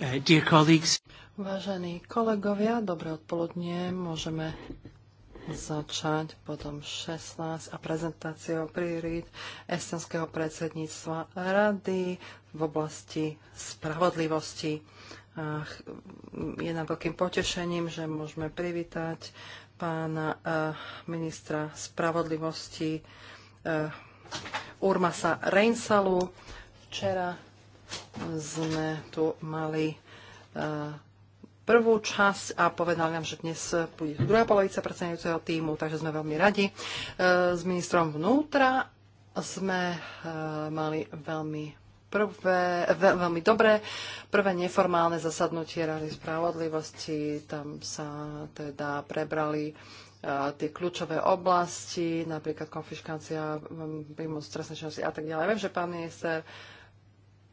Uh, dear colleagues. Vážení kolegovia, dobré odpoludnie. Môžeme začať potom 16 a prezentáciou priorít estonského predsedníctva rady v oblasti spravodlivosti. Je nám veľkým potešením, že môžeme privítať pána eh, ministra spravodlivosti eh, Urmasa Reinsalu. Včera sme tu mali eh, prvú časť a povedali nám, že dnes bude druhá polovica predsedajúceho týmu, takže sme veľmi radi. Eh, s ministrom vnútra sme eh, mali veľmi prvé, veľmi dobré prvé neformálne zasadnutie Rady spravodlivosti. Tam sa teda prebrali tie kľúčové oblasti, napríklad konfiškácia výmoc mm, trestnej činnosti a tak ďalej. Viem, že pán minister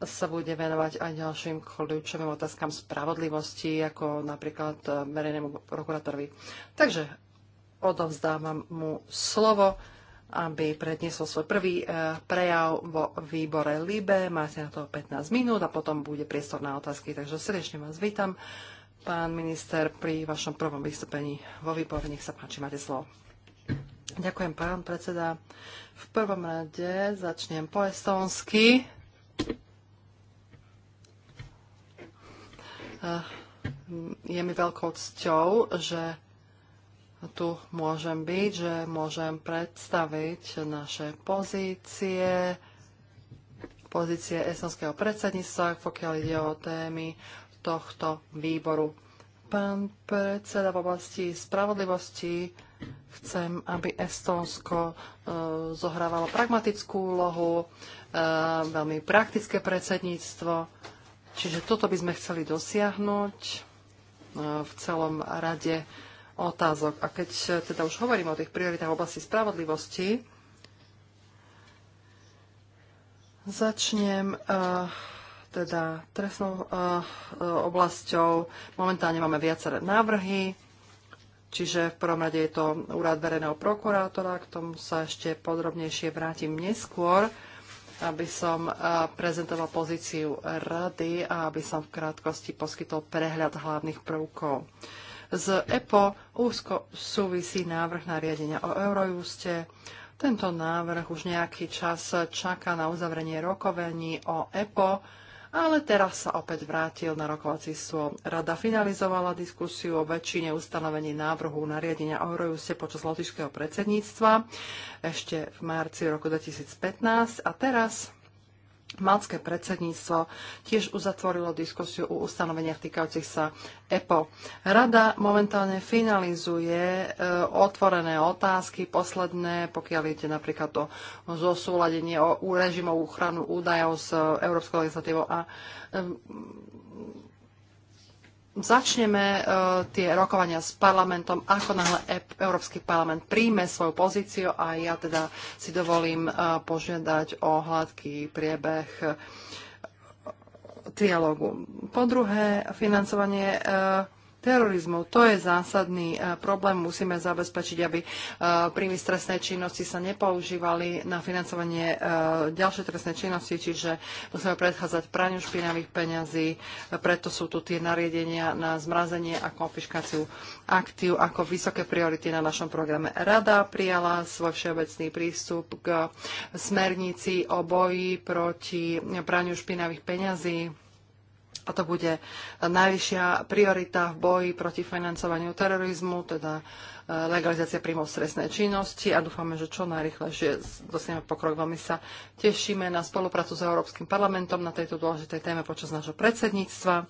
sa bude venovať aj ďalším kľúčovým otázkam spravodlivosti, ako napríklad eh, verejnému prokurátorovi. Takže odovzdávam mu slovo, aby predniesol svoj prvý eh, prejav vo výbore LIBE. Máte na to 15 minút a potom bude priestor na otázky. Takže srdečne vás vítam, pán minister, pri vašom prvom vystúpení vo výbore. Nech sa páči, máte slovo. Ďakujem, pán predseda. V prvom rade začnem po estonsky. Eh, je mi veľkou cťou, že tu môžem byť, že môžem predstaviť naše pozície, pozície estonského predsedníctva, pokiaľ ide o témy tohto výboru. Pán predseda v oblasti spravodlivosti chcem, aby Estónsko e, eh, zohrávalo pragmatickú úlohu, e, veľmi praktické predsedníctvo Čiže toto by sme chceli dosiahnuť e, v celom rade otázok. A keď e, teda už hovorím o tých prioritách v oblasti spravodlivosti, začnem e, teda trestnou oblasťou. Momentálne máme viaceré návrhy, čiže v prvom rade je to úrad verejného prokurátora, k tomu sa ešte podrobnejšie vrátim neskôr aby som eh, prezentoval pozíciu rady a aby som v krátkosti poskytol prehľad hlavných prvkov. Z EPO úzko súvisí návrh nariadenia o Eurojuste. Tento návrh už nejaký čas čaká na uzavrenie rokovení o EPO ale teraz sa opäť vrátil na rokovací stôl. Rada finalizovala diskusiu o väčšine ustanovení návrhu nariadenia o Eurojuste počas lotišského predsedníctva ešte v marci roku 2015 a teraz Malské predsedníctvo tiež uzatvorilo diskusiu o ustanoveniach týkajúcich sa EPO. Rada momentálne finalizuje e, otvorené otázky, posledné, pokiaľ ide napríklad o zosúladenie o, o režimov ochranu údajov s e, európskou legislatívou a e, Začneme e, tie rokovania s parlamentom, ako náhle e Európsky parlament príjme svoju pozíciu a ja teda si dovolím e, požiadať o hladký priebeh trialógu. Po druhé, financovanie terorizmu. To je zásadný e, problém. Musíme zabezpečiť, aby e, príjmy z trestnej činnosti sa nepoužívali na financovanie e, ďalšej trestnej činnosti, čiže musíme predchádzať praniu špinavých peňazí. Preto sú tu tie nariadenia na zmrazenie a konfiškáciu aktív ako vysoké priority na našom programe. Rada prijala svoj všeobecný prístup k smernici o boji proti praniu špinavých peňazí a to bude najvyššia priorita v boji proti financovaniu terorizmu, teda e, legalizácia príjmov stresnej činnosti a dúfame, že čo najrychlejšie dosiahneme pokrok. Veľmi sa tešíme na spoluprácu s Európskym parlamentom na tejto dôležitej téme počas nášho predsedníctva.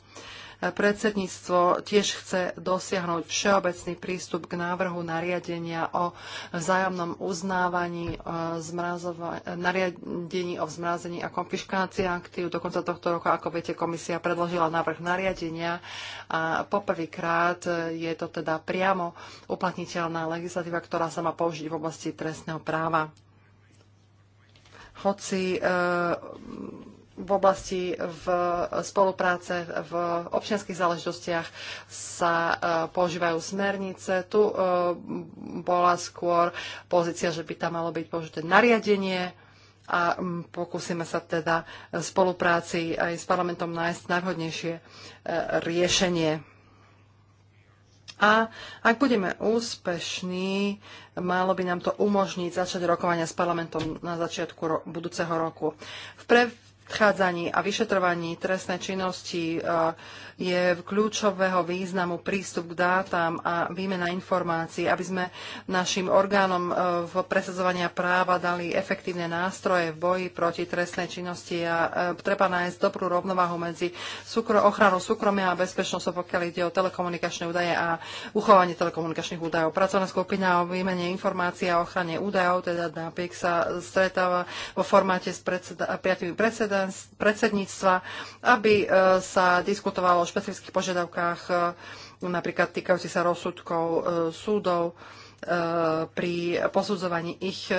Predsedníctvo tiež chce dosiahnuť všeobecný prístup k návrhu nariadenia o vzájomnom uznávaní e, nariadení o vzmrazení a konfiškácii aktív. Do konca tohto roka, ako viete, komisia predložila návrh nariadenia a poprvýkrát je to teda priamo uplatniteľná legislatíva, ktorá sa má použiť v oblasti trestného práva. Hoci e, v oblasti v spolupráce v občianských záležitostiach sa e, používajú smernice. Tu e, bola skôr pozícia, že by tam malo byť použité nariadenie a pokúsime sa teda v spolupráci aj s parlamentom nájsť najvhodnejšie e, riešenie. A ak budeme úspešní, malo by nám to umožniť začať rokovania s parlamentom na začiatku ro- budúceho roku. V pre- predchádzaní a vyšetrovaní trestnej činnosti e, je kľúčového významu prístup k dátam a výmena informácií, aby sme našim orgánom e, v presadzovania práva dali efektívne nástroje v boji proti trestnej činnosti a e, treba nájsť dobrú rovnováhu medzi ochranou súkromia a bezpečnosťou, pokiaľ ide o telekomunikačné údaje a uchovanie telekomunikačných údajov. Pracovná skupina o výmene informácií a ochrane údajov, teda DAPIC, sa stretáva vo formáte s predseda- piatimi predsedami predsedníctva, aby e, sa diskutovalo o špecifických požiadavkách e, napríklad týkajúci sa rozsudkov e, súdov Eh, pri posudzovaní ich eh,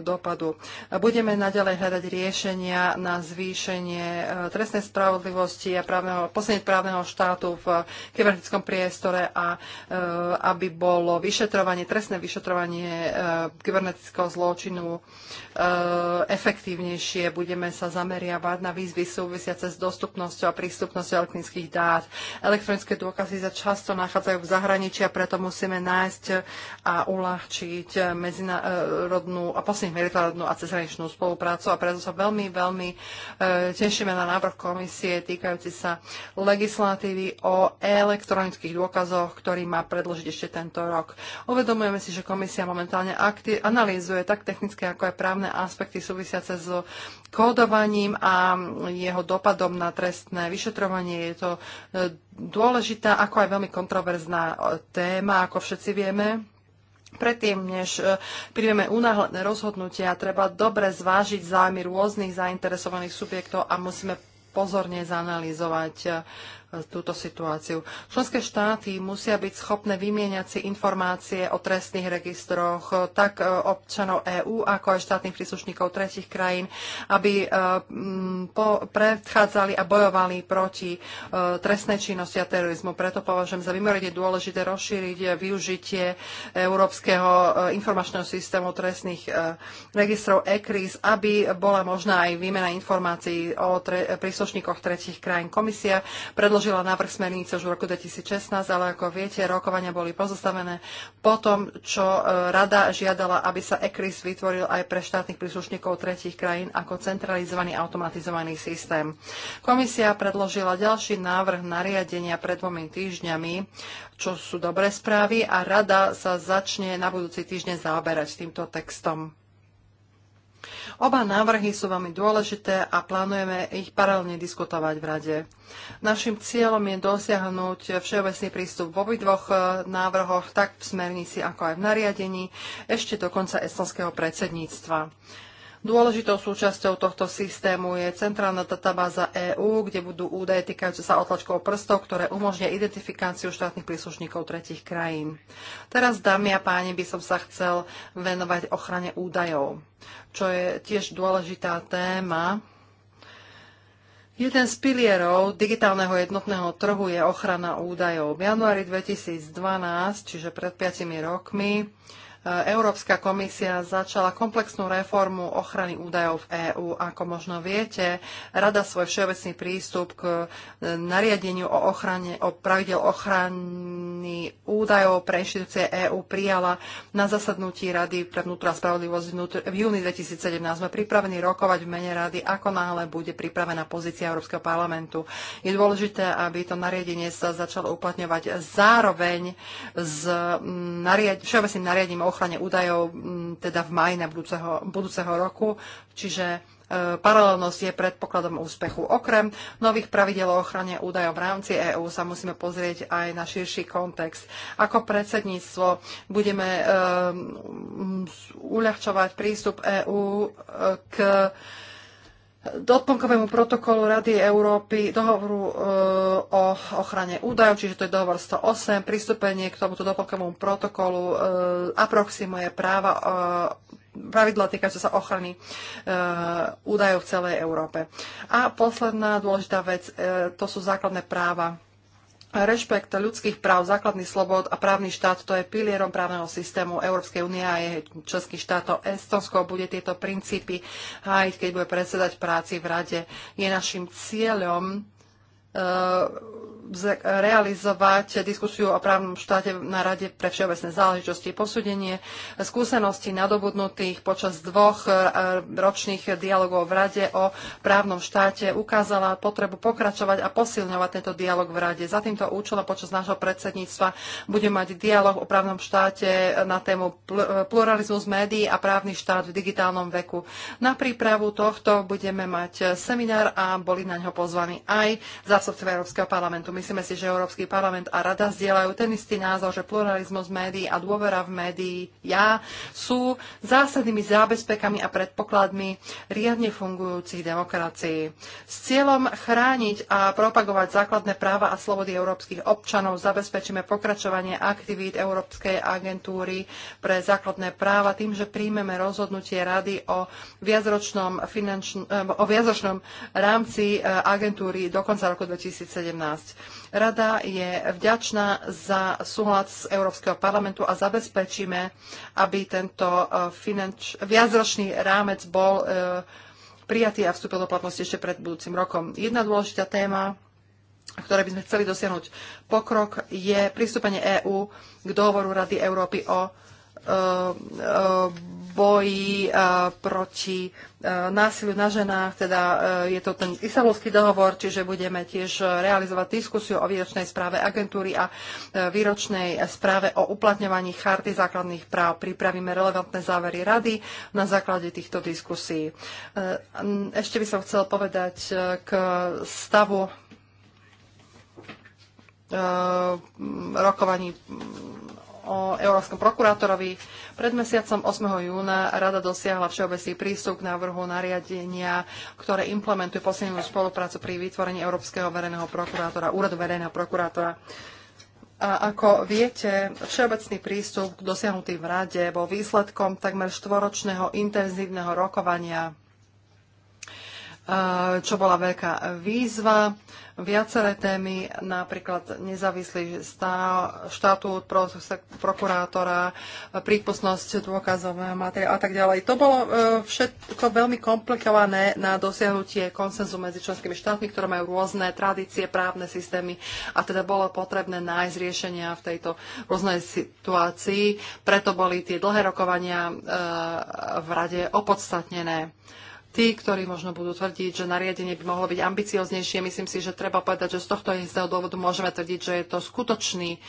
dopadu. Budeme naďalej hľadať riešenia na zvýšenie eh, trestnej spravodlivosti a právneho, posilnenie právneho štátu v kybernetickom priestore a aby bolo vyšetrovanie, trestné vyšetrovanie kybernetického zločinu efektívnejšie. Budeme sa zameriavať na výzvy súvisiace s dostupnosťou a prístupnosťou elektronických dát. Elektronické dôkazy sa často nachádzajú v zahraničí a preto musíme nájsť a a uľahčiť eh, medzinárodnú eh, a posilniť medzinárodnú a cezhraničnú spoluprácu a preto sa veľmi, veľmi eh, tešíme na návrh komisie týkajúci sa legislatívy o elektronických dôkazoch, ktorý má predložiť ešte tento rok. Uvedomujeme si, že komisia momentálne analýzuje tak technické, ako aj právne aspekty súvisiace s kódovaním a jeho dopadom na trestné vyšetrovanie. Je to dôležitá, ako aj veľmi kontroverzná téma, ako všetci vieme. Predtým, než e, príjmeme unáhľadné rozhodnutia, treba dobre zvážiť zájmy rôznych zainteresovaných subjektov a musíme pozorne zanalizovať e, túto situáciu. Členské štáty musia byť schopné vymieňať si informácie o trestných registroch eh, tak eh, občanov EÚ, ako aj štátnych príslušníkov tretich krajín, aby eh, predchádzali a bojovali proti trestnej činnosti a terorizmu. Preto považujem za vymerenie dôležité rozšíriť využitie Európskeho informačného systému trestných registrov ECRIS, aby bola možná aj výmena informácií o tre príslušníkoch tretich krajín. Komisia predložila predložila návrh smernice už v roku 2016, ale ako viete, rokovania boli pozostavené po tom, čo e, rada žiadala, aby sa ECRIS vytvoril aj pre štátnych príslušníkov tretich krajín ako centralizovaný automatizovaný systém. Komisia predložila ďalší návrh nariadenia pred dvomi týždňami, čo sú dobré správy a rada sa začne na budúci týždeň zaoberať týmto textom. Oba návrhy sú veľmi dôležité a plánujeme ich paralelne diskutovať v Rade. Našim cieľom je dosiahnuť všeobecný prístup v obidvoch e, návrhoch, tak v smernici, ako aj v nariadení, ešte do konca estonského predsedníctva. Dôležitou súčasťou tohto systému je centrálna databáza EÚ, kde budú údaje týkajúce sa otlačkov prstov, ktoré umožnia identifikáciu štátnych príslušníkov tretich krajín. Teraz, dámy a páni, by som sa chcel venovať ochrane údajov, čo je tiež dôležitá téma Jeden z pilierov digitálneho jednotného trhu je ochrana údajov. V januári 2012, čiže pred 5 rokmi, Európska komisia začala komplexnú reformu ochrany údajov v EÚ. Ako možno viete, rada svoj všeobecný prístup k e, nariadeniu o, ochrane, o pravidel ochrany údajov pre inštitúcie EÚ prijala na zasadnutí Rady pre vnútra a spravodlivosť v júni 2017. Sme pripravení rokovať v mene rady, ako náhle bude pripravená pozícia Európskeho parlamentu. Je dôležité, aby to nariadenie sa začalo uplatňovať zároveň s nariad- všeobecným nariadením o ochrane údajov teda v maji na budúceho, budúceho roku, čiže e, paralelnosť je predpokladom úspechu. Okrem nových pravidel o ochrane údajov v rámci EÚ sa musíme pozrieť aj na širší kontext. Ako predsedníctvo budeme e, uľahčovať prístup EÚ e, k doplnkovému protokolu Rady Európy dohovoru e, o ochrane údajov, čiže to je dohovor 108, pristúpenie k tomuto doplnkovému protokolu e, aproximuje práva e, pravidla týkajúce sa ochrany e, údajov v celej Európe. A posledná dôležitá vec, e, to sú základné práva Rešpekt ľudských práv, základných slobod a právny štát to je pilierom právneho systému Európskej únie a je českých štátov. Estonsko bude tieto princípy hájiť, keď bude predsedať práci v rade. Je našim cieľom uh, realizovať diskusiu o právnom štáte na Rade pre všeobecné záležitosti, posúdenie skúseností nadobudnutých počas dvoch e, ročných dialogov v Rade o právnom štáte ukázala potrebu pokračovať a posilňovať tento dialog v Rade. Za týmto účelom počas nášho predsedníctva bude mať dialog o právnom štáte na tému e, pluralizmus médií a právny štát v digitálnom veku. Na prípravu tohto budeme mať seminár a boli na ňo pozvaní aj zástupci Európskeho parlamentu. Myslíme si, že Európsky parlament a rada zdieľajú ten istý názor, že pluralizmus médií a dôvera v médií ja sú zásadnými zábezpekami a predpokladmi riadne fungujúcich demokracií. S cieľom chrániť a propagovať základné práva a slobody európskych občanov zabezpečíme pokračovanie aktivít Európskej agentúry pre základné práva tým, že príjmeme rozhodnutie rady o viacročnom, finančn- eh, o viacročnom rámci eh, agentúry do konca roku 2017. Rada je vďačná za súhlas Európskeho parlamentu a zabezpečíme, aby tento e, finanč... viacročný rámec bol e, prijatý a vstúpil do platnosti ešte pred budúcim rokom. Jedna dôležitá téma, ktoré by sme chceli dosiahnuť pokrok, je pristúpenie EÚ k dohovoru Rady Európy o Eh, eh, boji eh, proti násiliu na ženách, teda je to ten Isalovský dohovor, čiže budeme tiež realizovať diskusiu o výročnej správe agentúry a výročnej správe o uplatňovaní charty základných práv. Pripravíme relevantné závery rady na základe týchto diskusí. Ešte by som chcel povedať k stavu rokovaní o Európskom prokurátorovi. Pred mesiacom 8. júna rada dosiahla všeobecný prístup k návrhu nariadenia, ktoré implementuje posilnenú spoluprácu pri vytvorení Európskeho verejného prokurátora, úradu verejného prokurátora. A ako viete, všeobecný prístup dosiahnutý v Rade bol výsledkom takmer štvoročného intenzívneho rokovania čo bola veľká výzva. Viaceré témy, napríklad nezávislý štatút prokurátora, prípustnosť dôkazového materiálu a tak ďalej. To bolo e, všetko veľmi komplikované na dosiahnutie konsenzu medzi členskými štátmi, ktoré majú rôzne tradície, právne systémy a teda bolo potrebné nájsť riešenia v tejto rôznej situácii. Preto boli tie dlhé rokovania e, v rade opodstatnené. Tí, ktorí možno budú tvrdiť, že nariadenie by mohlo byť ambicioznejšie, myslím si, že treba povedať, že z tohto istého dôvodu môžeme tvrdiť, že je to skutočný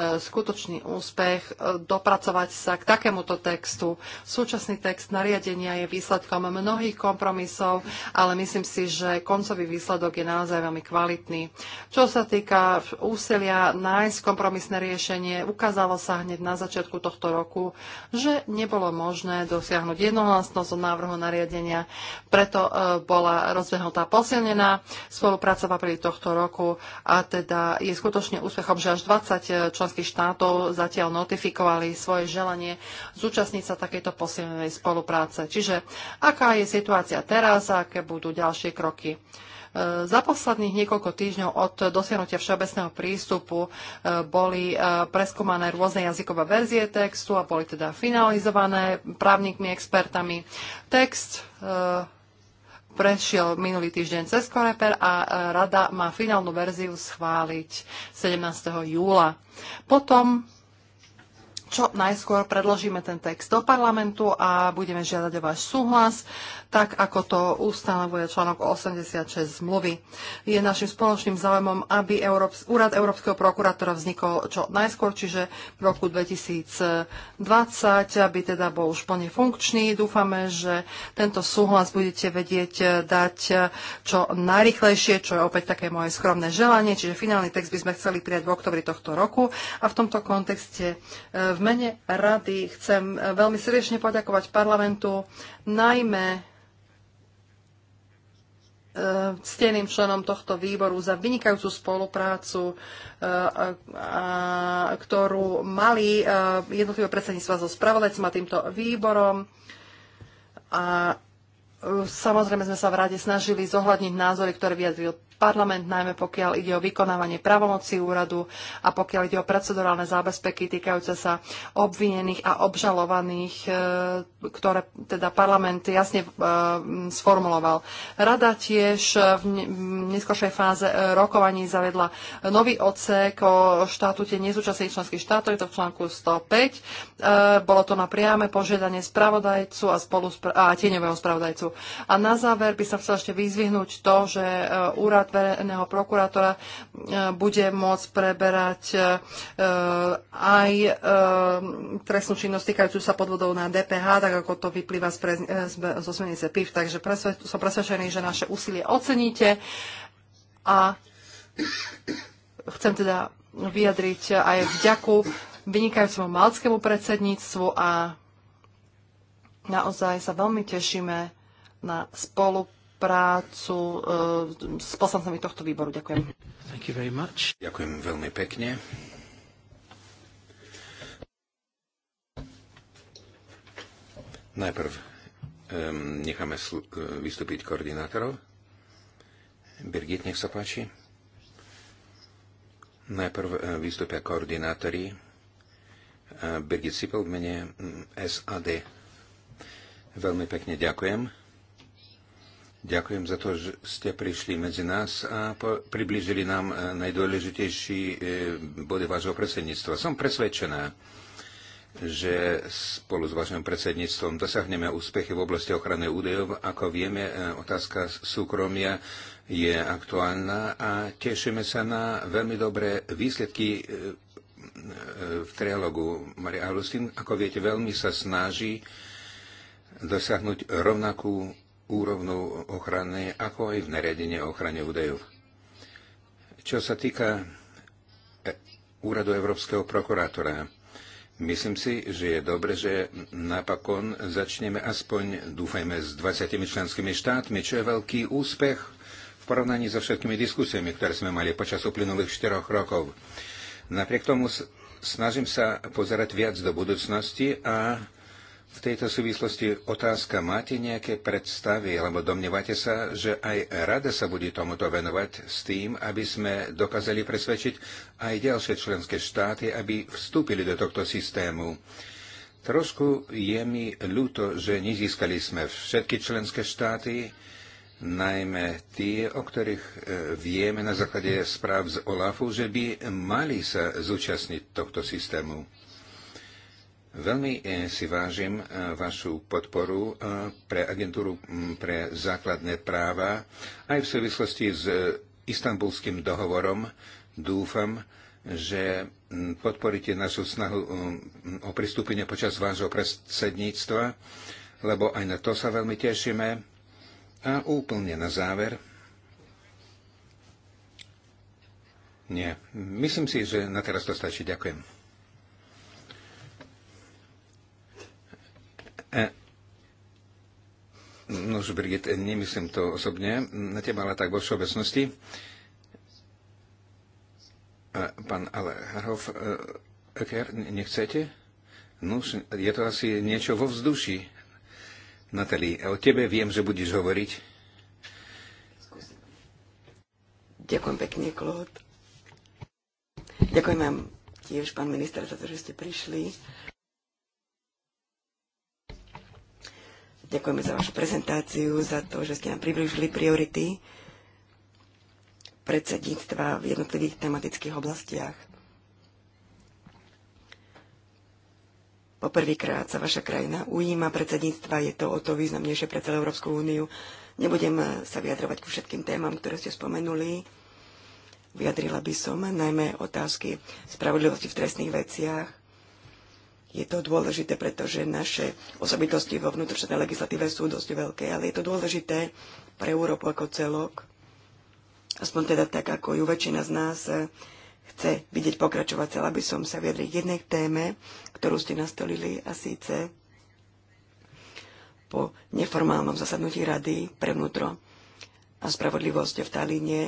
E, skutočný úspech e, dopracovať sa k takémuto textu. Súčasný text nariadenia je výsledkom mnohých kompromisov, ale myslím si, že koncový výsledok je naozaj veľmi kvalitný. Čo sa týka úsilia nájsť kompromisné riešenie, ukázalo sa hneď na začiatku tohto roku, že nebolo možné dosiahnuť jednohlasnosť od návrhu nariadenia, preto e, bola rozbehnutá posilnená spolupráca v apríli tohto roku a teda je skutočne úspechom, že až 20 členských členských štátov zatiaľ notifikovali svoje želanie zúčastniť sa takejto posilnenej spolupráce. Čiže aká je situácia teraz a aké budú ďalšie kroky? E, za posledných niekoľko týždňov od dosiahnutia všeobecného prístupu e, boli e, preskúmané rôzne jazykové verzie textu a boli teda finalizované právnikmi, expertami. Text prešiel minulý týždeň cez Koreper a e, rada má finálnu verziu schváliť 17. júla. Potom čo najskôr predložíme ten text do parlamentu a budeme žiadať o váš súhlas tak ako to ustanovuje článok 86 zmluvy. Je našim spoločným záujmom, aby Európs- Úrad Európskeho prokurátora vznikol čo najskôr, čiže v roku 2020, aby teda bol už plne funkčný. Dúfame, že tento súhlas budete vedieť dať čo najrychlejšie, čo je opäť také moje skromné želanie, čiže finálny text by sme chceli prijať v oktobri tohto roku a v tomto kontexte e, v mene rady chcem e, veľmi srdečne poďakovať parlamentu, najmä E, cteným členom tohto výboru za vynikajúcu spoluprácu, e, ktorú mali e, jednotlivé predsedníctva so spravodajcom a týmto výborom. A samozrejme sme sa v rade snažili zohľadniť názory, ktoré vyjadril parlament, najmä pokiaľ ide o vykonávanie pravomocí úradu a pokiaľ ide o procedurálne zábezpeky týkajúce sa obvinených a obžalovaných, e, ktoré teda parlament jasne e, sformuloval. Rada tiež v neskôršej fáze e, rokovaní zavedla nový odsek o štatúte nezúčastných členských štátov, je to v článku 105. Bolo to na priame požiadanie spravodajcu a, spolu, a tieňového spravodajcu. A na záver by som chcel ešte vyzvihnúť to, že úrad verejného prokurátora e, bude môcť preberať e, aj e, trestnú činnosť týkajúcu sa podvodov na DPH, tak ako to vyplýva z, pre, zo smernice PIF. Takže som presvedčený, že naše úsilie oceníte a chcem teda vyjadriť aj vďaku vynikajúcemu malckému predsedníctvu a naozaj sa veľmi tešíme na spoluprácu prácu eh, s poslancami tohto výboru. Ďakujem. Thank you very much. Ďakujem veľmi pekne. Najprv um, necháme sl- eh, vystúpiť koordinátorov. Birgit, nech sa páči. Najprv eh, vystúpia koordinátori. Birgit Sipel v mene mm, SAD. Veľmi pekne ďakujem. Ďakujem za to, že ste prišli medzi nás a priblížili nám e, najdôležitejší e, body vášho predsedníctva. Som presvedčená, že spolu s vašim predsedníctvom dosiahneme úspechy v oblasti ochrany údajov. Ako vieme, e, otázka súkromia je aktuálna a tešíme sa na veľmi dobré výsledky v trialogu. Maria Alustín, ako viete, veľmi sa snaží dosiahnuť rovnakú úrovnu ochrany, ako aj v nariadení o ochrane údajov. Čo sa týka e, úradu Európskeho prokurátora, myslím si, že je dobre, že napokon začneme aspoň, dúfajme, s 20 členskými štátmi, čo je veľký úspech v porovnaní so všetkými diskusiami, ktoré sme mali počas uplynulých 4 rokov. Napriek tomu snažím sa pozerať viac do budúcnosti a v tejto súvislosti otázka, máte nejaké predstavy, alebo domnievate sa, že aj rada sa bude tomuto venovať s tým, aby sme dokázali presvedčiť aj ďalšie členské štáty, aby vstúpili do tohto systému. Trošku je mi ľúto, že nezískali sme všetky členské štáty, najmä tie, o ktorých e, vieme na základe správ z OLAFu, že by mali sa zúčastniť tohto systému. Veľmi e, si vážim e, vašu podporu e, pre agentúru pre základné práva aj v súvislosti s istambulským dohovorom. Dúfam, že podporíte našu snahu o pristúpenie počas vášho predsedníctva, lebo aj na to sa veľmi tešíme. A úplne na záver. Nie, myslím si, že na teraz to stačí. Ďakujem. E, no, Brigit, nemyslím to osobne na teba, ale tak vo všeobecnosti. E, pán Aleharov, e, Eker, nechcete? No, je to asi niečo vo vzduši. Natali, o tebe viem, že budeš hovoriť. Ďakujem pekne, Klód. Ďakujem vám tiež, pán minister, za to, že ste prišli. Ďakujeme za vašu prezentáciu, za to, že ste nám priblížili priority predsedníctva v jednotlivých tematických oblastiach. Poprvýkrát sa vaša krajina ujíma predsedníctva, je to o to významnejšie pre celú Európsku úniu. Nebudem sa vyjadrovať ku všetkým témam, ktoré ste spomenuli. Vyjadrila by som najmä otázky spravodlivosti v trestných veciach, je to dôležité, pretože naše osobitosti vo vnútornej legislatíve sú dosť veľké, ale je to dôležité pre Európu ako celok, aspoň teda tak, ako ju väčšina z nás eh, chce vidieť pokračovať. Chcela by som sa vyjadriť jednej téme, ktorú ste nastolili, a síce po neformálnom zasadnutí Rady pre vnútro a spravodlivosť v Talíne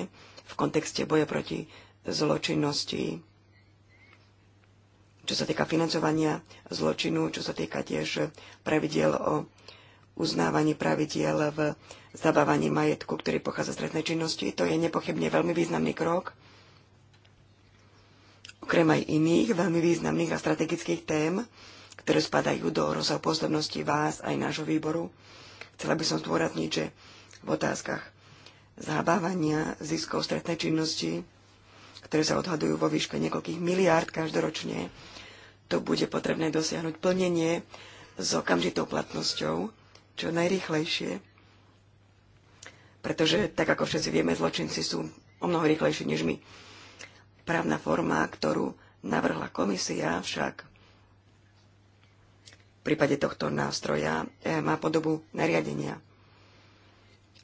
v kontexte boja proti zločinnosti čo sa týka financovania zločinu, čo sa týka tiež pravidiel o uznávaní pravidiel v zabávaní majetku, ktorý pochádza z trestnej činnosti. To je nepochybne veľmi významný krok. Okrem aj iných veľmi významných a strategických tém, ktoré spadajú do rozsahu pôsobnosti vás aj nášho výboru, chcela by som zdôrazniť, že v otázkach zabávania ziskov stretnej činnosti, ktoré sa odhadujú vo výške niekoľkých miliárd každoročne, to bude potrebné dosiahnuť plnenie s okamžitou platnosťou, čo najrýchlejšie, pretože, tak ako všetci vieme, zločinci sú o mnoho rýchlejší než my. Právna forma, ktorú navrhla komisia, však v prípade tohto nástroja eh, má podobu nariadenia.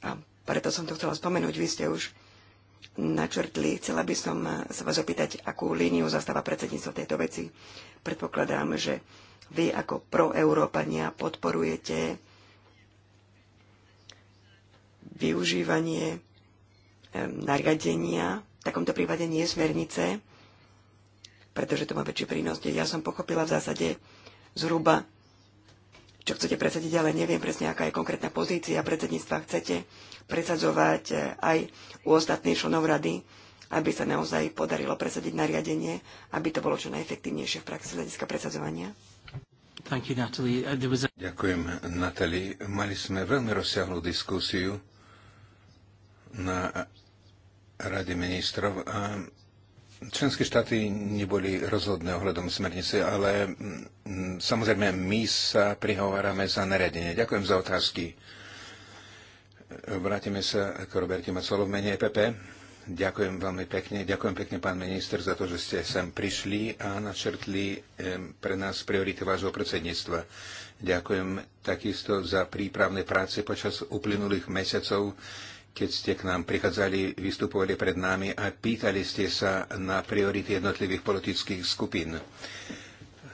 A preto som to chcela spomenúť. Vy ste už načrtli. Chcela by som sa vás opýtať, akú líniu zastáva predsedníctvo tejto veci. Predpokladám, že vy ako proeurópania podporujete využívanie nariadenia, v takomto prípade nie smernice, pretože to má väčší prínos. Ja som pochopila v zásade zhruba čo chcete presadiť, ale neviem presne, aká je konkrétna pozícia predsedníctva. Chcete presadzovať e, aj u ostatných členov rady, aby sa naozaj podarilo presadiť nariadenie, aby to bolo čo najefektívnejšie v praxi hľadiska presadzovania? You, Natalie. Uh, a... Ďakujem, Natali. Mali sme veľmi rozsiahlu diskusiu na Rade ministrov a Členské štáty neboli rozhodné ohľadom smernice, ale mm, samozrejme my sa prihovárame za naredenie. Ďakujem za otázky. Vrátime sa k Roberti Macolo v mene EPP. Ďakujem veľmi pekne. Ďakujem pekne, pán minister, za to, že ste sem prišli a načrtli pre nás priority vášho predsedníctva. Ďakujem takisto za prípravné práce počas uplynulých mesiacov keď ste k nám prichádzali, vystupovali pred nami a pýtali ste sa na priority jednotlivých politických skupín.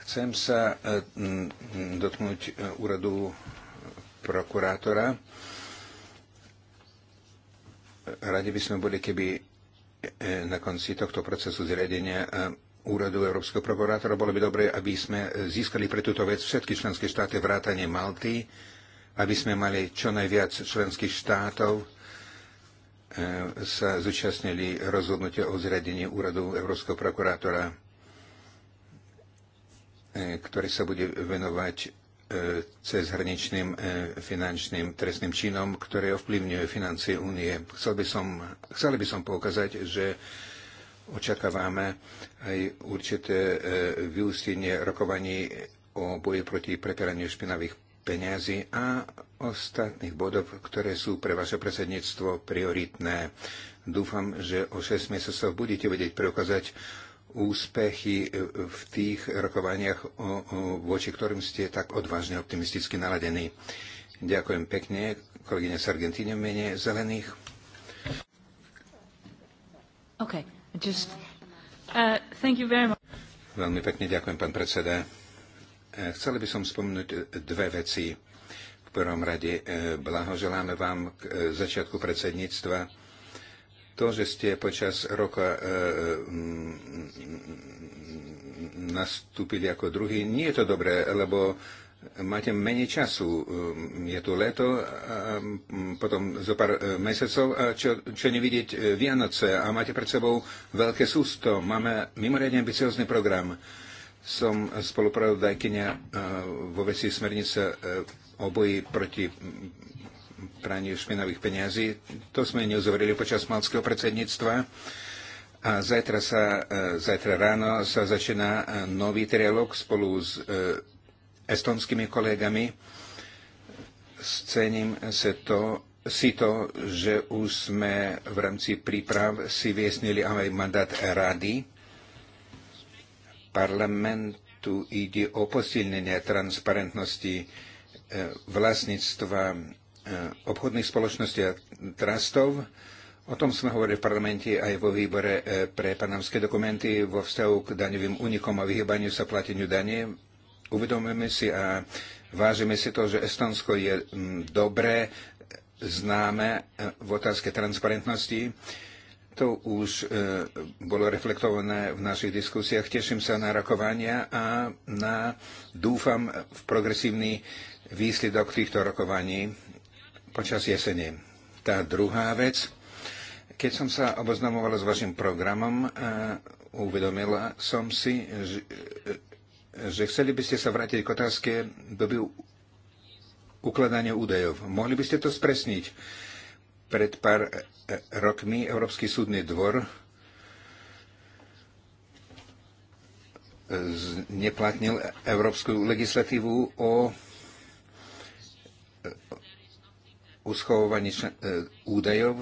Chcem sa e, dotknúť e, úradu prokurátora. Radi by sme boli, keby e, na konci tohto procesu zriadenia úradu Európskeho prokurátora bolo by dobre, aby sme získali pre túto vec všetky členské štáty vrátane Malty, aby sme mali čo najviac členských štátov, E, sa zúčastnili rozhodnutia o zriadení úradu Európskeho prokurátora, e, ktorý sa bude venovať e, cezhraničným finančným trestným činom, ktoré ovplyvňuje financie únie. Chcel by som, chcel by som poukázať, že očakávame aj určité vyústenie rokovaní o boji proti preteraniu špinavých peniazy a ostatných bodov, ktoré sú pre vaše predsedníctvo prioritné. Dúfam, že o 6 mesiacov budete vedieť preukázať úspechy v tých rokovaniach, voči ktorým ste tak odvážne optimisticky naladení. Ďakujem pekne, kolegyne z Argentíne v mene zelených. Okay, just, uh, thank you very much. Veľmi pekne ďakujem, pán predseda. Chcel by som spomenúť e, dve veci. V prvom rade e, blahoželáme vám k e, začiatku predsedníctva. To, že ste počas roka nastúpili ako druhý, nie je to dobré, lebo máte menej času. Je tu leto, a potom zo pár mesiacov, a čo, čo nevidieť Vianoce a máte pred sebou veľké sústo. Máme mimoriadne ambiciózny program. Som spolupravodajkynia e, vo veci smernice e, o boji proti praniu špinavých peniazí. To sme neuzavreli počas malského predsedníctva. A zajtra, sa, e, zajtra ráno sa začína nový trialog spolu s estonskými kolegami. Scením se to, si to, že už sme v rámci príprav si vyjasnili aj mandát rady parlamentu ide o posilnenie transparentnosti e, vlastníctva e, obchodných spoločností a trastov. O tom sme hovorili v parlamente aj vo výbore e, pre panamské dokumenty vo vzťahu k daňovým únikom a vyhybaniu sa plateniu danie. Uvedomujeme si a vážime si to, že Estonsko je dobré, známe v otázke transparentnosti. To už e, bolo reflektované v našich diskusiách. Teším sa na rokovania a na, dúfam v progresívny výsledok týchto rokovaní počas jesene. Tá druhá vec, keď som sa oboznamoval s vašim programom, e, uvedomila som si, že, e, že chceli by ste sa vrátiť k otázke doby ukladania údajov. Mohli by ste to spresniť? Pred pár e, e, rokmi Európsky súdny dvor e, neplatnil európsku legislatívu o uschovovaní údajov.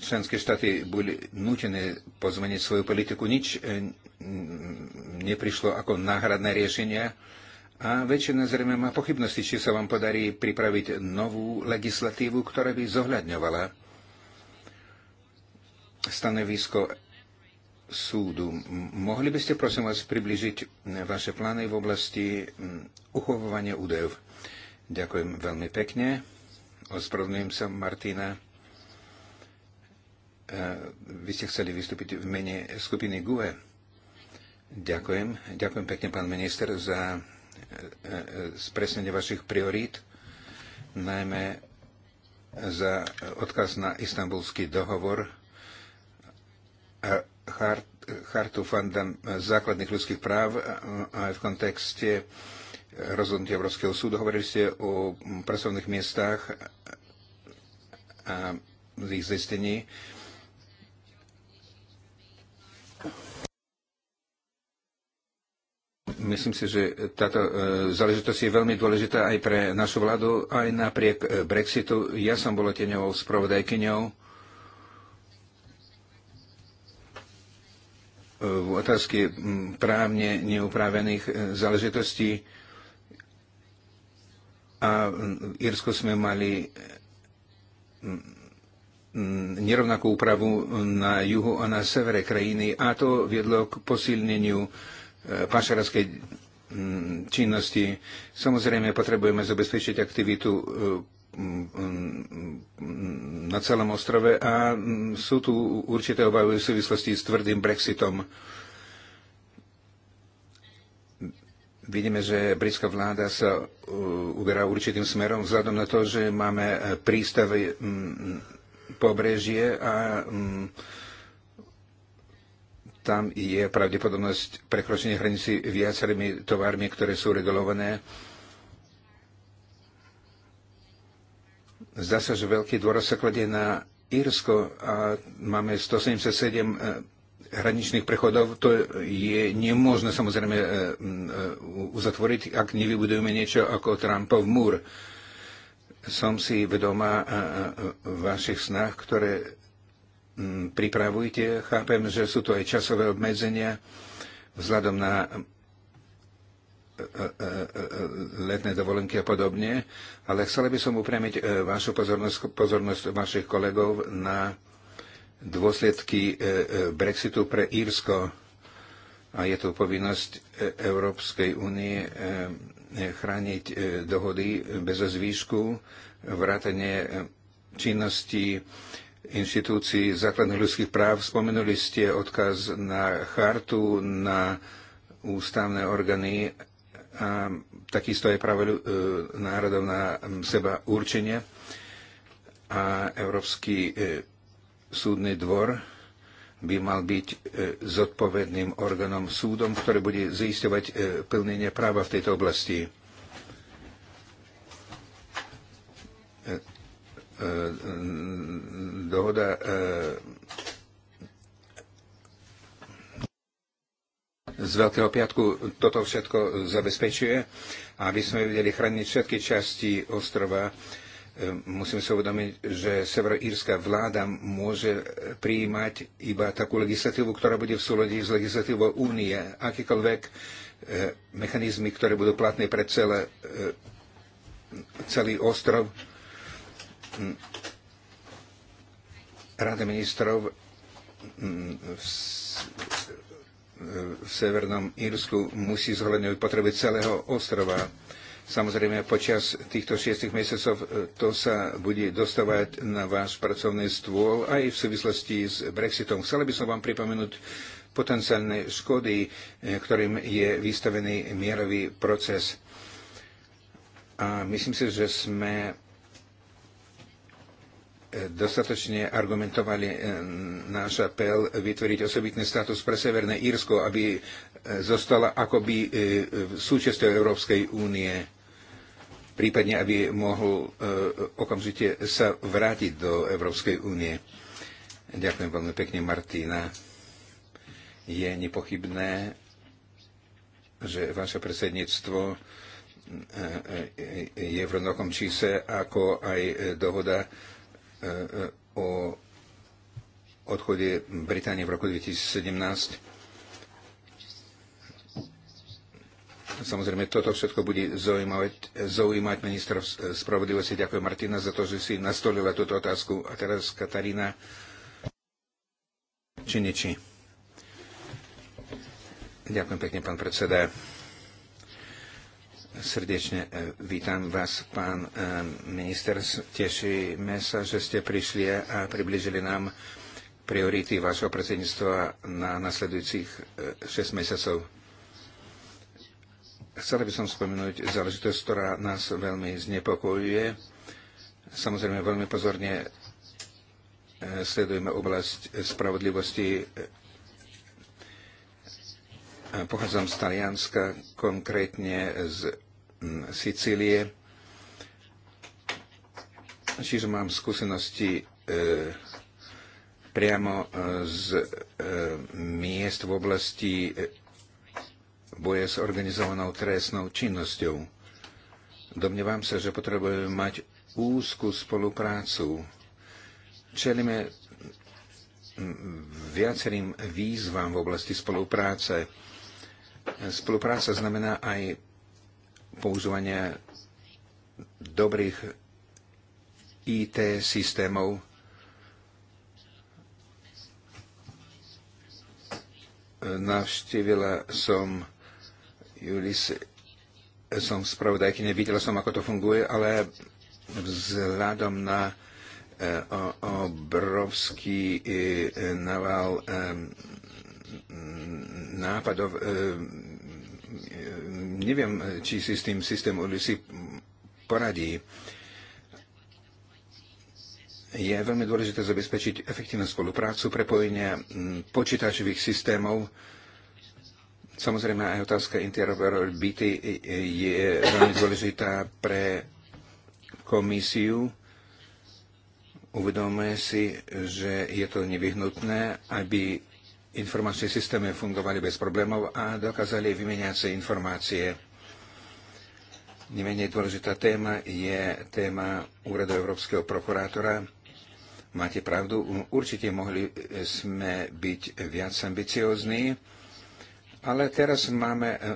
Členské štáty boli nutené pozmeniť svoju politiku. Nič neprišlo ako náhradné riešenia a väčšina zrejme má pochybnosti, či sa vám podarí pripraviť novú legislatívu, ktorá by zohľadňovala stanovisko súdu. Mohli by ste, prosím vás, približiť vaše plány v oblasti uchovovania údajov? Ďakujem veľmi pekne. Ospravedlňujem sa, Martina. E, vy ste chceli vystúpiť v mene skupiny GUE. Ďakujem. Ďakujem pekne, pán minister, za spresnenie vašich priorít, najmä za odkaz na istambulský dohovor a chartu fandam základných ľudských práv aj v kontexte rozhodnutia Európskeho súdu. Hovorili ste o pracovných miestach a ich zistení. Myslím si, že táto e, záležitosť je veľmi dôležitá aj pre našu vládu, aj napriek e, Brexitu. Ja som bola tieňovou spravodajkyňou e, v otázke právne neupravených záležitostí a v Irsku sme mali nerovnakú úpravu na juhu a na severe krajiny a to viedlo k posilneniu E, pašerovskej mm, činnosti. Samozrejme, potrebujeme zabezpečiť aktivitu e, mm, mm, na celom ostrove a sú tu určité obavy v súvislosti s tvrdým Brexitom. Vidíme, že britská vláda sa e, uberá určitým smerom vzhľadom na to, že máme prístavy pobrežie a tam je pravdepodobnosť prekročenia hranici viacerými tovarmi, ktoré sú regulované. Zdá sa, že veľký dôraz sa kladie na Írsko a máme 177 e, hraničných prechodov. To je nemožné samozrejme e, e, uzatvoriť, ak nevybudujeme niečo ako Trumpov múr. Som si vedomá vašich snách, ktoré Mm, pripravujte. Chápem, že sú tu aj časové obmedzenia vzhľadom na e, e, e, letné dovolenky a podobne, ale chcel by som upriamiť vašu pozornosť, pozornosť vašich kolegov na dôsledky Brexitu pre Írsko a je to povinnosť Európskej únie chrániť dohody bez zvýšku, vrátanie činnosti inštitúcií základných ľudských práv. Spomenuli ste odkaz na chartu, na ústavné orgány a takisto aj práve národov na seba určenie a Európsky e, súdny dvor by mal byť e, zodpovedným orgánom súdom, ktorý bude zisťovať e, plnenie práva v tejto oblasti. E, dohoda e, z Veľkého piatku toto všetko zabezpečuje. Aby sme vedeli chrániť všetky časti ostrova, e, musíme sa uvedomiť, že severoírska vláda môže prijímať iba takú legislatívu, ktorá bude v súlade s legislatívou únie. Akýkoľvek mechanizmy, ktoré budú platné pre celé, celý ostrov, Rada ministrov mm, v, v Severnom Írsku musí zohľadňovať potreby celého ostrova. Samozrejme, počas týchto šiestich mesiacov e, to sa bude dostávať na váš pracovný stôl aj v súvislosti s Brexitom. Chcela by som vám pripomenúť potenciálne škody, e, ktorým je vystavený mierový proces. A myslím si, že sme dostatočne argumentovali e, náš apel vytvoriť osobitný status pre Severné Írsko, aby e, zostala akoby e, súčasťou Európskej únie, prípadne aby mohol okamžite sa vrátiť do Európskej únie. Ďakujem veľmi pekne, Martina. Je nepochybné, že vaše predsedníctvo je v rovnakom čise ako aj dohoda o odchode Británie v roku 2017. Samozrejme, toto všetko bude zaujímať, zaujímať ministra spravodlivosti. Ďakujem Martina za to, že si nastolila túto otázku. A teraz Katarína Či Činiči. Ďakujem pekne, pán predseda. Srdečne e, vítam vás, pán e, minister. Tešíme sa, že ste prišli a približili nám priority vášho predsedníctva na nasledujúcich 6 e, mesiacov. Chcel by som spomenúť záležitosť, ktorá nás veľmi znepokojuje. Samozrejme, veľmi pozorne sledujeme oblasť spravodlivosti Pochádzam z Talianska, konkrétne z mm, Sicílie. Čiže mám skúsenosti e, priamo e, z e, miest v oblasti boje s organizovanou trestnou činnosťou. Domnievam sa, že potrebujeme mať úzkú spoluprácu. Čelíme viacerým výzvam v oblasti spolupráce Spolupráca znamená aj používanie dobrých IT systémov, navštívila som Julis, som spravodajky, nevidel som, ako to funguje, ale vzhľadom na eh, obrovský eh, naval eh, nápadov. E, e, neviem, či si s tým systém Ulysi poradí. Je veľmi dôležité zabezpečiť efektívnu spoluprácu, prepojenia počítačových systémov. Samozrejme aj otázka interoperability je veľmi dôležitá pre komisiu. Uvedomuje si, že je to nevyhnutné, aby informačné systémy fungovali bez problémov a dokázali vymeniať sa informácie. Nemenej dôležitá téma je téma Úradu Európskeho prokurátora. Máte pravdu, určite mohli sme byť viac ambiciózni, ale teraz máme eh,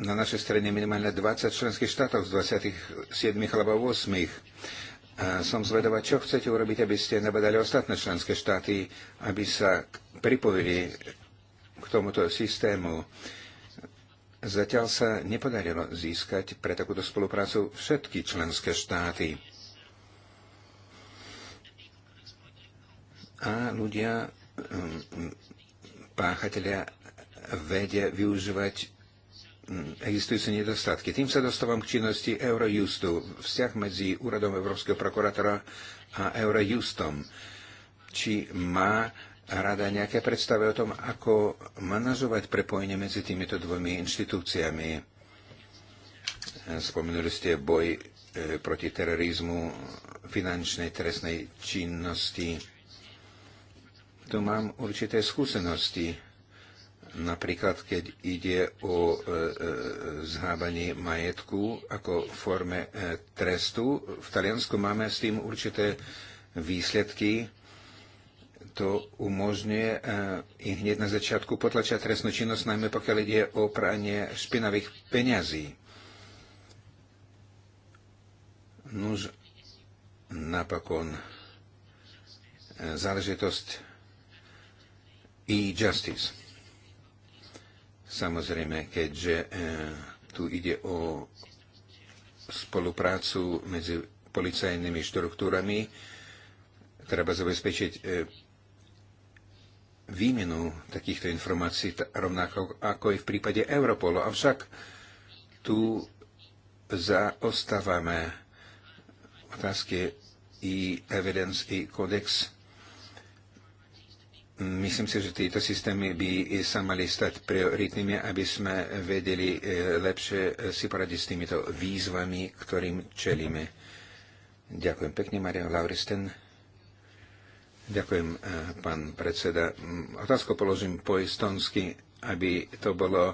na našej strane minimálne 20 členských štátov z 27 alebo 8. A som zvedavá, čo chcete urobiť, aby ste nabadali ostatné členské štáty, aby sa pripojili k tomuto systému. Zatiaľ sa nepodarilo získať pre takúto spoluprácu všetky členské štáty. A ľudia, mm, mm, páchatelia, vedia využívať existujúce nedostatky. Tým sa dostávam k činnosti Eurojustu, vzťah medzi Úradom Európskeho prokurátora a Eurojustom. Či má rada nejaké predstavy o tom, ako manažovať prepojenie medzi týmito dvomi inštitúciami? Spomenuli ste boj e, proti terorizmu, finančnej trestnej činnosti. Tu mám určité skúsenosti Napríklad, keď ide o e, e, zhábanie majetku ako forme e, trestu, v Taliansku máme s tým určité výsledky. To umožňuje i hneď na začiatku potlačať trestnú činnosť, najmä pokiaľ ide o pranie špinavých peňazí. Nuž napokon záležitosť e-justice Samozrejme, keďže e, tu ide o spoluprácu medzi policajnými štruktúrami, treba zabezpečiť e, výmenu takýchto informácií, rovnako ako aj v prípade Europolu. Avšak tu zaostávame otázky i evidence, i kodex Myslím si, že tieto systémy by sa mali stať prioritnými, aby sme vedeli e, lepšie e, si poradiť s týmito výzvami, ktorým čelíme. Ďakujem pekne, Maria Lauristen. Ďakujem, e, pán predseda. Otázku položím po estonsky, aby to bolo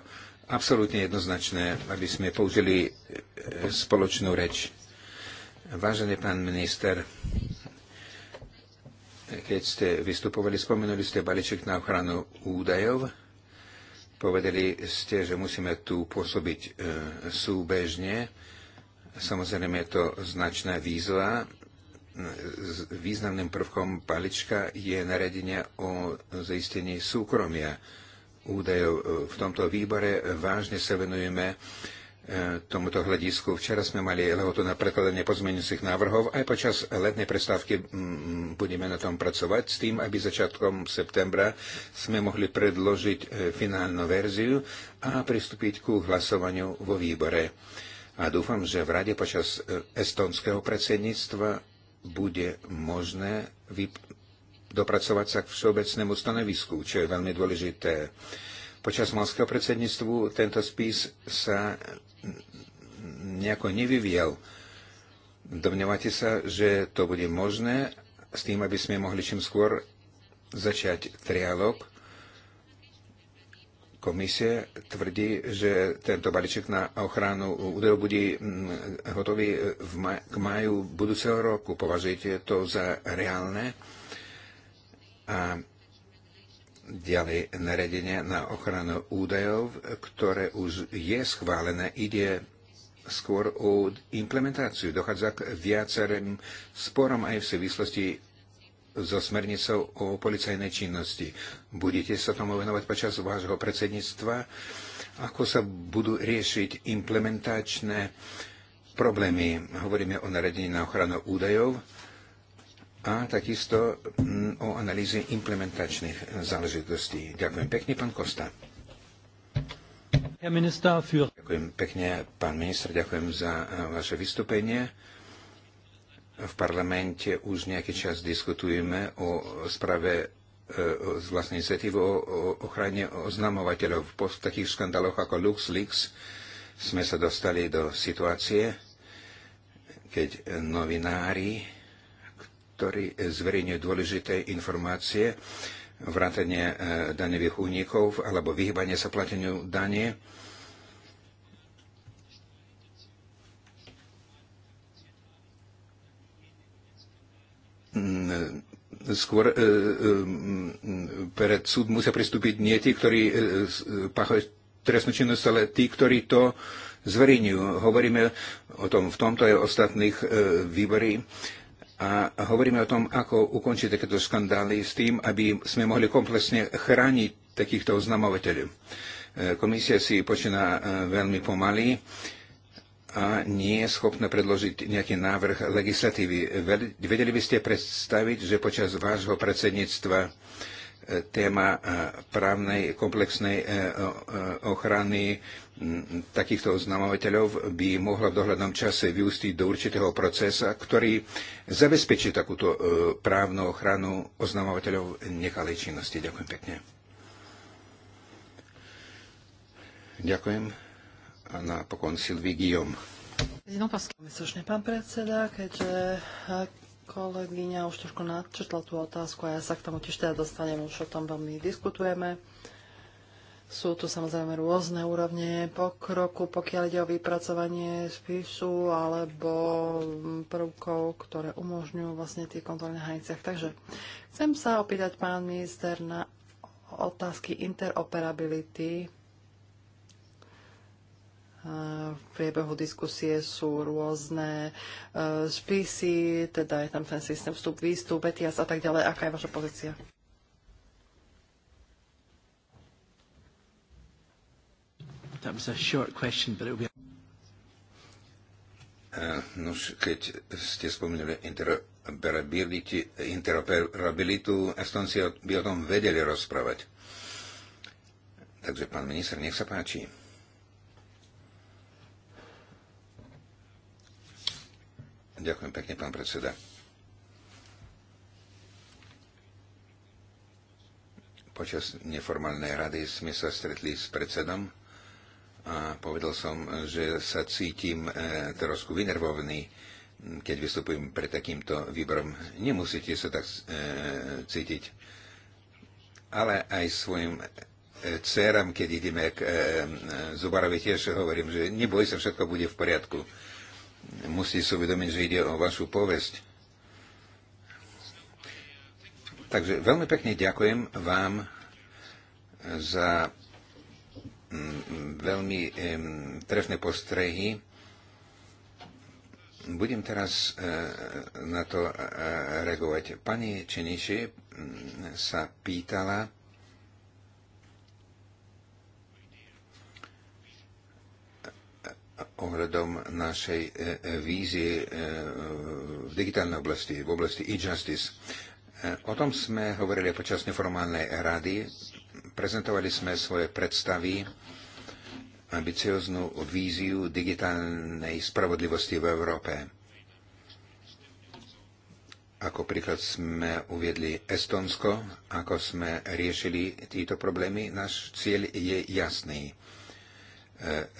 absolútne jednoznačné, aby sme použili spoločnú reč. Vážený pán minister, keď ste vystupovali, spomenuli ste balíček na ochranu údajov. Povedali ste, že musíme tu pôsobiť e, súbežne. Samozrejme je to značná výzva. Významným prvkom palička je naredenie o zaistení súkromia údajov. E, v tomto výbore vážne sa venujeme e, E, tomuto hľadisku. Včera sme mali lehotu na prekladanie pozmeňujúcich návrhov. Aj počas letnej prestávky budeme na tom pracovať s tým, aby začiatkom septembra sme mohli predložiť e, finálnu verziu a pristúpiť ku hlasovaniu vo výbore. A dúfam, že v rade počas e, estonského predsedníctva bude možné dopracovať sa k všeobecnému stanovisku, čo je veľmi dôležité. Počas malského predsedníctvu tento spis sa nejako nevyvíjal. Domnievate sa, že to bude možné s tým, aby sme mohli čím skôr začať trialog? Komisie tvrdí, že tento balíček na ochranu údajov bude mm, hotový v ma- k maju budúceho roku. Považujete to za reálne? A ďalej naredenie na ochranu údajov, ktoré už je schválené, ide skôr o implementáciu. Dochádza k viacerým sporom aj v súvislosti so smernicou o policajnej činnosti. Budete sa tomu venovať počas vášho predsedníctva? Ako sa budú riešiť implementačné problémy? Hovoríme o naredení na ochranu údajov a takisto mm, o analýze implementačných záležitostí. Ďakujem pekne, pán Kosta. Ďakujem pekne, pán minister, ďakujem za eh, vaše vystúpenie. V parlamente už nejaký čas diskutujeme o správe eh, z vlastnej iniciatívy o ochrane oznamovateľov. Po takých škandáloch ako LuxLeaks sme sa dostali do situácie, keď novinári, ktorí zverejňujú dôležité informácie, vrátanie e, daňových únikov alebo vyhybanie sa plateniu danie. Mm, e, skôr e, e, mm, pred súd musia pristúpiť nie tí, ktorí e, e, páchajú trestnú činnosť, ale tí, ktorí to zverejňujú. Hovoríme o tom v tomto aj ostatných e, výborí a hovoríme o tom, ako ukončiť takéto skandály s tým, aby sme mohli komplexne chrániť takýchto oznamovateľov. E, komisia si počína e, veľmi pomaly a nie je schopná predložiť nejaký návrh legislatívy. Vedeli by ste predstaviť, že počas vášho predsedníctva e, téma právnej komplexnej ochrany takýchto oznamovateľov by mohla v dohľadnom čase vyústiť do určitého procesa, ktorý zabezpečí takúto e, právnu ochranu oznamovateľov nechalej činnosti. Ďakujem pekne. Ďakujem. A napokon Silvi Guillaume. Slušne, pán predseda, keďže e, kolegyňa už trošku nadčetla tú otázku a ja sa k tomu tiež teda dostanem, už o tom veľmi diskutujeme. Sú tu samozrejme rôzne úrovne pokroku, pokiaľ ide o vypracovanie spisu alebo prvkov, ktoré umožňujú vlastne tie kontroly na hraniciach. Takže chcem sa opýtať pán minister na otázky interoperability. V priebehu diskusie sú rôzne e, spisy, teda je tam ten systém vstup, výstup, ETIAS a tak ďalej. Aká je vaša pozícia? That was a short question, but No, keď ste spomínali interoperabilitu, Estonci by o tom vedeli rozprávať. Takže, pán minister, nech sa páči. Ďakujem pekne, pán predseda. Počas neformálnej rady sme sa stretli s predsedom a povedal som, že sa cítim e, trošku vynervovaný, keď vystupujem pred takýmto výborom. Nemusíte sa tak e, cítiť. Ale aj svojim e, dcerám, keď ideme k Zubarovi, tiež hovorím, že neboj sa, všetko bude v poriadku. Musíte si uvedomiť, že ide o vašu povesť. Takže veľmi pekne ďakujem vám za Mm, veľmi trefné postrehy. Budem teraz e, na to e, reagovať. Pani Čeniši sa pýtala, ohľadom našej e, vízie v digitálnej oblasti, v oblasti e-justice. O tom sme hovorili počas neformálnej rady Prezentovali sme svoje predstavy, ambicioznú víziu digitálnej spravodlivosti v Európe. Ako príklad sme uviedli Estonsko, ako sme riešili títo problémy. Náš cieľ je jasný. E,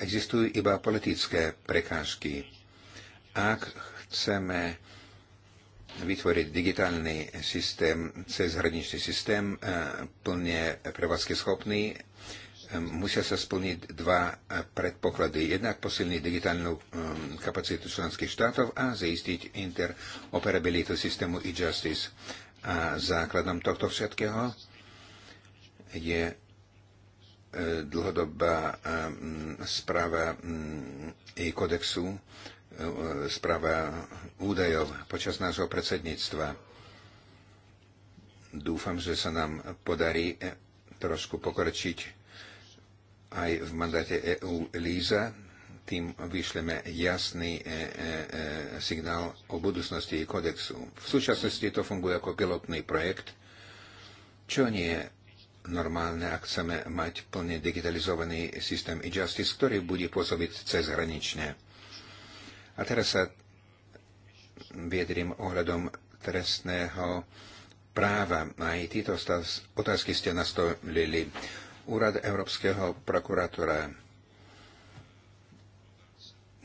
existujú iba politické prekážky. Ak chceme vytvoriť digitálny systém, cezhraničný systém, e, plne prevádzky schopný. E, musia sa splniť dva e, predpoklady. Jednak posilniť digitálnu kapacitu členských štátov a zaistiť interoperabilitu systému e-justice. A základom tohto všetkého je dlhodobá správa e-kodexu správa údajov počas nášho predsedníctva. Dúfam, že sa nám podarí eh, trošku pokročiť aj v mandáte EU Líza. Tým vyšleme jasný eh, eh, signál o budúcnosti kodexu. V súčasnosti to funguje ako pilotný projekt, čo nie je normálne, ak chceme mať plne digitalizovaný systém e-justice, ktorý bude pôsobiť cezhranične. A teraz sa viedrím ohľadom trestného práva. Aj tieto otázky ste nastolili. Úrad Európskeho prokurátora,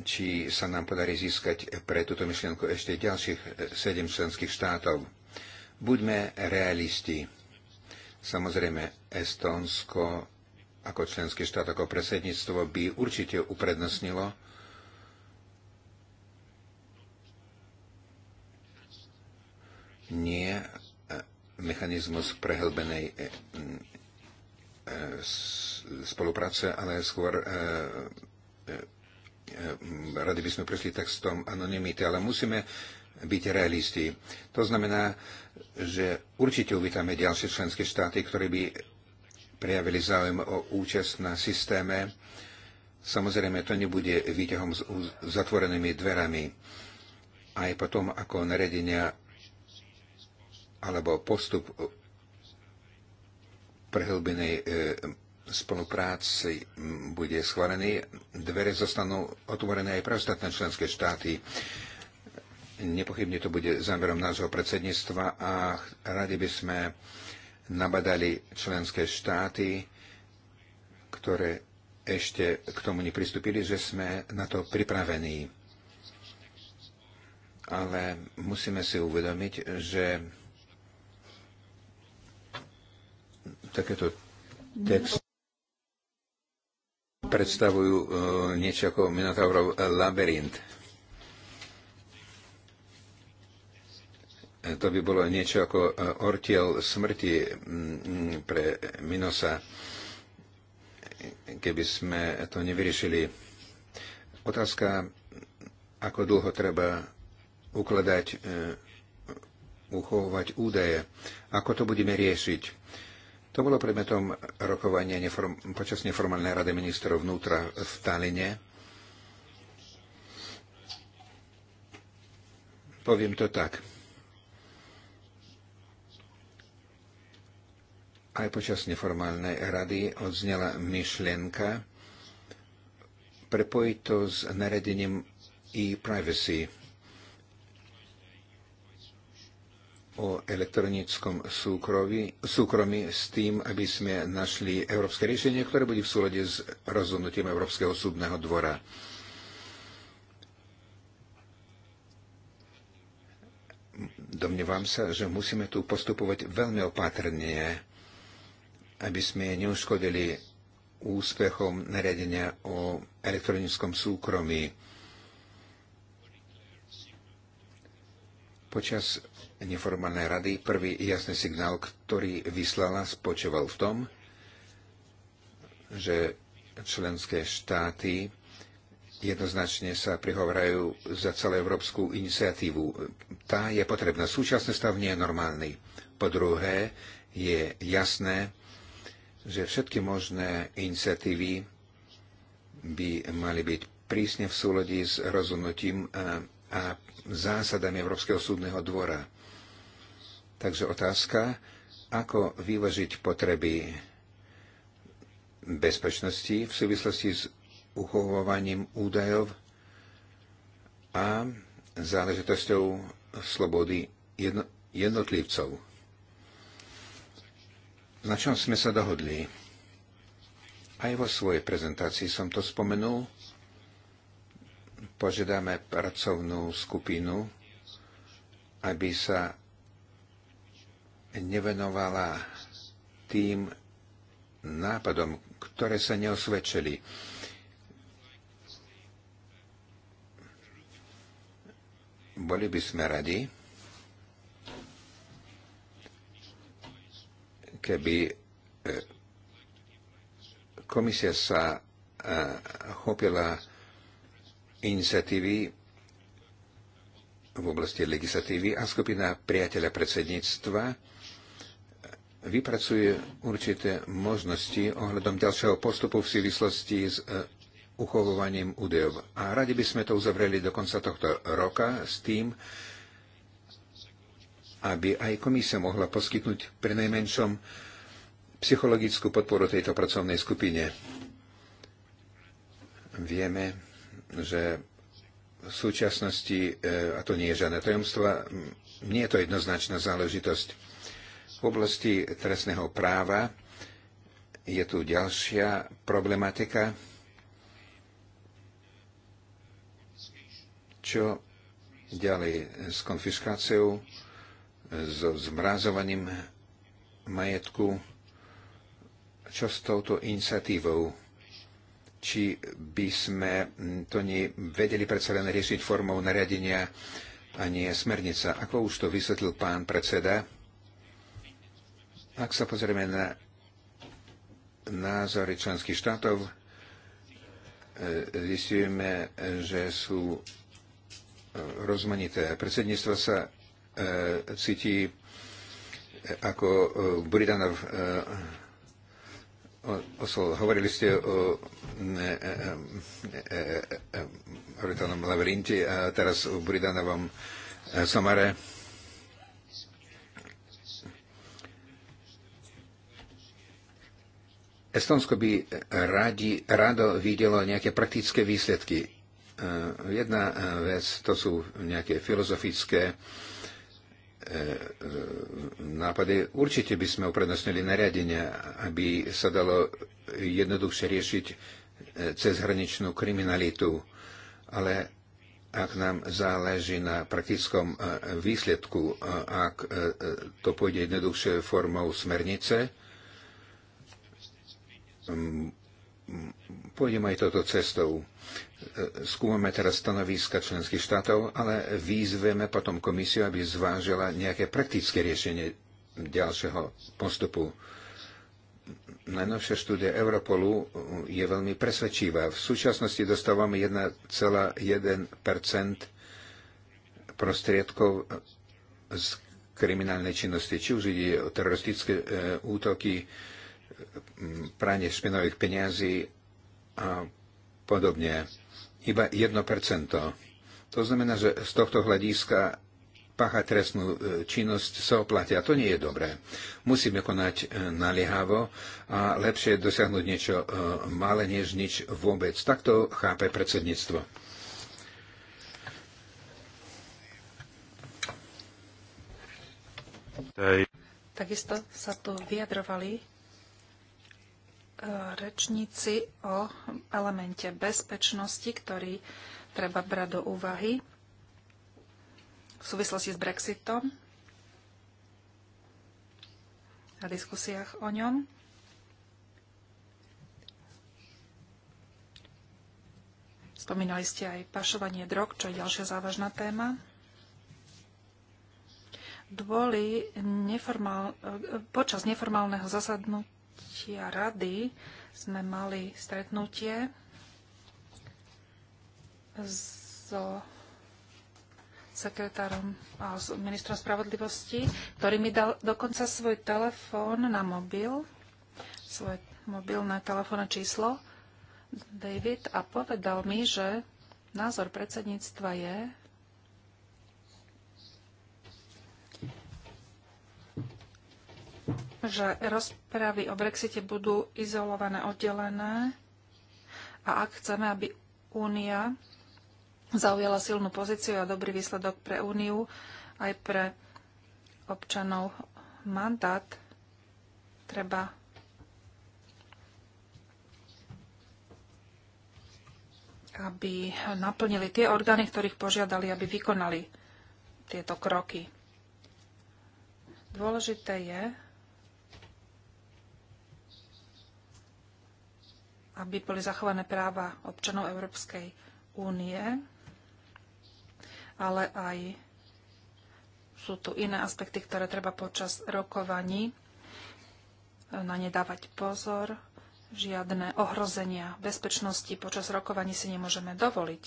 či sa nám podarí získať pre túto myšlienku ešte ďalších eh, sedem členských štátov. Buďme realisti. Samozrejme, Estónsko ako členský štát, ako presedníctvo by určite uprednostnilo nie e, mechanizmus prehlbenej e, e, spolupráce, ale skôr radi by sme prešli textom anonimity, ale musíme byť realisti. To znamená, že určite uvítame ďalšie členské štáty, ktoré by prejavili záujem o účasť na systéme. Samozrejme, to nebude výťahom s zatvorenými dverami. Aj potom, ako naredenia alebo postup prehlbenej e, spolupráci bude schválený. Dvere zostanú otvorené aj pre ostatné členské štáty. Nepochybne to bude zámerom nášho predsedníctva a radi by sme nabadali členské štáty, ktoré ešte k tomu nepristúpili, že sme na to pripravení. Ale musíme si uvedomiť, že takéto text predstavujú e, niečo ako Minotaurov labyrint. E, to by bolo niečo ako e, ortiel smrti pre Minosa, keby sme to nevyriešili. Otázka, ako dlho treba ukladať, uchovovať údaje, ako to budeme riešiť to bolo predmetom rokovania neform, počas neformálnej rady ministrov vnútra v Taline. Poviem to tak. Aj počas neformálnej rady odznela myšlienka prepojiť to s naredením e-privacy o elektronickom súkromí, súkromí s tým, aby sme našli európske riešenie, ktoré bude v súlade s rozhodnutím Európskeho súdneho dvora. Domnievam sa, že musíme tu postupovať veľmi opatrne, aby sme neuškodili úspechom nariadenia o elektronickom súkromí. Počas neformálnej rady prvý jasný signál, ktorý vyslala, spočíval v tom, že členské štáty jednoznačne sa prihovrajú za celú európsku iniciatívu. Tá je potrebná. Súčasný stav nie je normálny. Po druhé, je jasné, že všetky možné iniciatívy by mali byť prísne v súlodi s rozhodnutím eh, a zásadami Európskeho súdneho dvora Takže otázka, ako vyvažiť potreby bezpečnosti v súvislosti s uchovovaním údajov a záležitosťou slobody jedno, jednotlivcov. Na čom sme sa dohodli? Aj vo svojej prezentácii som to spomenul. Požiadame pracovnú skupinu, aby sa nevenovala tým nápadom, ktoré sa neosvedčili. Boli by sme radi, keby e, komisia sa e, chopila iniciatívy v oblasti legislatívy a skupina priateľa predsedníctva vypracuje určité možnosti ohľadom ďalšieho postupu v súvislosti s e, uchovovaním údajov. A radi by sme to uzavreli do konca tohto roka s tým, aby aj komisia mohla poskytnúť pre najmenšom psychologickú podporu tejto pracovnej skupine. Vieme, že v súčasnosti, e, a to nie je žiadne tajomstvo, nie je to jednoznačná záležitosť v oblasti trestného práva je tu ďalšia problematika, čo ďalej s konfiskáciou, so zmrazovaním majetku, čo s touto iniciatívou, či by sme to vedeli predsa len riešiť formou nariadenia a nie smernica. Ako už to vysvetlil pán predseda, ak sa pozrieme na názory členských štátov, zistujeme, že sú rozmanité. Predsedníctvo sa cíti ako Buridanov osol. Hovorili ste o Británom labyrinte a teraz o Buridanovom samare Estonsko by radi, rado videlo nejaké praktické výsledky. E, jedna e, vec, to sú nejaké filozofické e, nápady. Určite by sme uprednostnili nariadenia, aby sa dalo jednoduchšie riešiť cezhraničnú kriminalitu, ale ak nám záleží na praktickom výsledku, ak to pôjde jednoduchšie formou smernice, pôjdem aj toto cestou. E, skúmame teraz stanoviska členských štátov, ale výzveme potom komisiu, aby zvážila nejaké praktické riešenie ďalšieho postupu. Najnovšia štúdia Europolu e, je veľmi presvedčivá. V súčasnosti dostávame 1,1 prostriedkov e, z kriminálnej činnosti. Či už ide o teroristické útoky, pranie špinových peniazí a podobne. Iba 1%. To znamená, že z tohto hľadiska pácha trestnú e, činnosť sa oplatia, to nie je dobré. Musíme konať e, naliehavo a lepšie je dosiahnuť niečo e, malé, než nič vôbec. Takto chápe predsedníctvo. Takisto sa tu vyjadrovali E, rečníci o elemente bezpečnosti, ktorý treba brať do úvahy v súvislosti s Brexitom a diskusiách o ňom. Spomínali ste aj pašovanie drog, čo je ďalšia závažná téma. Dôli neformál, e, počas neformálneho zasadnutia zasadnutia rady sme mali stretnutie so sekretárom a s ministrom spravodlivosti, ktorý mi dal dokonca svoj telefón na mobil, svoje mobilné telefónne číslo, David, a povedal mi, že názor predsedníctva je, že rozpravy o Brexite budú izolované, oddelené a ak chceme, aby Únia zaujala silnú pozíciu a dobrý výsledok pre Úniu aj pre občanov mandát, treba aby naplnili tie orgány, ktorých požiadali, aby vykonali tieto kroky. Dôležité je, aby boli zachované práva občanov Európskej únie, ale aj sú tu iné aspekty, ktoré treba počas rokovaní e, na ne dávať pozor. Žiadne ohrozenia bezpečnosti počas rokovaní si nemôžeme dovoliť.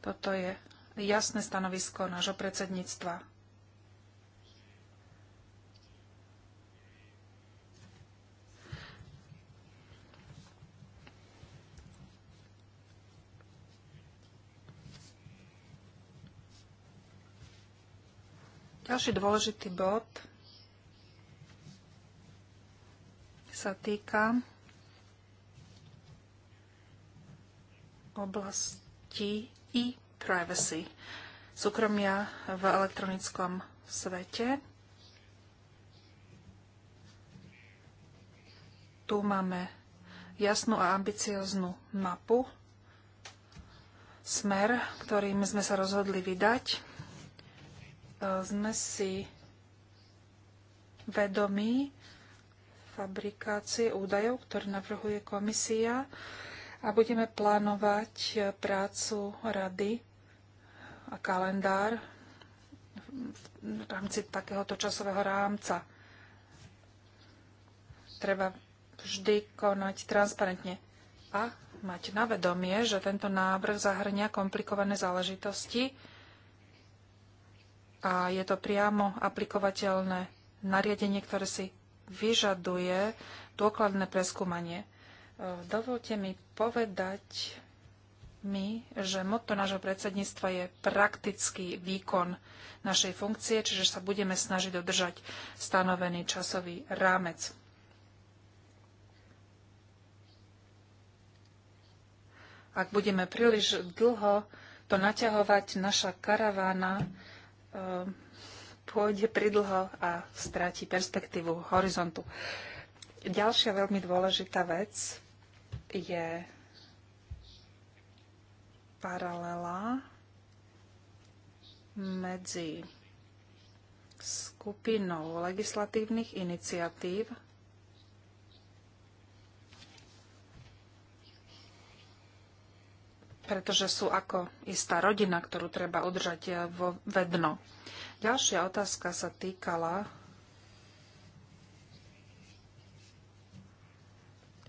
Toto je jasné stanovisko nášho predsedníctva. Ďalší dôležitý bod sa týka oblasti e-privacy, súkromia v elektronickom svete. Tu máme jasnú a ambicioznú mapu, smer, ktorým sme sa rozhodli vydať Eh, sme si vedomí fabrikácie údajov, ktoré navrhuje komisia a budeme plánovať eh, prácu rady a kalendár v rámci takéhoto časového rámca. Treba vždy konať transparentne a mať na vedomie, že tento návrh zahrňa komplikované záležitosti, a je to priamo aplikovateľné nariadenie, ktoré si vyžaduje dôkladné preskúmanie. E, dovolte mi povedať mi, že motto nášho predsedníctva je praktický výkon našej funkcie, čiže sa budeme snažiť dodržať stanovený časový rámec. Ak budeme príliš dlho to naťahovať, naša karavána E, pôjde pridlho a stráti perspektívu horizontu. Ďalšia veľmi dôležitá vec je paralela medzi skupinou legislatívnych iniciatív pretože sú ako istá rodina, ktorú treba udržať eh, vo vedno. Ďalšia otázka sa týkala,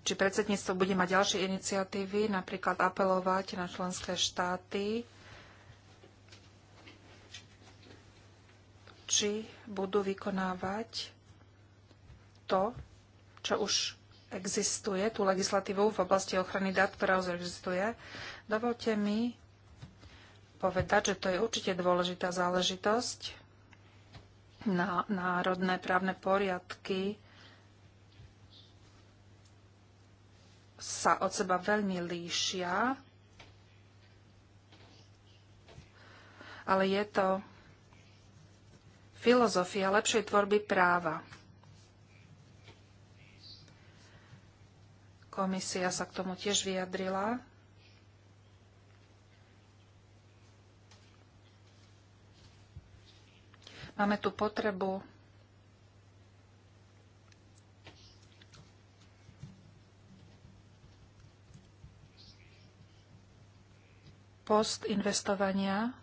či predsedníctvo bude mať ďalšie iniciatívy, napríklad apelovať na členské štáty, či budú vykonávať to, čo už existuje, tú legislatívu v oblasti ochrany dát, ktorá už existuje. Dovolte mi povedať, že to je určite dôležitá záležitosť na národné právne poriadky sa od seba veľmi líšia, ale je to filozofia lepšej tvorby práva. Komisia sa k tomu tiež vyjadrila. Máme tu potrebu post investovania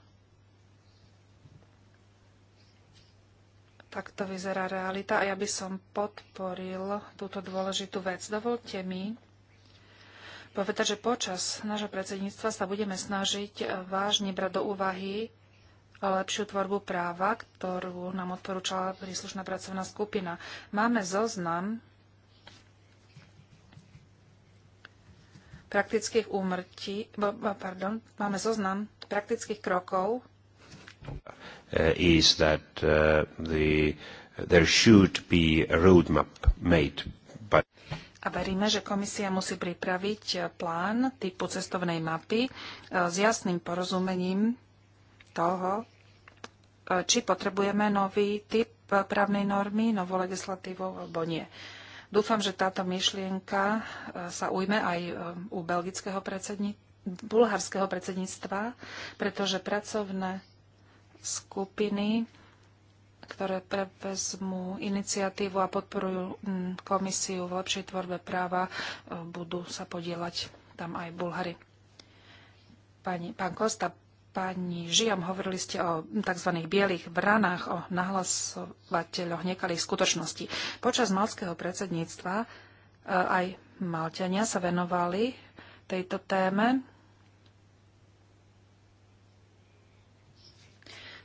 Takto vyzerá realita a ja by som podporil túto dôležitú vec. Dovolte mi povedať, že počas nášho predsedníctva sa budeme snažiť vážne brať do úvahy lepšiu tvorbu práva, ktorú nám odporúčala príslušná pracovná skupina. Máme zoznam praktických úmrtí, pardon, máme zoznam praktických krokov, Uh, is that uh, the, there should be a roadmap made. But... A veríme, že komisia musí pripraviť uh, plán typu cestovnej mapy s jasným porozumením toho, či potrebujeme nový typ právnej normy, novú legislatívu alebo nie. Dúfam, že táto myšlienka sa ujme aj um, u belgického predsedníctva bulharského predsedníctva, pretože pracovné skupiny, ktoré prevezmú iniciatívu a podporujú mm, komisiu v lepšej tvorbe práva, e, budú sa podielať tam aj Bulhary. Pani, pán Kosta, pani Žiam, hovorili ste o tzv. bielých branách, o nahlasovateľoch nekalých skutočností. Počas malského predsedníctva e, aj Malťania sa venovali tejto téme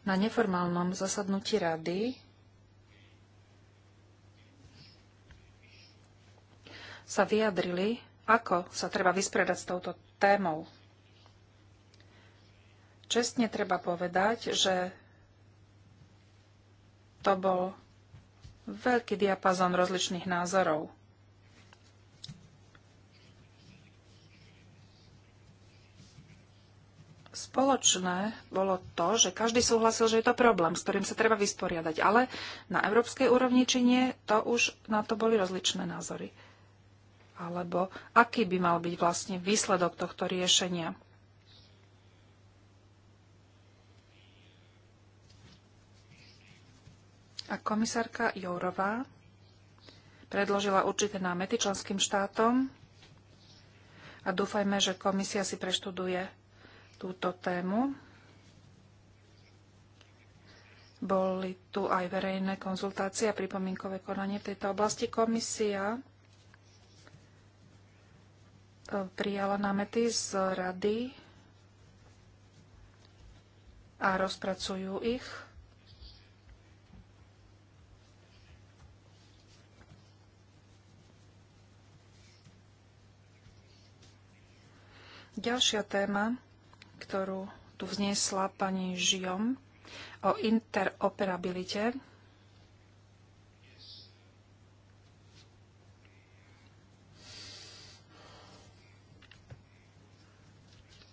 Na neformálnom zasadnutí rady sa vyjadrili, ako sa treba vyspredať s touto témou. Čestne treba povedať, že to bol veľký diapazon rozličných názorov. spoločné bolo to, že každý súhlasil, že je to problém, s ktorým sa treba vysporiadať. Ale na európskej úrovni či nie, to už na to boli rozličné názory. Alebo aký by mal byť vlastne výsledok tohto riešenia. A komisárka Jourová predložila určité námety členským štátom a dúfajme, že komisia si preštuduje túto tému. Boli tu aj verejné konzultácie a pripomienkové konanie v tejto oblasti. Komisia e, prijala námety z rady a rozpracujú ich. Ďalšia téma ktorú tu vznesla pani Žiom o interoperabilite.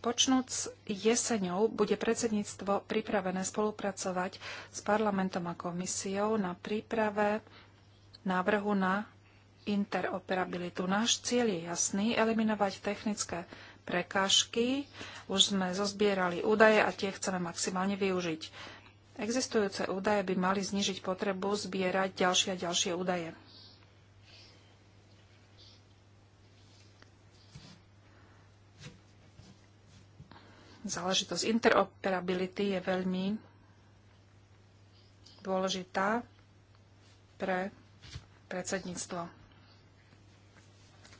Počnúc jeseňou bude predsedníctvo pripravené spolupracovať s parlamentom a komisiou na príprave návrhu na interoperabilitu. Náš cieľ je jasný, eliminovať technické prekážky. Už sme zozbierali údaje a tie chceme maximálne využiť. Existujúce údaje by mali znižiť potrebu zbierať ďalšie a ďalšie údaje. Záležitosť interoperability je veľmi dôležitá pre predsedníctvo.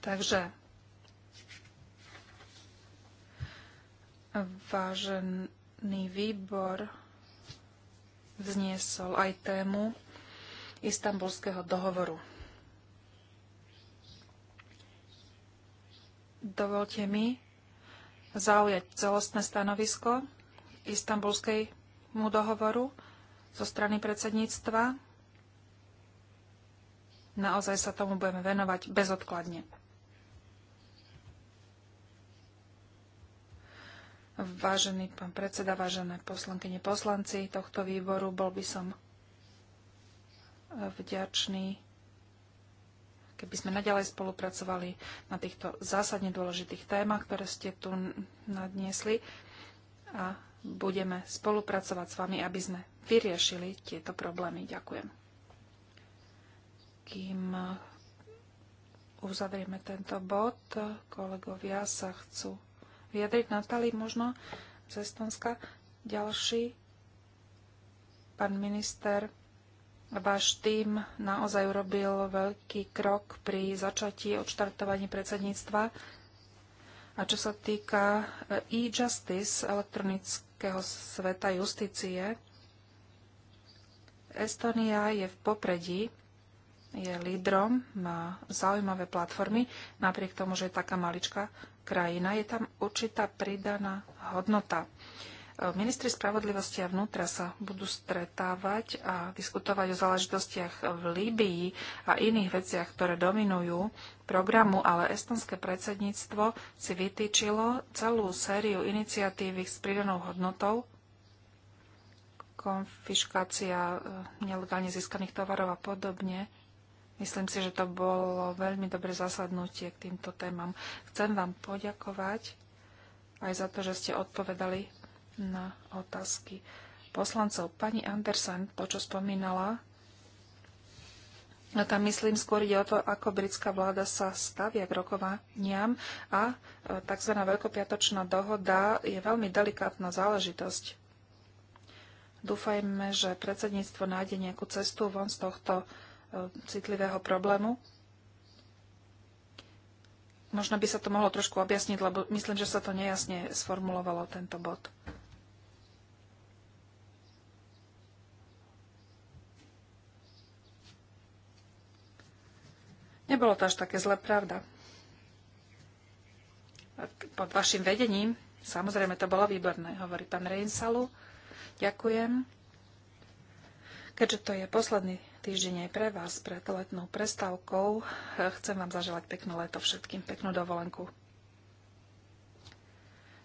Takže Vážený výbor vzniesol aj tému istambulského dohovoru. Dovolte mi zaujať celostné stanovisko istambulskému dohovoru zo strany predsedníctva. Naozaj sa tomu budeme venovať bezodkladne. Vážený pán predseda, vážené poslankyne, poslanci tohto výboru, bol by som eh, vďačný, keby sme naďalej spolupracovali na týchto zásadne dôležitých témach, ktoré ste tu nadniesli a budeme spolupracovať s vami, aby sme vyriešili tieto problémy. Ďakujem. Kým eh, uzavrieme tento bod, eh, kolegovia sa chcú vyjadriť? Natali možno z Estonska. Ďalší, pán minister, váš tým naozaj urobil veľký krok pri začatí odštartovaní predsedníctva. A čo sa týka eh, e-justice, elektronického sveta justície, Estonia je v popredí je lídrom, má zaujímavé platformy, napriek tomu, že je taká maličká krajina, je tam určitá pridaná hodnota. E, ministri spravodlivosti a vnútra sa budú stretávať a diskutovať o záležitostiach v Líbii a iných veciach, ktoré dominujú programu, ale estonské predsedníctvo si vytýčilo celú sériu iniciatív s pridanou hodnotou, konfiškácia e, nelegálne získaných tovarov a podobne. Myslím si, že to bolo veľmi dobre zasadnutie k týmto témam. Chcem vám poďakovať aj za to, že ste odpovedali na otázky poslancov. Pani Andersen, to, čo spomínala, a tam myslím skôr ide o to, ako britská vláda sa stavia k rokovaniam a e, tzv. veľkopiatočná dohoda je veľmi delikátna záležitosť. Dúfajme, že predsedníctvo nájde nejakú cestu von z tohto citlivého problému. Možno by sa to mohlo trošku objasniť, lebo myslím, že sa to nejasne sformulovalo, tento bod. Nebolo to až také zle, pravda. Pod vašim vedením, samozrejme, to bolo výborné, hovorí pán Reinsalu. Ďakujem. Keďže to je posledný týždeň aj pre vás pred letnou prestávkou. Chcem vám zaželať pekné leto všetkým, peknú dovolenku.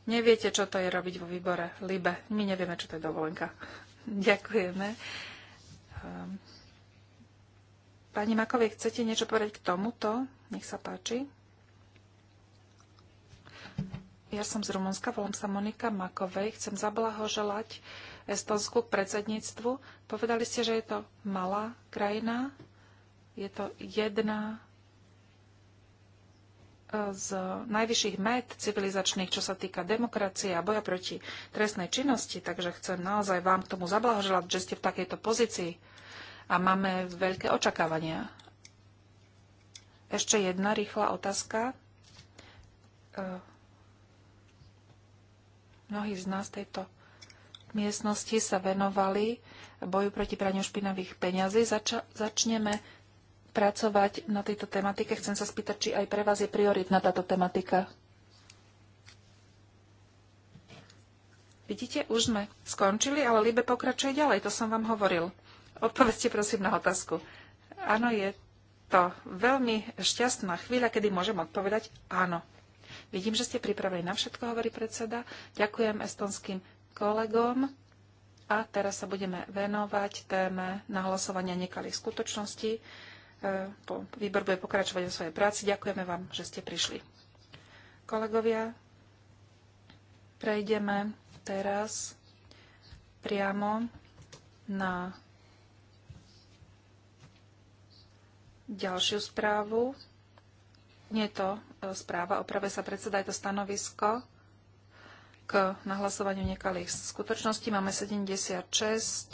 Neviete, čo to je robiť vo výbore Libe. My nevieme, čo to je dovolenka. Ďakujeme. Ehm, pani Makovie, chcete niečo povedať k tomuto? Nech sa páči. Ja som z Rumunska, volám sa Monika Makovej. Chcem zablahoželať Estonsku k predsedníctvu. Povedali ste, že je to malá krajina, je to jedna e, z najvyšších met civilizačných, čo sa týka demokracie a boja proti trestnej činnosti, takže chcem naozaj vám k tomu zablahoželať, že ste v takejto pozícii a máme veľké očakávania. Ešte jedna rýchla otázka. E, Mnohí z nás tejto miestnosti sa venovali boju proti praniu špinavých peňazí. Zača- začneme pracovať na tejto tematike. Chcem sa spýtať, či aj pre vás je prioritná táto tematika. Vidíte, už sme skončili, ale Libe pokračuje ďalej, to som vám hovoril. Odpovedzte prosím na otázku. Áno, je to veľmi šťastná chvíľa, kedy môžem odpovedať áno. Vidím, že ste pripravení na všetko, hovorí predseda. Ďakujem estonským kolegom. A teraz sa budeme venovať téme nahlasovania nekalých skutočností. E, výbor bude pokračovať o svojej práci. Ďakujeme vám, že ste prišli. Kolegovia, prejdeme teraz priamo na ďalšiu správu. Nie je to e, správa, oprave sa predseda, je to stanovisko k nahlasovaniu nekalých skutočností. Máme 76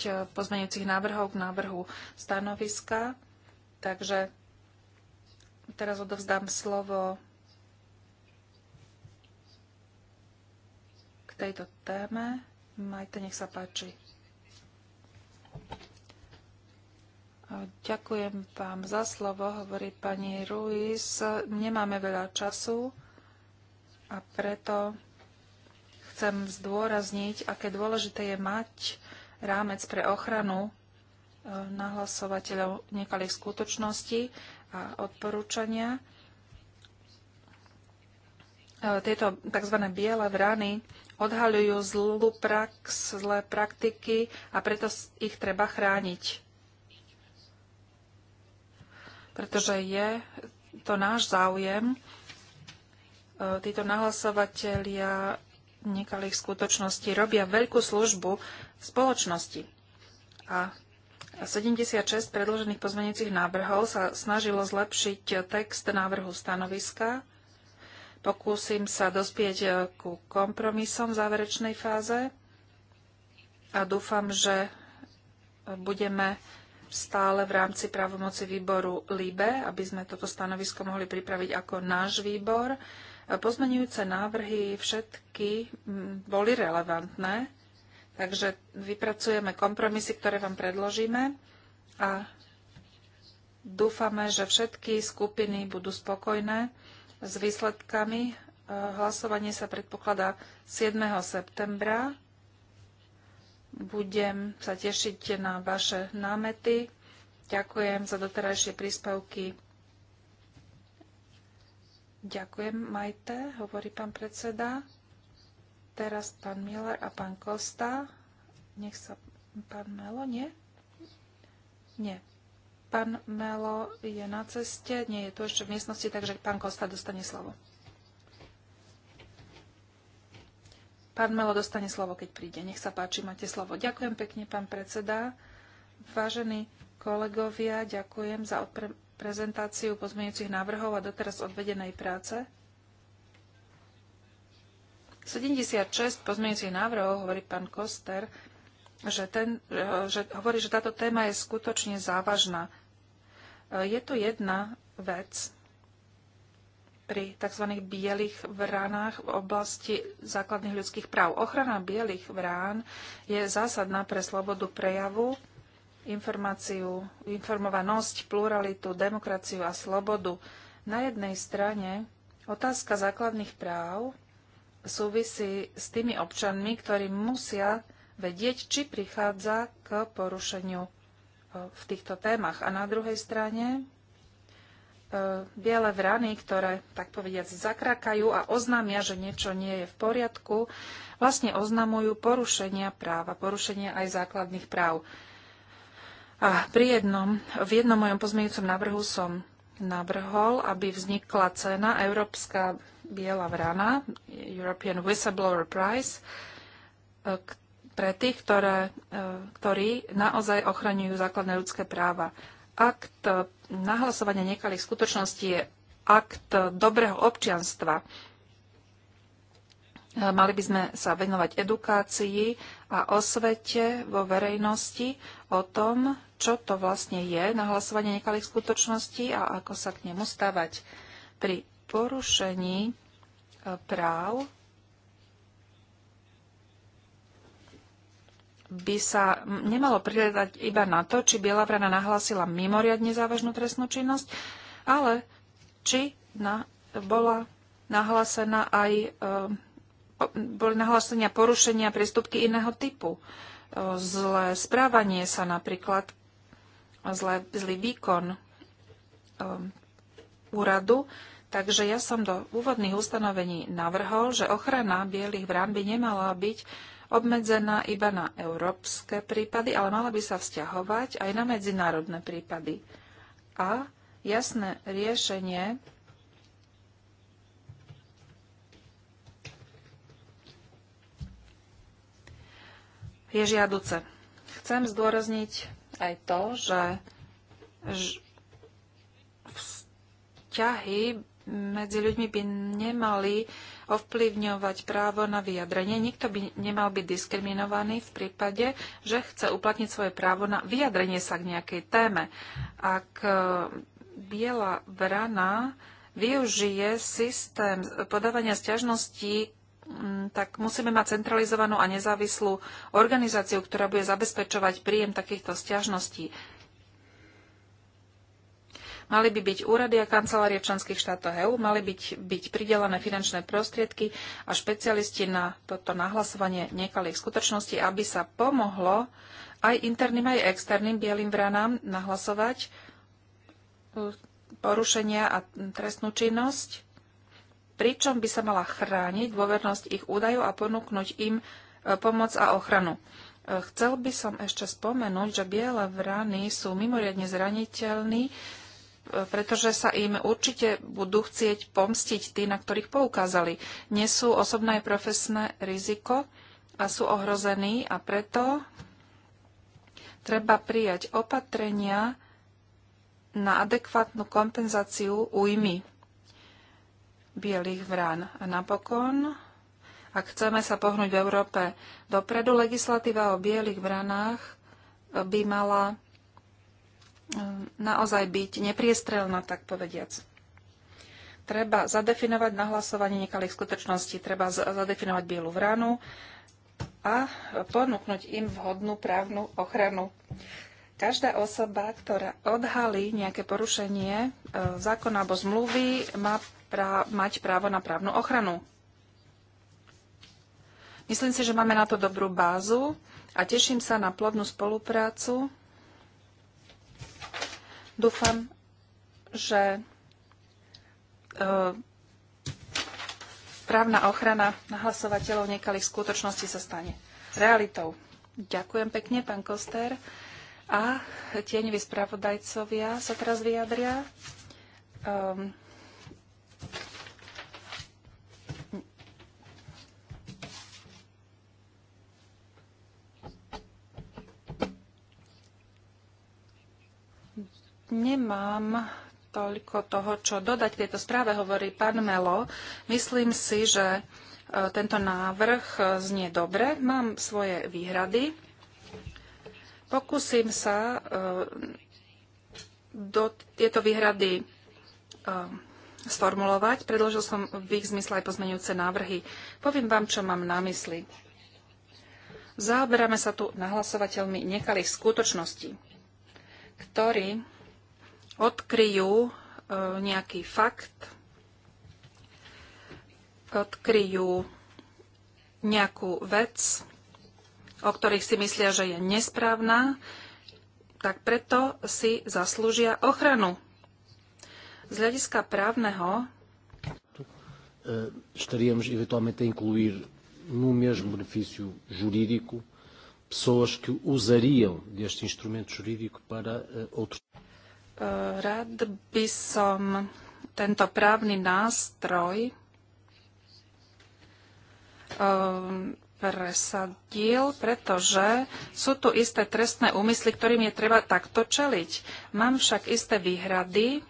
eh, pozmeňujúcich návrhov k návrhu stanoviska. Takže teraz odovzdám slovo k tejto téme. Majte, nech sa páči. Ďakujem vám za slovo, hovorí pani Ruiz. Nemáme veľa času a preto chcem zdôrazniť, aké dôležité je mať rámec pre ochranu e, nahlasovateľov nekalých skutočností a odporúčania. E, tieto tzv. biele vrany odhaľujú zlú prax, zlé praktiky a preto ich treba chrániť. Pretože je to náš záujem. E, títo nahlasovateľia nekalých skutočností robia veľkú službu spoločnosti. A 76 predložených pozmeňujúcich návrhov sa snažilo zlepšiť text návrhu stanoviska. Pokúsim sa dospieť eh, ku kompromisom v záverečnej fáze a dúfam, že budeme stále v rámci právomoci výboru LIBE, aby sme toto stanovisko mohli pripraviť ako náš výbor Pozmenujúce návrhy všetky mm, boli relevantné, takže vypracujeme kompromisy, ktoré vám predložíme a dúfame, že všetky skupiny budú spokojné s výsledkami. E, hlasovanie sa predpokladá 7. septembra. Budem sa tešiť na vaše námety. Ďakujem za doterajšie príspevky. Ďakujem, Majte, hovorí pán predseda. Teraz pán Miller a pán Kosta. Nech sa pán Melo, nie? Nie. Pán Melo je na ceste, nie je tu ešte v miestnosti, takže pán Kosta dostane slovo. Pán Melo dostane slovo, keď príde. Nech sa páči, máte slovo. Ďakujem pekne, pán predseda. Vážení kolegovia, ďakujem za odpre prezentáciu pozmeňujúcich návrhov a doteraz odvedenej práce. 76 pozmeňujúcich návrhov, hovorí pán Koster, že, ten, že hovorí, že táto téma je skutočne závažná. Je to jedna vec pri tzv. bielých vránach v oblasti základných ľudských práv. Ochrana bielých vrán je zásadná pre slobodu prejavu, informáciu, informovanosť, pluralitu, demokraciu a slobodu. Na jednej strane otázka základných práv súvisí s tými občanmi, ktorí musia vedieť, či prichádza k porušeniu e, v týchto témach. A na druhej strane e, biele vrany, ktoré, tak povediať, zakrakajú a oznámia, že niečo nie je v poriadku, vlastne oznamujú porušenia práva, porušenia aj základných práv. A pri jednom, v jednom mojom pozmeňujúcom návrhu som navrhol, aby vznikla cena Európska biela vrana, European Whistleblower Prize, e, pre tých, ktoré, e, ktorí naozaj ochraňujú základné ľudské práva. Akt e, nahlasovania nekalých skutočností je akt dobrého občianstva. E, mali by sme sa venovať edukácii a osvete vo verejnosti o tom, čo to vlastne je nahlasovanie nekalých skutočností a ako sa k nemu stavať. Pri porušení e, práv by sa nemalo prihľadať iba na to, či Biela vrana nahlásila mimoriadne závažnú trestnú činnosť, ale či na, bola nahlásená aj e, boli nahlásenia porušenia priestupky iného typu. Zlé správanie sa napríklad, zlé, zlý výkon um, úradu. Takže ja som do úvodných ustanovení navrhol, že ochrana bielých vrán by nemala byť obmedzená iba na európske prípady, ale mala by sa vzťahovať aj na medzinárodné prípady. A jasné riešenie je žiaduce. Chcem zdôrazniť aj to, že vzťahy medzi ľuďmi by nemali ovplyvňovať právo na vyjadrenie. Nikto by nemal byť diskriminovaný v prípade, že chce uplatniť svoje právo na vyjadrenie sa k nejakej téme. Ak e, biela vrana využije systém podávania sťažností Mm, tak musíme mať centralizovanú a nezávislú organizáciu, ktorá bude zabezpečovať príjem takýchto stiažností. Mali by byť úrady a kancelárie členských štátov EÚ, mali byť, byť pridelené finančné prostriedky a špecialisti na toto nahlasovanie nekalých skutočností, aby sa pomohlo aj interným, aj externým bielým vranám nahlasovať uh, porušenia a trestnú činnosť pričom by sa mala chrániť dôvernosť ich údajov a ponúknuť im e, pomoc a ochranu. E, chcel by som ešte spomenúť, že biele vrany sú mimoriadne zraniteľní, e, pretože sa im určite budú chcieť pomstiť tí, na ktorých poukázali. Nesú osobné aj profesné riziko a sú ohrození a preto treba prijať opatrenia na adekvátnu kompenzáciu újmy bielých vrán. A napokon, ak chceme sa pohnúť v Európe dopredu, legislatíva o bielých vranách by mala eh, naozaj byť nepriestrelná, tak povediac. Treba zadefinovať nahlasovanie nekalých skutočností, treba zadefinovať bielu vranu a ponúknuť im vhodnú právnu ochranu. Každá osoba, ktorá odhalí nejaké porušenie eh, zákona alebo zmluvy, má prá- mať právo na právnu ochranu. Myslím si, že máme na to dobrú bázu a teším sa na plodnú spoluprácu. Dúfam, že e, právna ochrana nahlasovateľov nekalých skutočností sa stane realitou. Ďakujem pekne, pán Koster. A tieňoví spravodajcovia sa teraz vyjadria. Ehm, Nemám toľko toho, čo dodať k tejto správe, hovorí pán Melo. Myslím si, že e, tento návrh e, znie dobre. Mám svoje výhrady. Pokúsim sa e, do tieto výhrady sformulovať. Predložil som v ich zmysle aj pozmenujúce návrhy. Poviem vám, čo mám na mysli. Zaoberáme sa tu nahlasovateľmi nekalých skutočností, ktorí odkryjú e, nejaký fakt, odkryjú nejakú vec, o ktorých si myslia, že je nesprávna, tak preto si zaslúžia ochranu. Z hľadiska právneho estaríamos eventualmente a incluir no mesmo benefício jurídico pessoas que usariam deste instrumento jurídico para e, outros. Rád by som tento právny nástroj ehm, presadil, pretože sú tu isté trestné úmysly, ktorým je treba takto čeliť. Mám však isté výhrady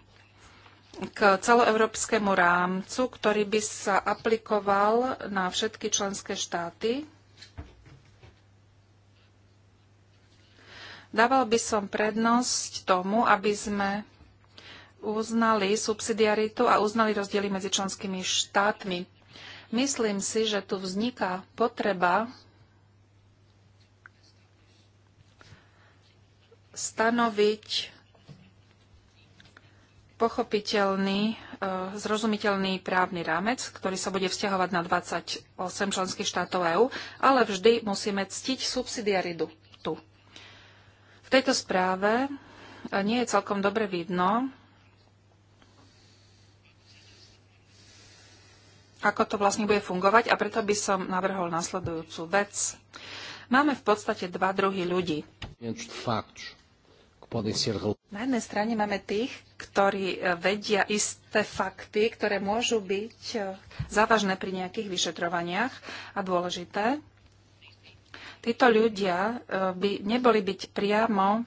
k celoeurópskemu rámcu, ktorý by sa aplikoval na všetky členské štáty Dával by som prednosť tomu, aby sme uznali subsidiaritu a uznali rozdiely medzi členskými štátmi. Myslím si, že tu vzniká potreba stanoviť pochopiteľný, eh, zrozumiteľný právny rámec, ktorý sa bude vzťahovať na 28 členských štátov EÚ, ale vždy musíme ctiť subsidiaridu tejto správe eh, nie je celkom dobre vidno, ako to vlastne bude fungovať a preto by som navrhol nasledujúcu vec. Máme v podstate dva druhy ľudí. Na jednej strane máme tých, ktorí eh, vedia isté fakty, ktoré môžu byť eh, závažné pri nejakých vyšetrovaniach a dôležité títo ľudia e, by neboli byť priamo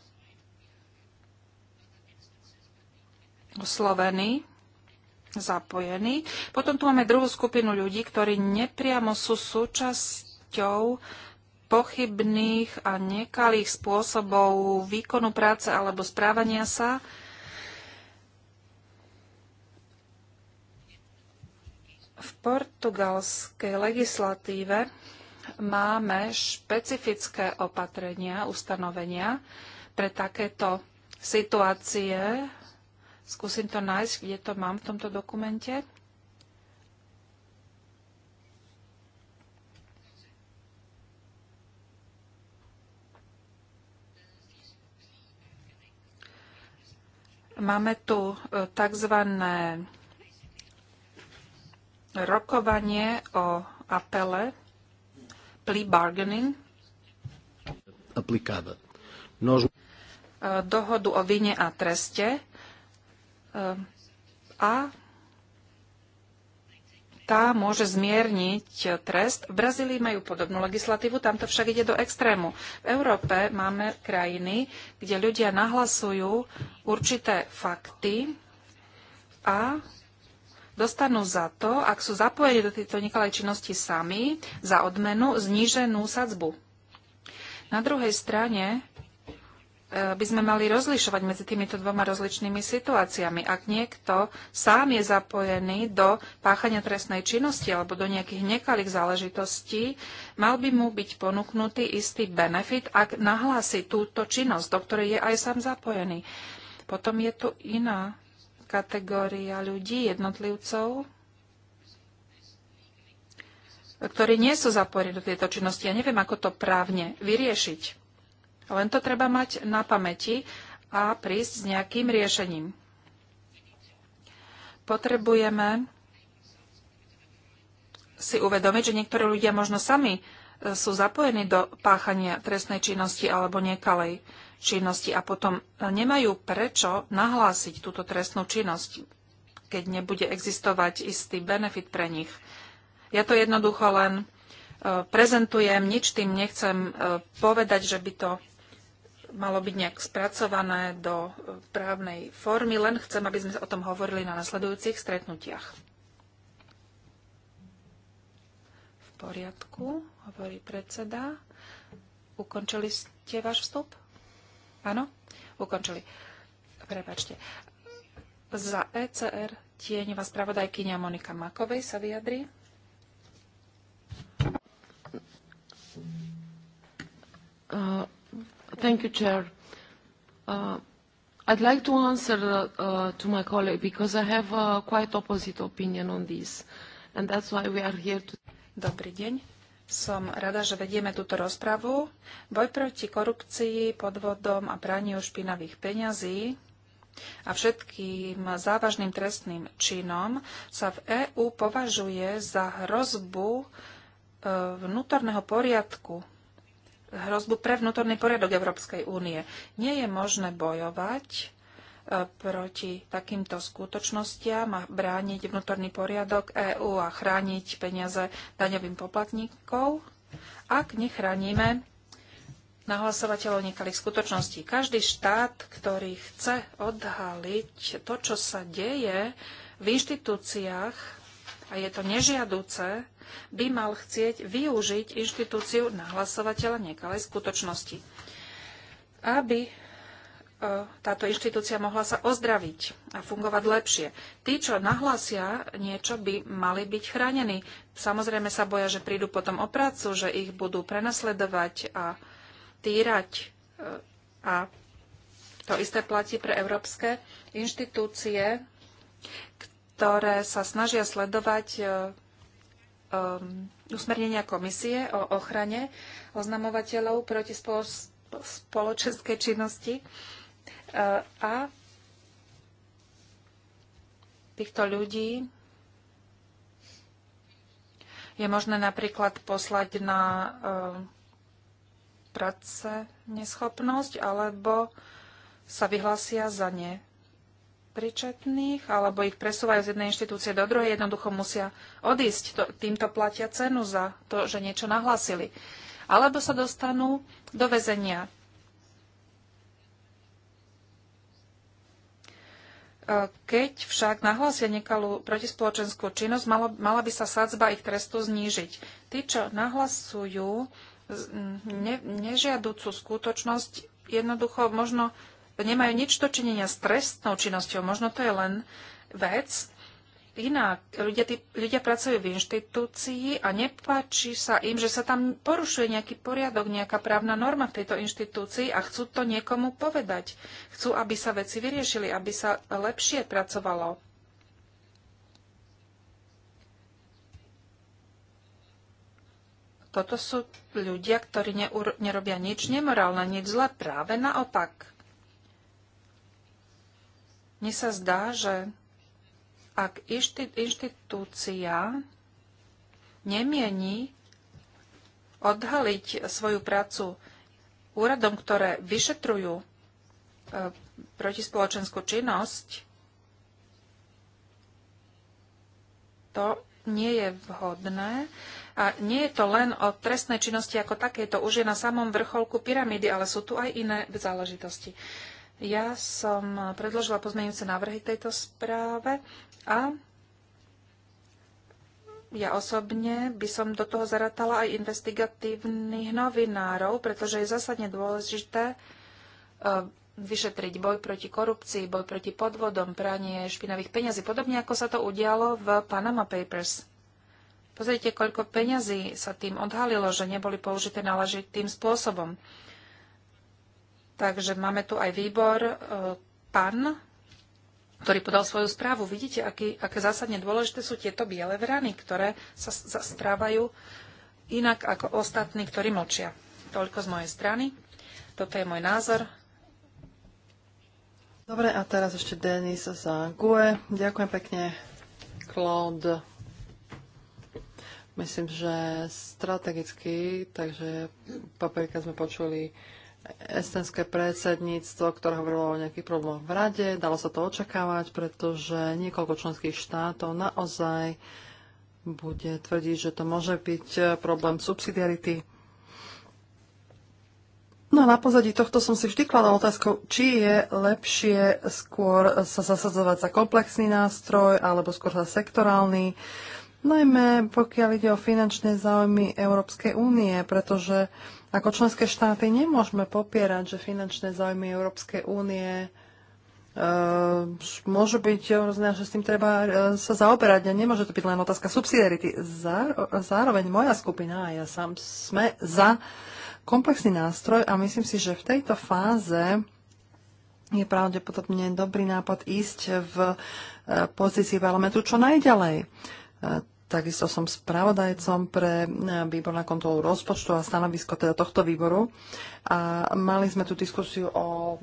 oslovení, zapojení. Potom tu máme druhú skupinu ľudí, ktorí nepriamo sú súčasťou pochybných a nekalých spôsobov výkonu práce alebo správania sa. V portugalskej legislatíve máme špecifické opatrenia, ustanovenia pre takéto situácie. Skúsim to nájsť, kde to mám v tomto dokumente. Máme tu e, tzv. rokovanie o apele plea bargaining. Aplicada. Nos... E, dohodu o vine a treste e, a tá môže zmierniť trest. V Brazílii majú podobnú legislatívu, to však ide do extrému. V Európe máme krajiny, kde ľudia nahlasujú určité fakty a dostanú za to, ak sú zapojení do tejto nekalej činnosti sami, za odmenu zníženú sadzbu. Na druhej strane e, by sme mali rozlišovať medzi týmito dvoma rozličnými situáciami. Ak niekto sám je zapojený do páchania trestnej činnosti alebo do nejakých nekalých záležitostí, mal by mu byť ponúknutý istý benefit, ak nahlási túto činnosť, do ktorej je aj sám zapojený. Potom je tu iná kategória ľudí, jednotlivcov, ktorí nie sú zapojení do tejto činnosti. Ja neviem, ako to právne vyriešiť. Len to treba mať na pamäti a prísť s nejakým riešením. Potrebujeme si uvedomiť, že niektorí ľudia možno sami sú zapojení do páchania trestnej činnosti alebo niekalej činnosti a potom nemajú prečo nahlásiť túto trestnú činnosť, keď nebude existovať istý benefit pre nich. Ja to jednoducho len e, prezentujem, nič tým nechcem e, povedať, že by to malo byť nejak spracované do e, právnej formy, len chcem, aby sme o tom hovorili na nasledujúcich stretnutiach. V poriadku, hovorí predseda. Ukončili ste váš vstup? Áno? Ukončili. Prepačte. Za ECR tieňová spravodajkynia Monika Makovej sa vyjadrí. Uh, thank you, Chair. Uh, I'd like to answer uh, to my colleague because I have uh, quite opposite opinion on this. And that's why we are here to... Dobrý deň. Som rada, že vedieme túto rozpravu. Boj proti korupcii, podvodom a praniu špinavých peňazí a všetkým závažným trestným činom sa v EÚ považuje za hrozbu e, vnútorného poriadku, hrozbu pre vnútorný poriadok Európskej únie. Nie je možné bojovať proti takýmto skutočnostiam a brániť vnútorný poriadok EÚ a chrániť peniaze daňovým poplatníkov, ak nechránime nahlasovateľov nekalých skutočností. Každý štát, ktorý chce odhaliť to, čo sa deje v inštitúciách, a je to nežiaduce, by mal chcieť využiť inštitúciu nahlasovateľa nekalej skutočnosti, aby E, táto inštitúcia mohla sa ozdraviť a fungovať lepšie. Tí, čo nahlásia niečo, by mali byť chránení. Samozrejme sa boja, že prídu potom o prácu, že ich budú prenasledovať a týrať. E, a to isté platí pre európske inštitúcie, ktoré sa snažia sledovať um, usmernenia komisie o ochrane oznamovateľov proti spoločenskej činnosti a týchto ľudí je možné napríklad poslať na e, práce neschopnosť alebo sa vyhlasia za ne alebo ich presúvajú z jednej inštitúcie do druhej, jednoducho musia odísť. To, týmto platia cenu za to, že niečo nahlasili. Alebo sa dostanú do väzenia. Keď však nahlásia nekalú protispoločenskú činnosť, malo, mala by sa sadzba ich trestu znížiť. Tí, čo nahlasujú ne, nežiaducú skutočnosť, jednoducho možno nemajú nič dočinenia s trestnou činnosťou. Možno to je len vec, inak. Ľudia, tí, ľudia pracujú v inštitúcii a nepáči sa im, že sa tam porušuje nejaký poriadok, nejaká právna norma v tejto inštitúcii a chcú to niekomu povedať. Chcú, aby sa veci vyriešili, aby sa lepšie pracovalo. Toto sú ľudia, ktorí nerobia nič nemorálne, nič zlé, práve naopak. Mne sa zdá, že ak inštitúcia nemieni odhaliť svoju prácu úradom, ktoré vyšetrujú e, protispoločenskú činnosť, to nie je vhodné. A nie je to len o trestnej činnosti ako takéto. to už je na samom vrcholku pyramídy, ale sú tu aj iné záležitosti. Ja som predložila pozmeňujúce návrhy tejto správe a ja osobne by som do toho zaratala aj investigatívnych novinárov, pretože je zásadne dôležité e, vyšetriť boj proti korupcii, boj proti podvodom, pranie špinavých peňazí, podobne ako sa to udialo v Panama Papers. Pozrite, koľko peňazí sa tým odhalilo, že neboli použité náležitým spôsobom. Takže máme tu aj výbor e, PAN, ktorý podal svoju správu. Vidíte, aký, aké zásadne dôležité sú tieto biele vrany, ktoré sa zastrávajú inak ako ostatní, ktorí močia. Toľko z mojej strany. Toto je môj názor. Dobre, a teraz ešte Denis za GUE. Ďakujem pekne, Claude. Myslím, že strategicky, takže paprika sme počuli Estenské predsedníctvo, ktoré hovorilo o nejakých problémoch v rade. Dalo sa to očakávať, pretože niekoľko členských štátov naozaj bude tvrdiť, že to môže byť eh, problém subsidiarity. No a na pozadí tohto som si vždy kladla otázku, či je lepšie skôr sa zasadzovať za komplexný nástroj alebo skôr za sektorálny, najmä pokiaľ ide o finančné záujmy Európskej únie, pretože ako členské štáty nemôžeme popierať, že finančné záujmy Európskej únie Uh, e, môže byť rôzne, že s tým treba e, sa zaoberať a nemôže to byť len otázka subsidiarity. Zároveň moja skupina a ja sám sme za komplexný nástroj a myslím si, že v tejto fáze je pravdepodobne dobrý nápad ísť v e, pozícii parlamentu čo najďalej. Takisto som spravodajcom pre e, výbor na kontrolu rozpočtu a stanovisko teda tohto výboru. A mali sme tú diskusiu o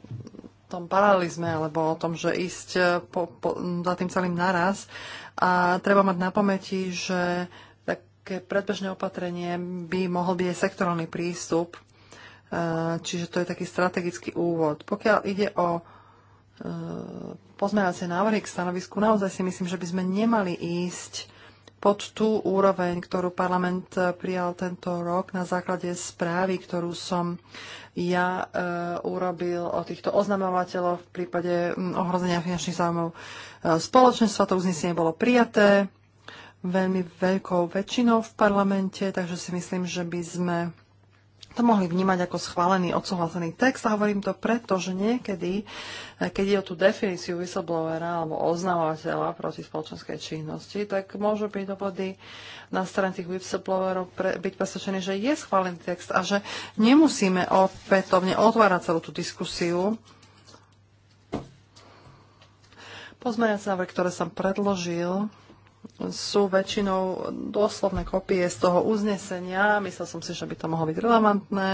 tom paralizme alebo o tom, že ísť e, po, po, za tým celým naraz. A treba mať na pamäti, že také predbežné opatrenie by mohol byť aj sektorálny prístup, e, čiže to je taký strategický úvod. Pokiaľ ide o pozmeňovacie návrhy k stanovisku, naozaj si myslím, že by sme nemali ísť pod tú úroveň, ktorú parlament eh, prijal tento rok na základe správy, ktorú som ja e, urobil o týchto oznamovateľoch v prípade mm, ohrozenia finančných záujmov eh, spoločenstva. To uznesenie bolo prijaté veľmi veľkou väčšinou v parlamente, takže si myslím, že by sme to mohli vnímať ako schválený, odsúhlasený text a hovorím to preto, že niekedy, eh, keď je o tú definíciu whistleblowera alebo oznávateľa proti spoločenskej činnosti, tak môžu byť dôvody na strane tých whistleblowerov pre, byť presvedčený, že je schválený text a že nemusíme opätovne otvárať celú tú diskusiu. Pozmeňacie návrhy, ktoré som predložil, sú väčšinou doslovné kopie z toho uznesenia. Myslel som si, že by to mohlo byť relevantné,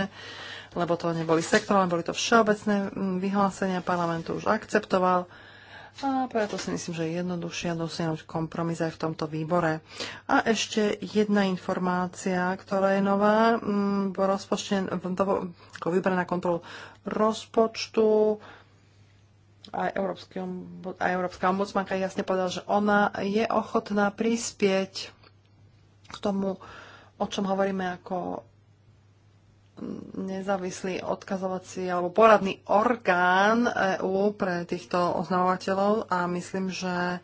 lebo to neboli sektorálne, boli to všeobecné mm, vyhlásenia, to už akceptoval. A preto si myslím, že je jednoduchšia dosiahnuť kompromis aj v tomto výbore. A ešte jedna informácia, ktorá je nová, mm, v rozpočte, vybraná kontrolu rozpočtu, aj, Európska ombudsmanka jasne povedala, že ona je ochotná prispieť k tomu, o čom hovoríme ako nezávislý odkazovací alebo poradný orgán EÚ pre týchto oznamovateľov a myslím, že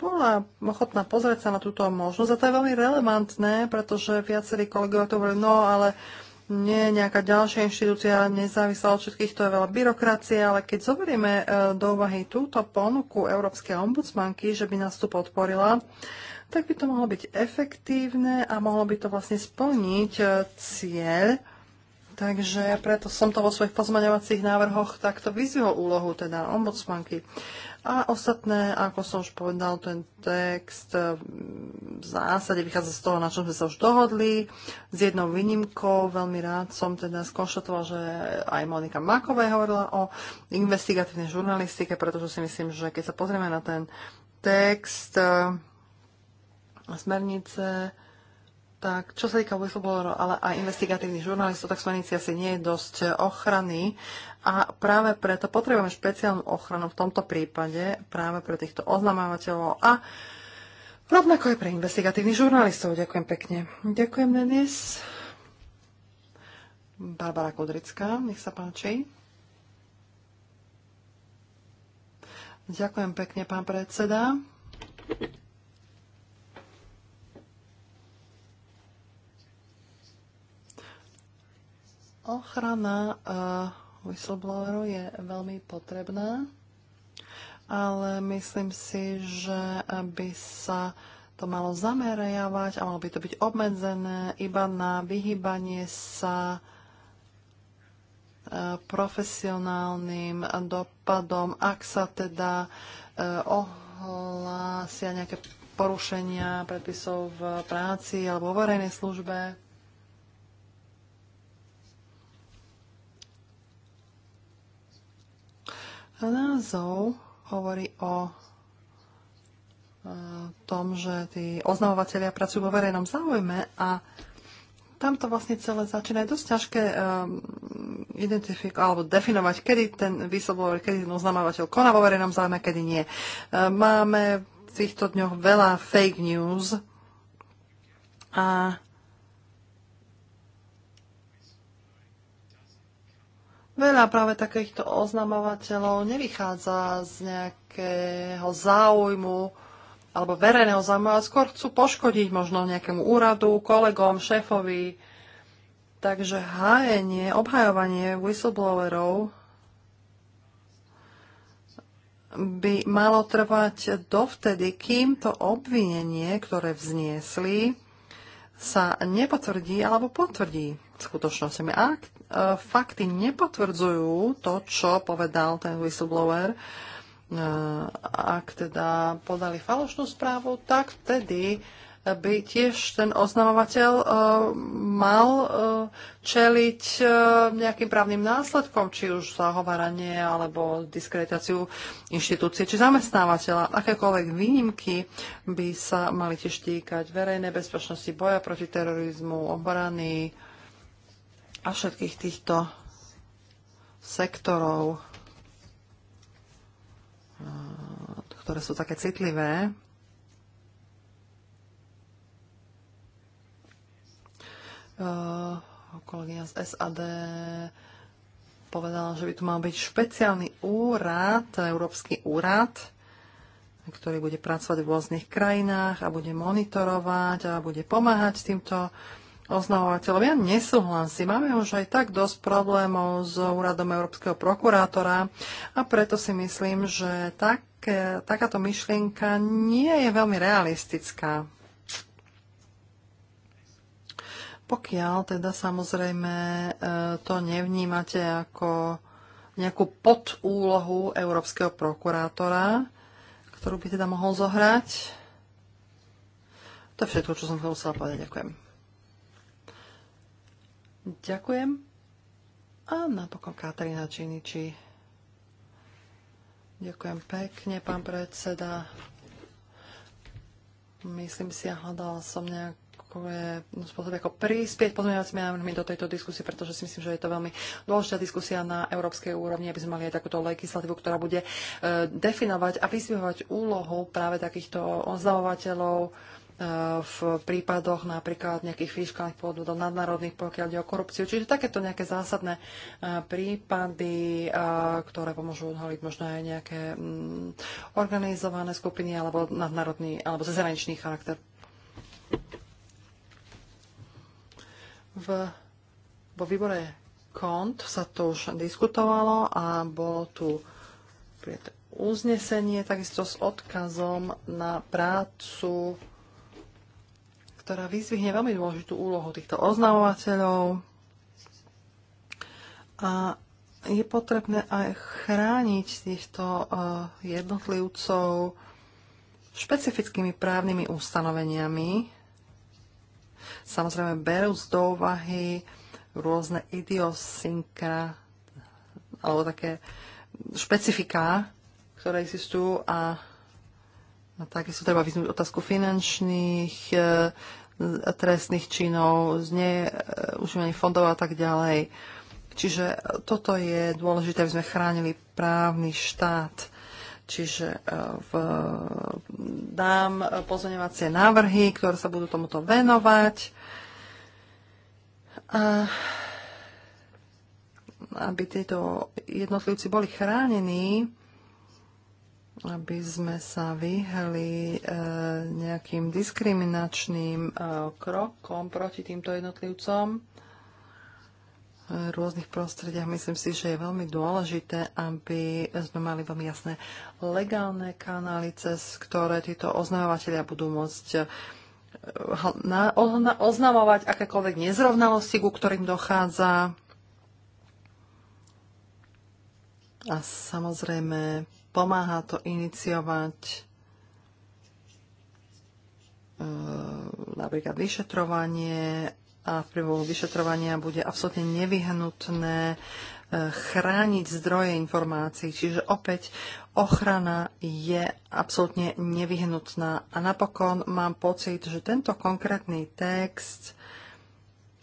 bola ochotná pozrieť sa na túto možnosť a to je veľmi relevantné, pretože viacerí kolegovia to hovorili, no ale uh, nie nejaká ďalšia inštitúcia nezávislá od všetkých, to je veľa byrokracie, ale keď zoberieme e, do úvahy túto ponuku Európskej ombudsmanky, že by nás tu podporila, tak by to mohlo byť efektívne a mohlo by to vlastne splniť e, cieľ. Takže preto som to vo svojich pozmaňovacích návrhoch takto vyzvihol úlohu teda ombudsmanky. A ostatné, ako som už povedal, ten text eh, v zásade vychádza z toho, na čom sme sa už dohodli. S jednou výnimkou veľmi rád som teda skonštatoval, že aj Monika Makovej hovorila o investigatívnej žurnalistike, pretože si myslím, že keď sa pozrieme na ten text eh, smernice, tak čo sa týka whistleblowerov, ale aj investigatívnych žurnalistov, tak smernici asi nie je dosť eh, ochrany a práve preto potrebujeme špeciálnu ochranu v tomto prípade práve pre týchto oznamovateľov a rovnako aj pre investigatívnych žurnalistov. Ďakujem pekne. Ďakujem, Denis. Barbara Kudrická, nech sa páči. Ďakujem pekne, pán predseda. Ochrana uh, Whistlebloweru je veľmi potrebná, ale myslím si, že by sa to malo zameriavať a malo by to byť obmedzené iba na vyhýbanie sa e, profesionálnym dopadom, ak sa teda e, ohlásia nejaké porušenia predpisov v práci alebo vo verejnej službe. Názov hovorí o e, tom, že tí oznamovateľia pracujú vo verejnom záujme a tam to vlastne celé začína. Je dosť ťažké e, identifikovať alebo definovať, kedy ten whistleblower, kedy ten oznamovateľ koná vo verejnom záujme, kedy nie. E, máme v týchto dňoch veľa fake news a Veľa práve takýchto oznamovateľov nevychádza z nejakého záujmu alebo verejného záujmu, ale skôr chcú poškodiť možno nejakému úradu, kolegom, šéfovi. Takže hájenie, obhajovanie whistleblowerov by malo trvať dovtedy, kým to obvinenie, ktoré vzniesli, sa nepotvrdí alebo potvrdí skutočnosťami. Ak E, fakty nepotvrdzujú to, čo povedal ten whistleblower, e, ak teda podali falošnú správu, tak vtedy by tiež ten oznamovateľ e, mal čeliť nejakým právnym následkom, či už zahovaranie alebo diskreditáciu inštitúcie či zamestnávateľa. Akékoľvek výnimky by sa mali tiež týkať verejnej bezpečnosti, boja proti terorizmu, obrany, a všetkých týchto sektorov, eh, ktoré sú také citlivé. Eh, kolegyňa z SAD povedala, že by tu mal byť špeciálny úrad, Európsky úrad, ktorý bude pracovať v rôznych krajinách a bude monitorovať a bude pomáhať týmto oznamovateľov. Ja nesúhlasím. Máme už aj tak dosť problémov s úradom Európskeho prokurátora a preto si myslím, že tak, takáto myšlienka nie je veľmi realistická. Pokiaľ teda samozrejme e, to nevnímate ako nejakú podúlohu Európskeho prokurátora, ktorú by teda mohol zohrať. To je všetko, čo som chcela povedať. Ďakujem. Ďakujem. A napokon Katarína Činiči. Ďakujem pekne, pán predseda. Myslím si, ja hľadala som nejak nejaké spôsob, ako prispieť pozmeňovacími návrhmi do tejto diskusie, pretože si myslím, že je to veľmi dôležitá diskusia na európskej úrovni, aby sme mali aj takúto legislatívu, ktorá bude eh, definovať a prispievať úlohu práve takýchto oznamovateľov Eh, v prípadoch napríklad nejakých fiskálnych podvodov nadnárodných, pokiaľ ide o korupciu. Čiže takéto nejaké zásadné eh, prípady, eh, ktoré pomôžu odhaliť možno aj nejaké mm, organizované skupiny alebo nadnárodný alebo zahraničný charakter. V, vo výbore KONT sa to už diskutovalo a bolo tu uznesenie takisto s odkazom na prácu ktorá vyzvihne veľmi dôležitú úlohu týchto oznamovateľov a je potrebné aj chrániť týchto eh, jednotlivcov špecifickými právnymi ustanoveniami. Samozrejme, berú z dôvahy, rôzne idiosynkra alebo také špecifiká, ktoré existujú a tak takisto treba vyznúť otázku finančných e, e, trestných činov, znie e, užívanie fondov a tak ďalej. Čiže toto je dôležité, aby sme chránili právny štát. Čiže e, v, dám pozorňovacie návrhy, ktoré sa budú tomuto venovať. A aby tieto jednotlivci boli chránení, aby sme sa vyhli e, nejakým diskriminačným e, krokom proti týmto jednotlivcom e, rôznych prostrediach. Myslím si, že je veľmi dôležité, aby sme mali veľmi jasné legálne kanály, cez ktoré títo oznamovateľia budú môcť e, na, oznamovať akékoľvek nezrovnalosti, ku ktorým dochádza. A samozrejme pomáha to iniciovať e, napríklad vyšetrovanie a v priebehu vyšetrovania bude absolútne nevyhnutné e, chrániť zdroje informácií. Čiže opäť ochrana je absolútne nevyhnutná. A napokon mám pocit, že tento konkrétny text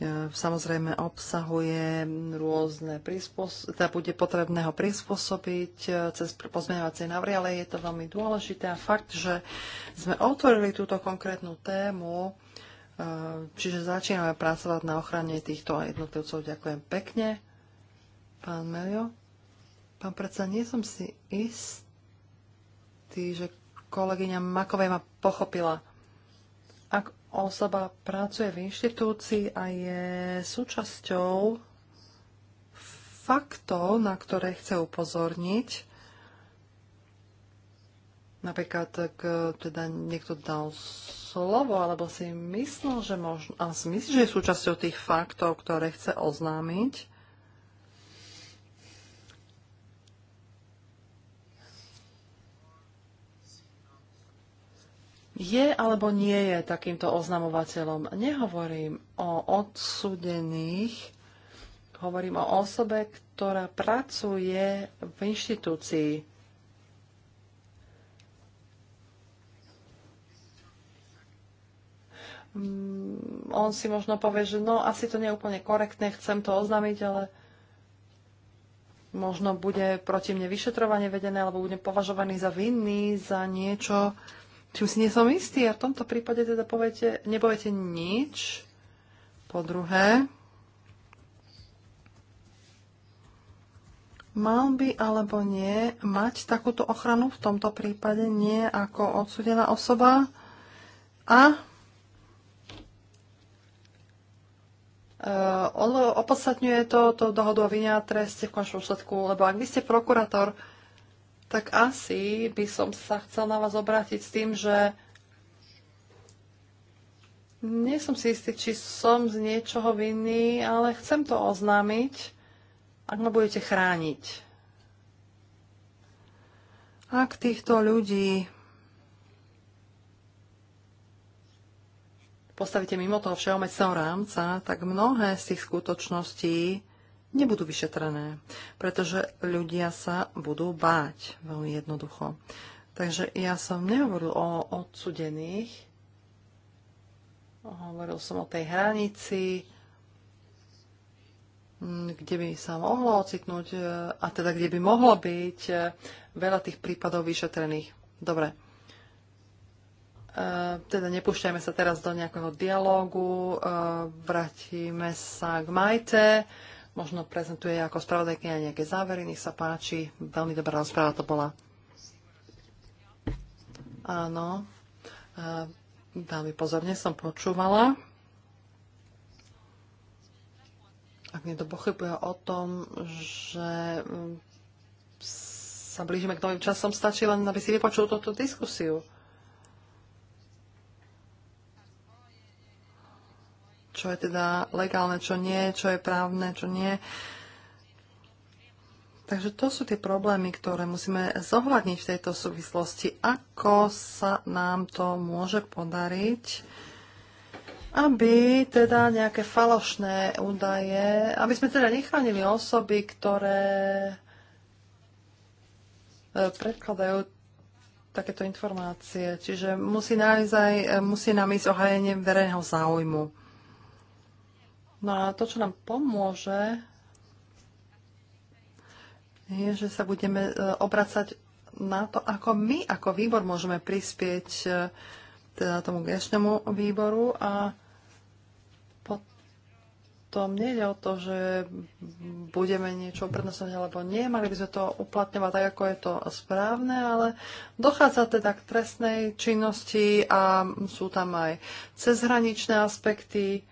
E, samozrejme obsahuje rôzne prispôsoby, teda bude potrebné ho prispôsobiť e, cez pozmeňovacie návrhy, ale je to veľmi dôležité a fakt, že sme otvorili túto konkrétnu tému, e, čiže začíname pracovať na ochrane týchto jednotlivcov. Ďakujem pekne. Pán Melio? Pán predsa, nie som si istý, že kolegyňa Makovej ma pochopila osoba pracuje v inštitúcii a je súčasťou faktov, na ktoré chce upozorniť. Napríklad, tak e, teda niekto dal slovo, alebo si myslel, že možno, a myslí, že je súčasťou tých faktov, ktoré chce oznámiť, je alebo nie je takýmto oznamovateľom. Nehovorím o odsudených, hovorím o osobe, ktorá pracuje v inštitúcii. Mm, on si možno povie, že no asi to nie je úplne korektné, chcem to oznámiť, ale možno bude proti mne vyšetrovanie vedené, alebo budem považovaný za vinný, za niečo, čím si nie som istý a v tomto prípade teda poviete, nepoviete nič. Po druhé, Mal by alebo nie mať takúto ochranu v tomto prípade nie ako odsudená osoba a Uh, e, on opodstatňuje to, to dohodu o vine a treste v končnom sledku, lebo ak vy ste prokurátor, tak asi by som sa chcel na vás obrátiť s tým, že nie som si istý, či som z niečoho vinný, ale chcem to oznámiť, ak ma budete chrániť. Ak týchto ľudí postavíte mimo toho všeomecného rámca, tak mnohé z tých skutočností nebudú vyšetrené, pretože ľudia sa budú báť veľmi jednoducho. Takže ja som nehovoril o odsudených, hovoril som o tej hranici, kde by sa mohlo ocitnúť, e, a teda kde by mohlo byť e, veľa tých prípadov vyšetrených. Dobre. E, teda nepúšťajme sa teraz do nejakého dialógu, vrátime sa k Majte možno prezentuje ako spravodajkynia nejaké závery. Nech sa páči, veľmi dobrá rozpráva to bola. Áno, veľmi pozorne som počúvala. Ak niekto pochybuje o tom, že mm, sa blížime k novým časom, stačí len, aby si vypočul túto diskusiu. čo je teda legálne, čo nie, čo je právne, čo nie. Takže to sú tie problémy, ktoré musíme zohľadniť v tejto súvislosti. Ako sa nám to môže podariť, aby teda nejaké falošné údaje, aby sme teda nechránili osoby, ktoré e, predkladajú takéto informácie. Čiže musí, naozaj, e, musí nám ísť o verejného záujmu. No a to, čo nám pomôže, je, že sa budeme e, obracať na to, ako my ako výbor môžeme prispieť e, teda tomu dnešnému výboru a potom nejde o to, že budeme niečo uprednostňovať alebo nie, mali by sme to uplatňovať tak, ako je to správne, ale dochádza teda k trestnej činnosti a sú tam aj cezhraničné aspekty,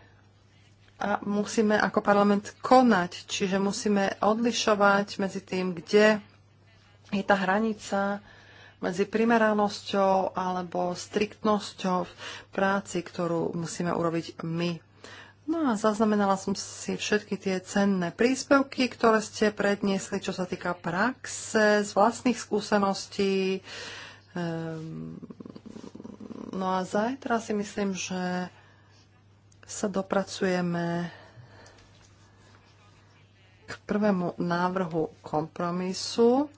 a musíme ako parlament konať, čiže musíme odlišovať medzi tým, kde je tá hranica medzi primeranosťou alebo striktnosťou v práci, ktorú musíme urobiť my. No a zaznamenala som si všetky tie cenné príspevky, ktoré ste predniesli, čo sa týka praxe, z vlastných skúseností. Ehm, no a zajtra si myslím, že sa dopracujeme k prvému návrhu kompromisu,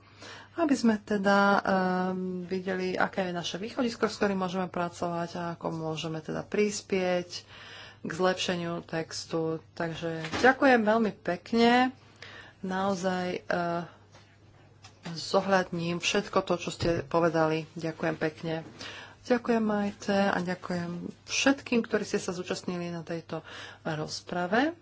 aby sme teda ehm, videli, aké je naše východisko, s ktorým môžeme pracovať a ako môžeme teda prispieť k zlepšeniu textu. Takže ďakujem veľmi pekne. Naozaj uh, zohľadním všetko to, čo ste povedali. Ďakujem pekne. Ďakujem Majte a ďakujem všetkým, ktorí ste sa zúčastnili na tejto rozprave.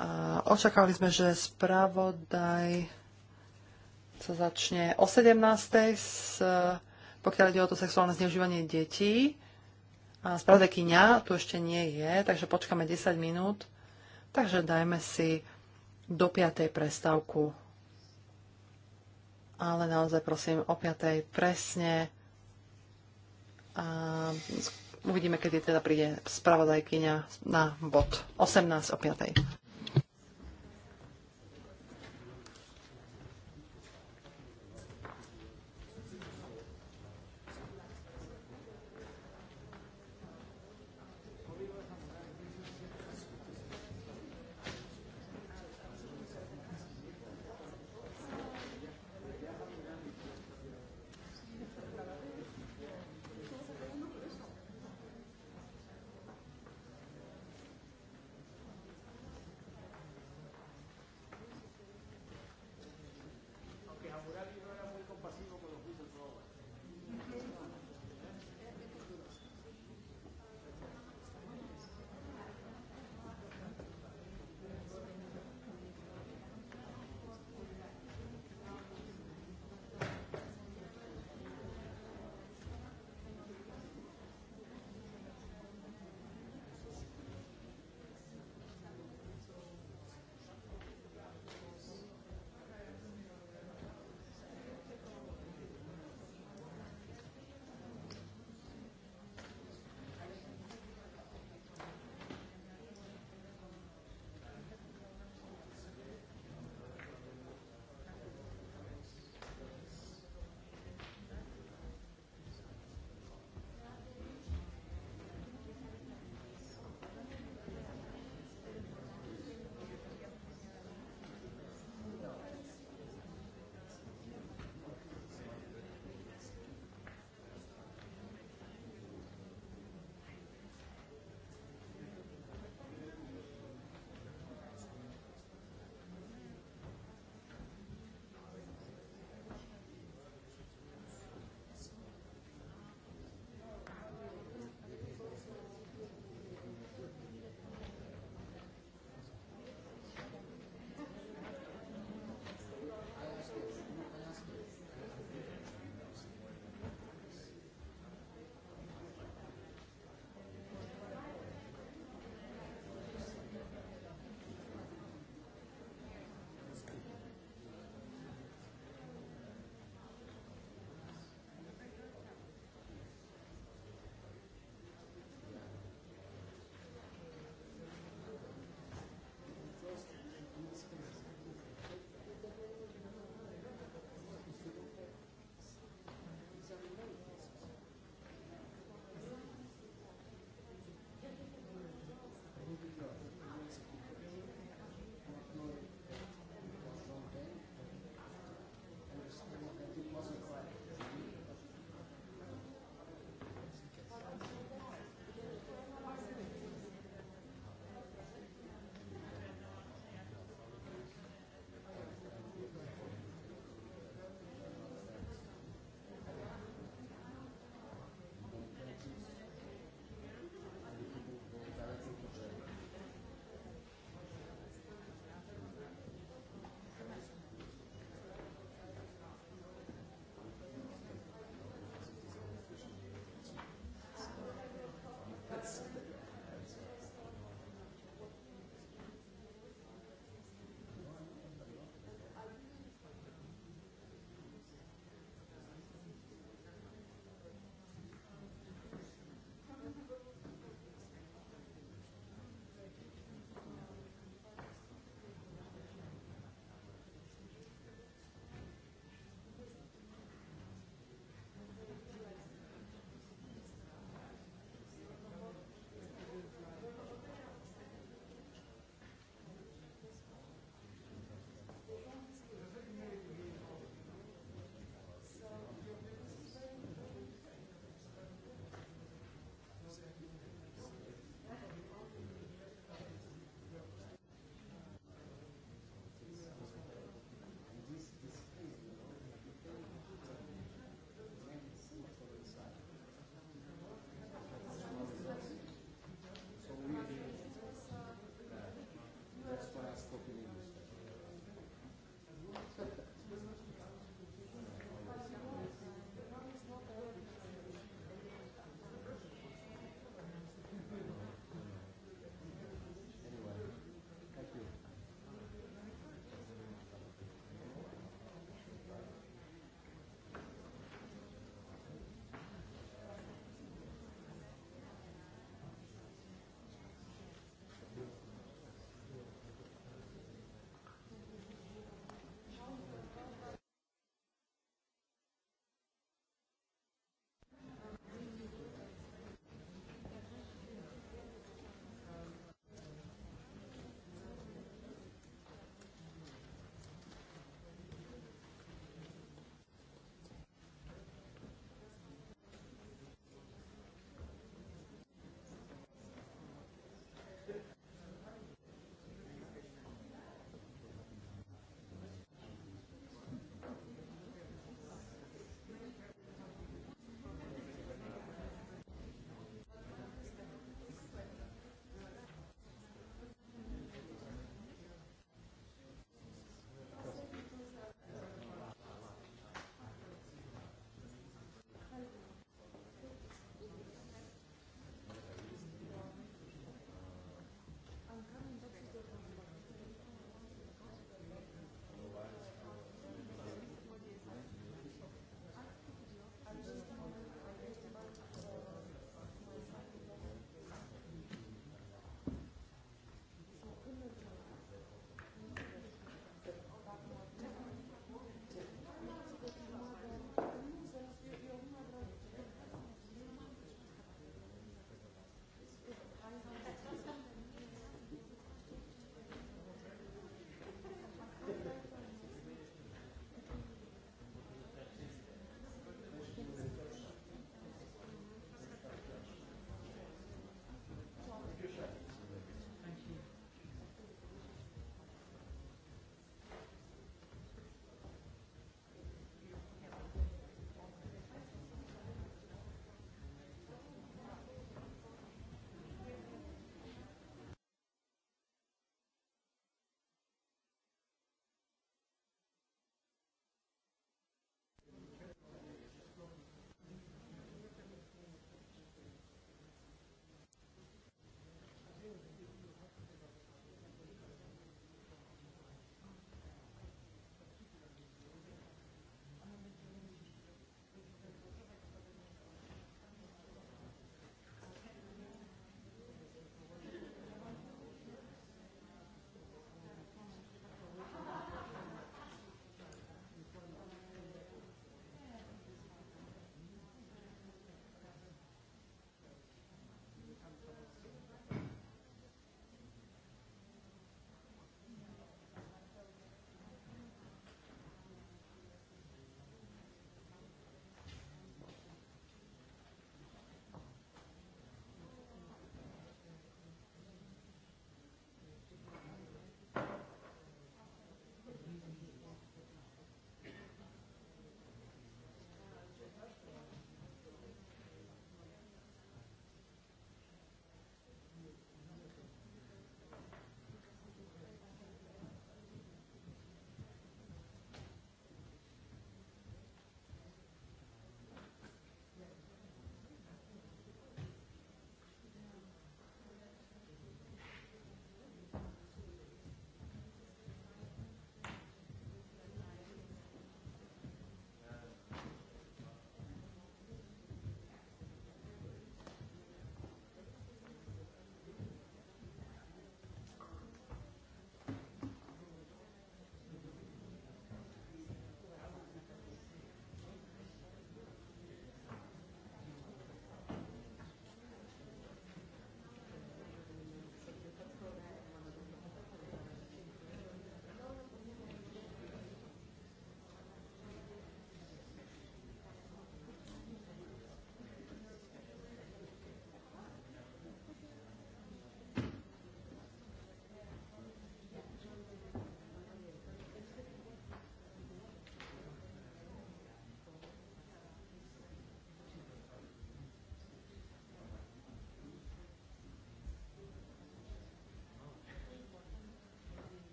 A očakávali sme, že spravodaj sa začne o 17. S, pokiaľ ide o to sexuálne zneužívanie detí. A spravodajkyňa tu ešte nie je, takže počkáme 10 minút. Takže dajme si do 5. prestávku ale naozaj prosím o 5. presne. A uvidíme, kedy teda príde spravodajkyňa na bod 18 o 5.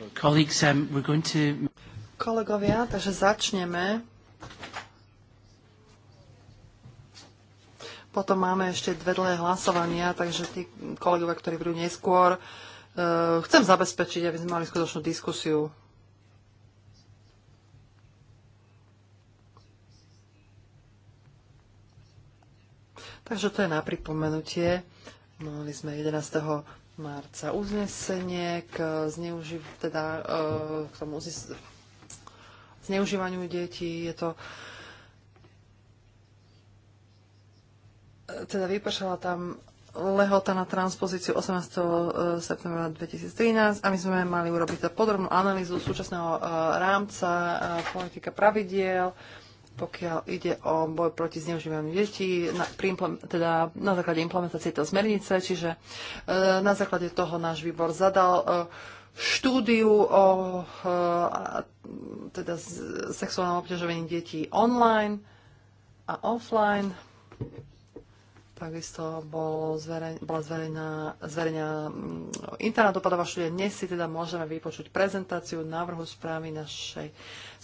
Um, kolegovia, takže začneme. Potom máme ešte dve dlhé hlasovania, takže tí kolegovia, ktorí budú neskôr, eh, chcem zabezpečiť, aby sme mali skutočnú diskusiu. Takže to je na pripomenutie. Mali sme 11. marca uznesenie k, zneuživ, teda, e, k tomu zneužívaniu detí. Je to e, teda vypršala tam lehota na transpozíciu 18. E, septembra 2013 a my sme mali urobiť podrobnú analýzu súčasného rámca politika pravidiel, pokiaľ ide o boj proti zneužívaniu detí, na, pri, teda na základe implementácie tej smernice, čiže e, na základe toho náš výbor zadal e, štúdiu o e, teda sexuálnom obťažovaní detí online a offline. Takisto bol zverej, bola zverejná, zverejná mm, interná dopadová štúdia. Dnes si teda môžeme vypočuť prezentáciu návrhu správy našej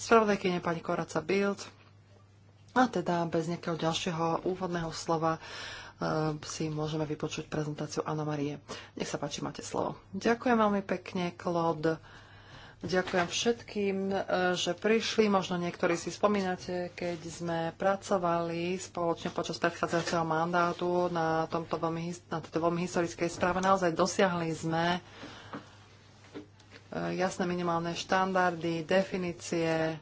spravodajkyne pani Koraca Bild. A teda bez nejakého ďalšieho úvodného slova e, si môžeme vypočuť prezentáciu Anna Marie. Nech sa páči, máte slovo. Ďakujem veľmi pekne, Klod. Ďakujem všetkým, e, že prišli. Možno niektorí si spomínate, keď sme pracovali spoločne počas predchádzajúceho mandátu na, tomto veľmi, na tejto veľmi historickej správe. Naozaj dosiahli sme e, jasné minimálne štandardy, definície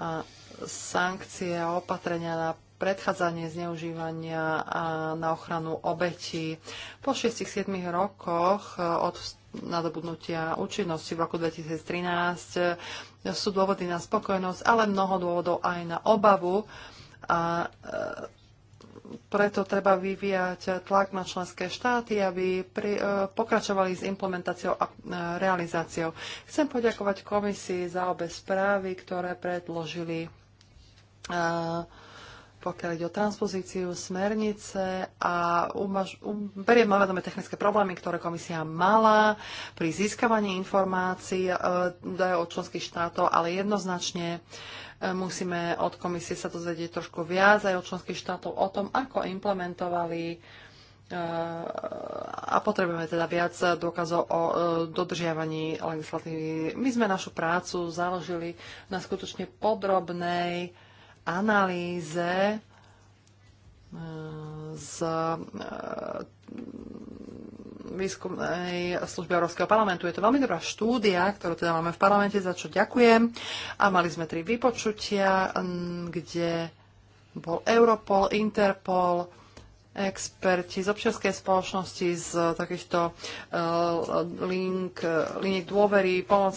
a sankcie a opatrenia na predchádzanie zneužívania a na ochranu obetí. Po 6-7 rokoch eh, od nadobudnutia účinnosti v roku 2013 eh, sú dôvody na spokojnosť, ale mnoho dôvodov aj na obavu a eh, preto treba vyvíjať tlak na členské štáty, aby pri, pokračovali s implementáciou a realizáciou. Chcem poďakovať komisii za obe správy, ktoré predložili pokiaľ ide o transpozíciu smernice a umaž, um, beriem na vedomie technické problémy, ktoré komisia mala pri získavaní informácií e, od členských štátov, ale jednoznačne e, musíme od komisie sa dozvedieť trošku viac aj od členských štátov o tom, ako implementovali e, a potrebujeme teda viac dôkazov o e, dodržiavaní legislatívy. My sme našu prácu založili na skutočne podrobnej analýze e, z e, výskumnej služby Európskeho parlamentu. Je to veľmi dobrá štúdia, ktorú teda máme v parlamente, za čo ďakujem. A mali sme tri vypočutia, kde bol Europol, Interpol, experti z občianskej spoločnosti, z takýchto e, link, liniek dôvery, pomoc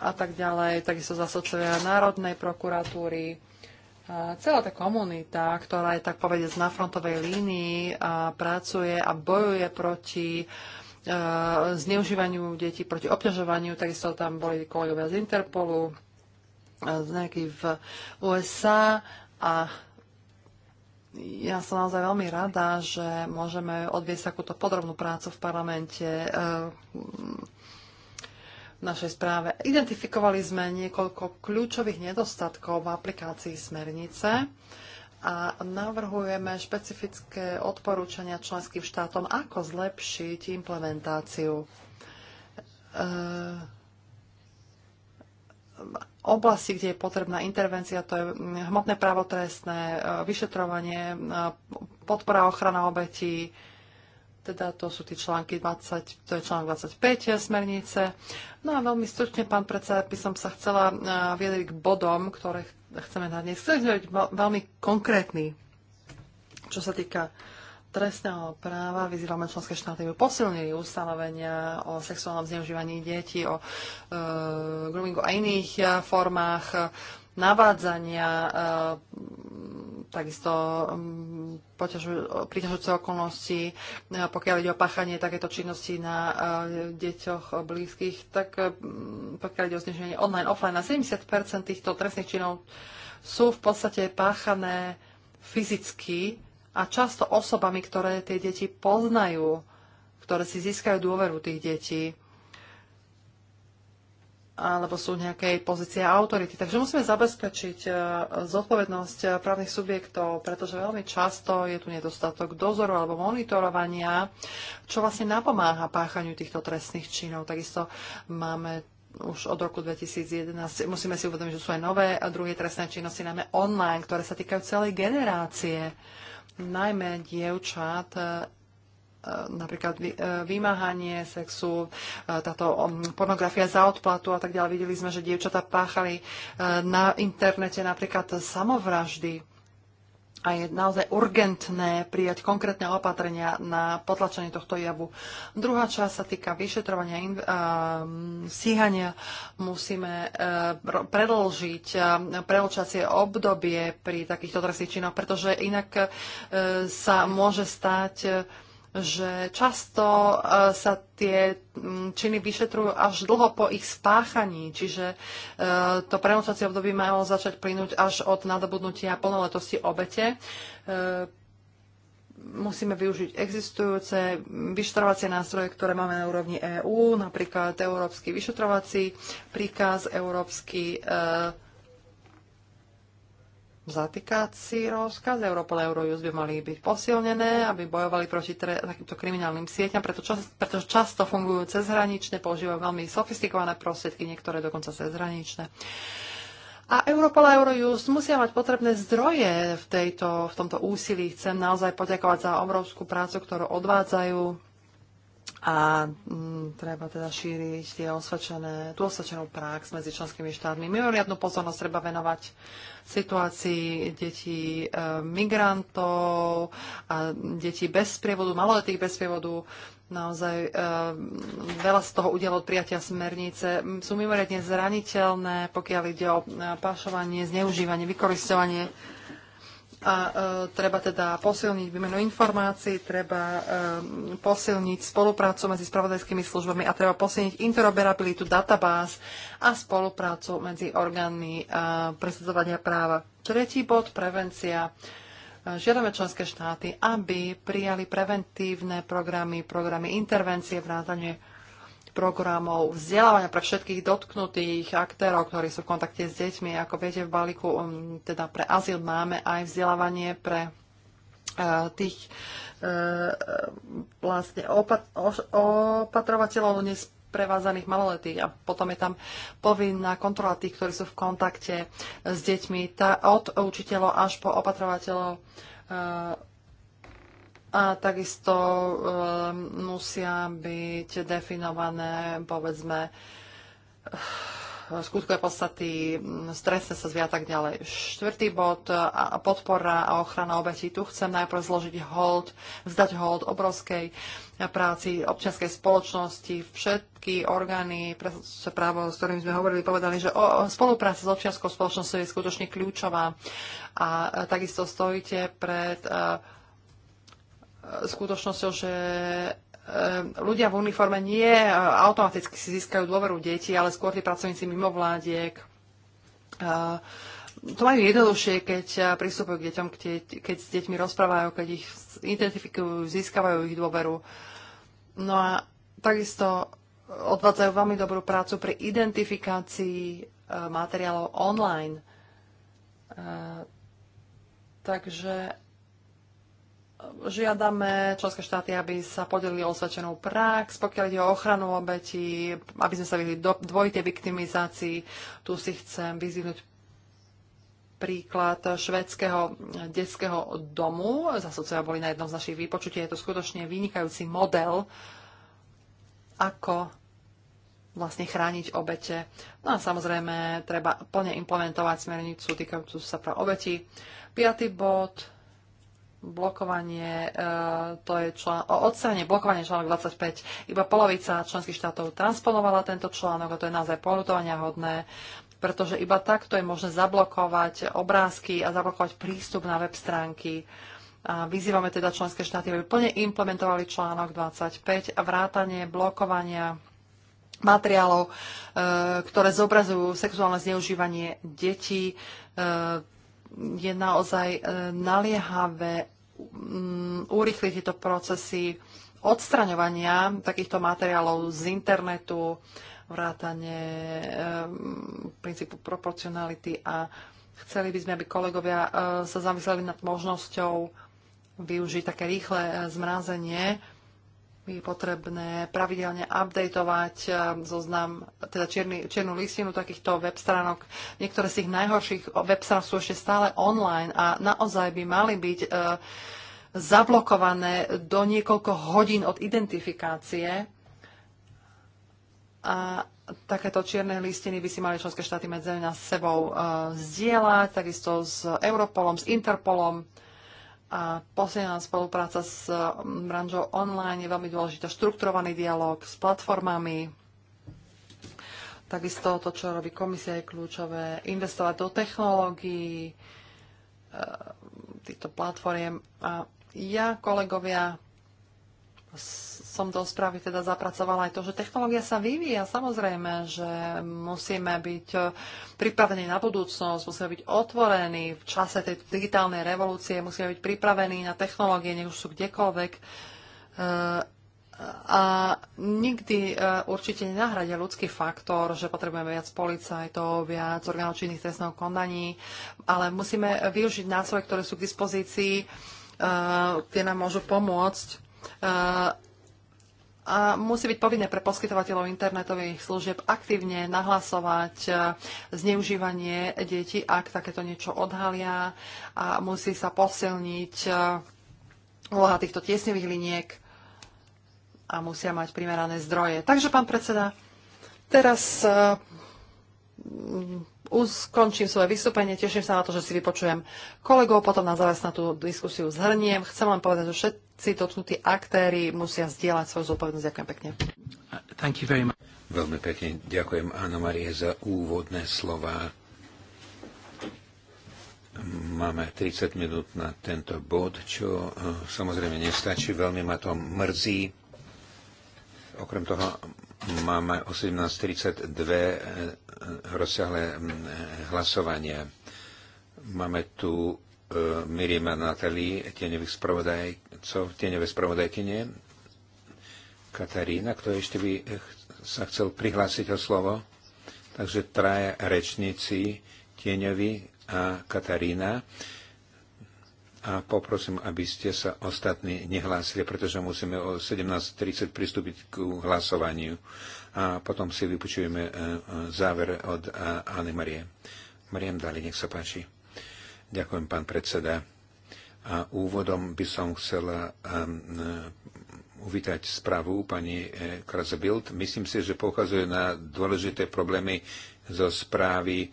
a tak ďalej, takisto zasočovia Národnej prokuratúry, celá tá komunita, ktorá je tak povedať na frontovej línii a pracuje a bojuje proti e, zneužívaniu detí, proti obťažovaniu. Takisto tam boli kolegovia z Interpolu, e, z nejakých v USA a ja som naozaj veľmi rada, že môžeme odviesť takúto podrobnú prácu v parlamente. E, v našej správe. Identifikovali sme niekoľko kľúčových nedostatkov v aplikácii smernice a navrhujeme špecifické odporúčania členským štátom, ako zlepšiť implementáciu. E oblasti, kde je potrebná intervencia, to je hmotné právo trestné, e, vyšetrovanie, e, podpora ochrana obetí, teda to sú tie články 20, to je článok 25 eh, smernice. No a veľmi stručne, pán predseda, by som sa chcela eh, viedriť k bodom, ktoré chceme na dnes. Chcem byť veľmi konkrétny, čo sa týka trestného práva. Vyzývame členské štáty, aby posilnili ustanovenia o sexuálnom zneužívaní detí, o e, groomingu a iných formách navádzania e, takisto mm, príťažujúce okolnosti, e, pokiaľ ide o páchanie takéto činnosti na e, deťoch blízkych, tak e, mm, pokiaľ ide o zniženie online, offline, na 70 týchto trestných činov sú v podstate páchané fyzicky a často osobami, ktoré tie deti poznajú, ktoré si získajú dôveru tých detí alebo sú nejakej pozície autority. Takže musíme zabezpečiť e, zodpovednosť právnych subjektov, pretože veľmi často je tu nedostatok dozoru alebo monitorovania, čo vlastne napomáha páchaniu týchto trestných činov. Takisto máme už od roku 2011. Musíme si uvedomiť, že sú aj nové a druhé trestné činnosti, najmä online, ktoré sa týkajú celej generácie, najmä dievčat napríklad e, vymáhanie sexu, e, táto um, pornografia za odplatu a tak ďalej. Videli sme, že dievčatá páchali e, na internete napríklad samovraždy a je naozaj urgentné prijať konkrétne opatrenia na potlačenie tohto javu. Druhá časť sa týka vyšetrovania in, síhania. Musíme predlžiť prelčacie obdobie pri takýchto trestných činoch, pretože inak sa môže stať že často e, sa tie činy vyšetrujú až dlho po ich spáchaní, čiže e, to prenosacie obdobie malo začať plynúť až od nadobudnutia plnoletosti obete. E, musíme využiť existujúce vyšetrovacie nástroje, ktoré máme na úrovni EÚ, napríklad Európsky vyšetrovací príkaz, Európsky zatýkací rozkaz. Europol a Eurojust by mali byť posilnené, aby bojovali proti tre- takýmto kriminálnym sieťam, pretože, čas- pretože často fungujú cezhranične, používajú veľmi sofistikované prostriedky, niektoré dokonca cezhraničné. A Europol a Eurojust musia mať potrebné zdroje v, tejto, v tomto úsilí. Chcem naozaj poďakovať za obrovskú prácu, ktorú odvádzajú a m, mm, treba teda šíriť tie osvedčené, tú osvedčenú prax medzi členskými štátmi. Mimoriadnú pozornosť treba venovať situácii detí e, migrantov a detí bez prievodu, maloletých bez sprievodu. Naozaj e, veľa z toho udialo od prijatia smernice. Sú mimoriadne zraniteľné, pokiaľ ide o pášovanie, pašovanie, zneužívanie, vykoristovanie a e, treba teda posilniť výmenu informácií, treba e, posilniť spoluprácu medzi spravodajskými službami a treba posilniť interoperabilitu databáz a spoluprácu medzi orgánmi e, presadzovania práva. Tretí bod, prevencia. E, žiadame členské štáty, aby prijali preventívne programy, programy intervencie, v vrátane programov vzdelávania pre všetkých dotknutých aktérov, ktorí sú v kontakte s deťmi. Ako viete, v balíku um, teda pre azyl máme aj vzdelávanie pre eh, tých eh, vlastne opat- opatrovateľov nesprevázaných maloletých a potom je tam povinná kontrola tých, ktorí sú v kontakte s deťmi tá, od učiteľov až po opatrovateľov eh, a takisto e, musia byť definované, povedzme, eh, skutkové podstaty, mm, stresne sa zvia tak ďalej. Štvrtý bod, eh, a podpora a ochrana obetí. Tu chcem najprv zložiť hold, vzdať hold obrovskej práci občianskej spoločnosti. Všetky orgány, pre právo, s ktorými sme hovorili, povedali, že o, spolupráca s občianskou spoločnosťou je skutočne kľúčová. A, a takisto stojíte pred a, skutočnosťou, že eh, ľudia v uniforme nie eh, automaticky si získajú dôveru detí, ale skôr tí pracovníci vládiek. Eh, to majú jednoduchšie, keď pristupujú k deťom, keď s deťmi rozprávajú, keď ich identifikujú, získavajú ich dôveru. No a takisto odvádzajú veľmi dobrú prácu pri identifikácii materiálov online. Takže žiadame členské štáty, aby sa podelili o osvedčenú prax, pokiaľ ide o ochranu obetí, aby sme sa vyhli dvojitej viktimizácii. Tu si chcem vyzvihnúť príklad švedského detského domu. Zasudcovia boli na jednom z našich výpočutí. Je to skutočne vynikajúci model, ako vlastne chrániť obete. No a samozrejme, treba plne implementovať smernicu týkajúcu sa práv obeti, Piatý bod blokovanie, e, to je člán, o odstranie blokovanie článok 25. Iba polovica členských štátov transponovala tento článok a to je naozaj polutovania hodné, pretože iba takto je možné zablokovať obrázky a zablokovať prístup na web stránky. A vyzývame teda členské štáty, aby plne implementovali článok 25 a vrátanie blokovania materiálov, e, ktoré zobrazujú sexuálne zneužívanie detí e, je naozaj e, naliehavé mm, urychliť tieto procesy odstraňovania takýchto materiálov z internetu, vrátane e, princípu proporcionality a chceli by sme, aby kolegovia e, sa zamysleli nad možnosťou využiť také rýchle zmrazenie je potrebné pravidelne updateovať eh, zoznam, teda čierny, čiernu listinu takýchto web stránok. Niektoré z tých najhorších web stránok sú ešte stále online a naozaj by mali byť e, zablokované do niekoľko hodín od identifikácie. A takéto čierne listiny by si mali členské štáty medzi sebou e, zdieľať, takisto s Europolom, s Interpolom. E, a posilnená spolupráca s mm, branžou online je veľmi dôležitá. Štrukturovaný dialog s platformami, takisto to, čo robí komisia, je kľúčové. Investovať do technológií, e, týchto platformiem. A ja, kolegovia, s som do správy teda zapracovala aj to, že technológia sa vyvíja. Samozrejme, že musíme byť eh, pripravení na budúcnosť, musíme byť otvorení v čase tej digitálnej revolúcie, musíme byť pripravení na technológie, nech už sú kdekoľvek. Eh, a nikdy eh, určite nenahradia ľudský faktor, že potrebujeme viac policajtov, viac orgánov činných trestného konaní, ale musíme využiť nástroje, ktoré sú k dispozícii, tie nám môžu pomôcť a musí byť povinné pre poskytovateľov internetových služieb aktívne nahlasovať e, zneužívanie detí, ak takéto niečo odhalia a musí sa posilniť e, úloha týchto tiesnevých liniek a musia mať primerané zdroje. Takže, pán predseda, teraz e, uskončím svoje vystúpenie, teším sa na to, že si vypočujem kolegov, potom na záver na tú diskusiu zhrniem. Chcem len povedať, že všetci dotknutí aktéry musia zdieľať svoju zodpovednosť. Ďakujem pekne. Thank you very much. Veľmi pekne ďakujem Áno Marie za úvodné slova. Máme 30 minút na tento bod, čo eh, samozrejme nestačí, veľmi ma to mrzí. Okrem toho máme 18.32 e, rozsiahle hlasovanie. Máme tu e, Miriam a Natali, tieňových spravodajcov, tieňové spravodajkynie. Katarína, kto ešte by sa chcel prihlásiť o slovo? Takže traja rečníci, tieňovi a Katarína a poprosím, aby ste sa ostatní nehlásili, pretože musíme o 17.30 pristúpiť k hlasovaniu a potom si vypočujeme e, e, záver od e, Anny Marie. Mariem Dali, nech sa páči. Ďakujem, pán predseda. A úvodom by som chcela uvítať správu pani Krazabild. Myslím si, že pochádzajú na dôležité problémy zo správy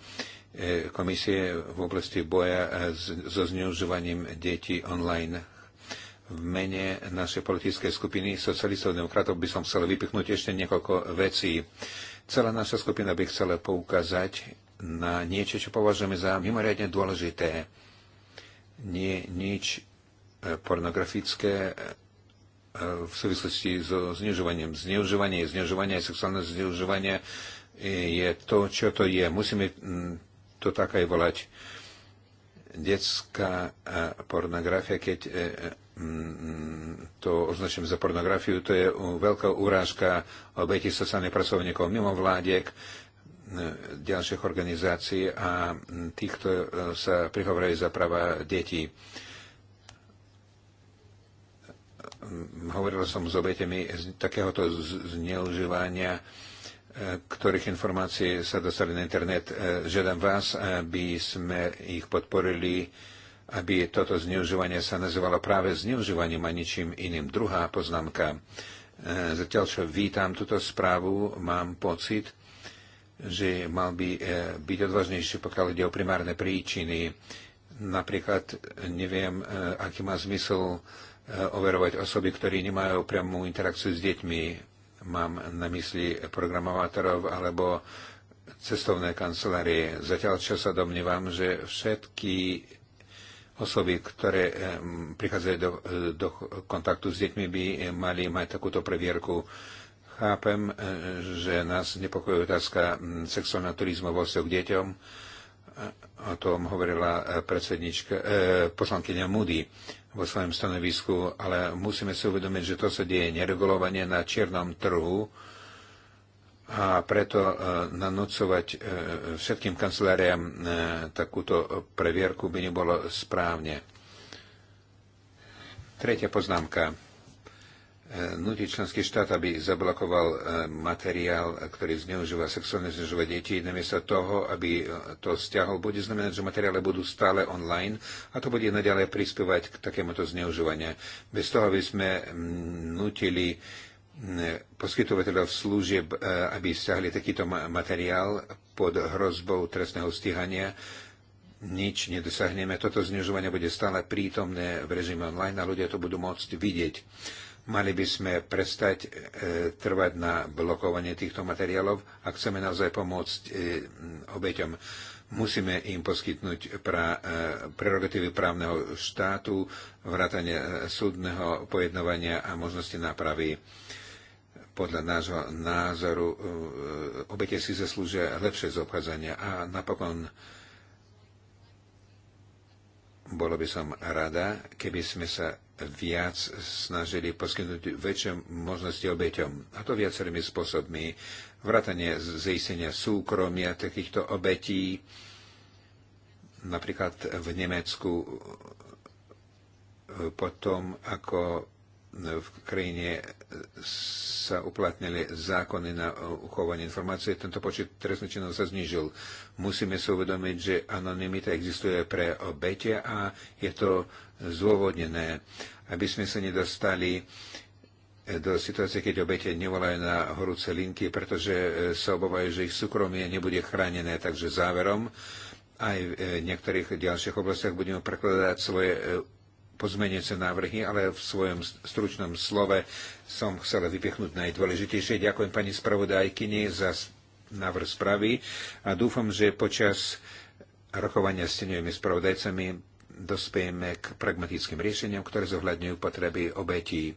E, komisie v oblasti boja e, so zneužívaním detí online. V mene našej politickej skupiny socialistov a demokratov by som chcel vypichnúť ešte niekoľko vecí. Celá naša skupina by chcela poukázať na niečo, čo považujeme za mimoriadne dôležité. Nie nič e, pornografické v súvislosti so znižovaním. Zneužívanie, zneužívanie, sexuálne zneužívanie je to, čo to je. Musíme to tak aj volať. Detská pornografia, keď e, e, mm, to označím za pornografiu, to je veľká urážka obeti sociálnych pracovníkov mimo vládiek, e, ďalších organizácií a tých, kto sa prihovorajú za práva detí. Hovoril som s obetemi takéhoto zneužívania ktorých informácie sa dostali na internet. E, žiadam vás, e, aby sme ich podporili, aby toto zneužívanie sa nazývalo práve zneužívaním a ničím iným. Druhá poznámka. E, zatiaľ, čo vítam túto správu, mám pocit, že mal by byť odvážnejší, pokiaľ ide o primárne príčiny. Napríklad neviem, aký má zmysel overovať osoby, ktorí nemajú priamú interakciu s deťmi Mám na mysli programovátorov alebo cestovné kancelárie. Zatiaľ čo sa domnívam, že všetky osoby, ktoré eh, prichádzajú do, eh, do kontaktu s deťmi, by mali mať takúto previerku. Chápem, eh, že nás nepokojuje otázka hm, sexuálneho turizmu vo k deťom o tom hovorila e, predsednička, e, poslankyňa Moody vo svojom stanovisku, ale musíme si uvedomiť, že to sa deje neregulovanie na čiernom trhu a preto e, nanúcovať všetkým kanceláriám takúto previerku by nebolo správne. Tretia poznámka. E, nutiť členský štát, aby zablokoval e, materiál, ktorý zneužíva sexuálne zneužíva deti, namiesto toho, aby to stiahol, bude znamenať, že materiály budú stále online a to bude naďalej prispievať k takémuto zneužívaniu. Bez toho, aby sme nutili poskytovateľov služieb, e, aby stiahli takýto materiál pod hrozbou trestného stíhania, nič nedosahneme. Toto znižovanie bude stále prítomné v režime online a ľudia to budú môcť vidieť. Mali by sme prestať e, trvať na blokovanie týchto materiálov a chceme naozaj pomôcť e, obeťom. Musíme im poskytnúť pra, e, prerogatívy právneho štátu, vrátanie e, súdneho pojednovania a možnosti nápravy. Podľa nášho názoru e, obete si zaslúžia lepšie zobchádzania a napokon e, bolo by som rada, keby sme sa viac snažili poskytnúť väčšie možnosti obeťom. A to viacerými spôsobmi. Vrátanie zistenia súkromia takýchto obetí. Napríklad v Nemecku potom, ako v krajine sa uplatnili zákony na uchovanie informácie, tento počet trestných činov sa znižil. Musíme si uvedomiť, že anonimita existuje pre obete a je to zôvodnené, aby sme sa nedostali do situácie, keď obete nevolajú na horúce linky, pretože sa obávajú, že ich súkromie nebude chránené. Takže záverom, aj v niektorých ďalších oblastiach budeme prekladať svoje pozmenujúce návrhy, ale v svojom stručnom slove som chcela vypichnúť najdôležitejšie. Ďakujem pani spravodajkyni za návrh správy a dúfam, že počas rokovania s tenujemi spravodajcami dospejeme k pragmatickým riešeniam, ktoré zohľadňujú potreby obetí.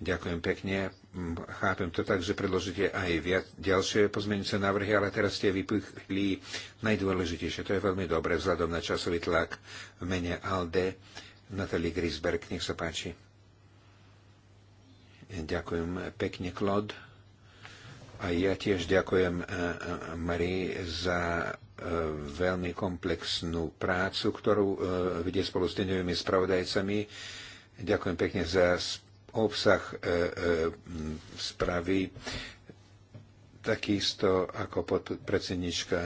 Ďakujem pekne. Mm, chápem to tak, že predložíte aj viac ďalšie pozmeňujúce návrhy, ale teraz ste vypichli najdôležitejšie. To je veľmi dobré vzhľadom na časový tlak v mene ALDE Natalie Grisberg, nech sa páči. Ďakujem pekne, Klod. A ja tiež ďakujem eh, eh, Marii za eh, veľmi komplexnú prácu, ktorú vidie spolu s deňovými spravodajcami. Ďakujem pekne za obsah správy. Takisto ako podpredsednička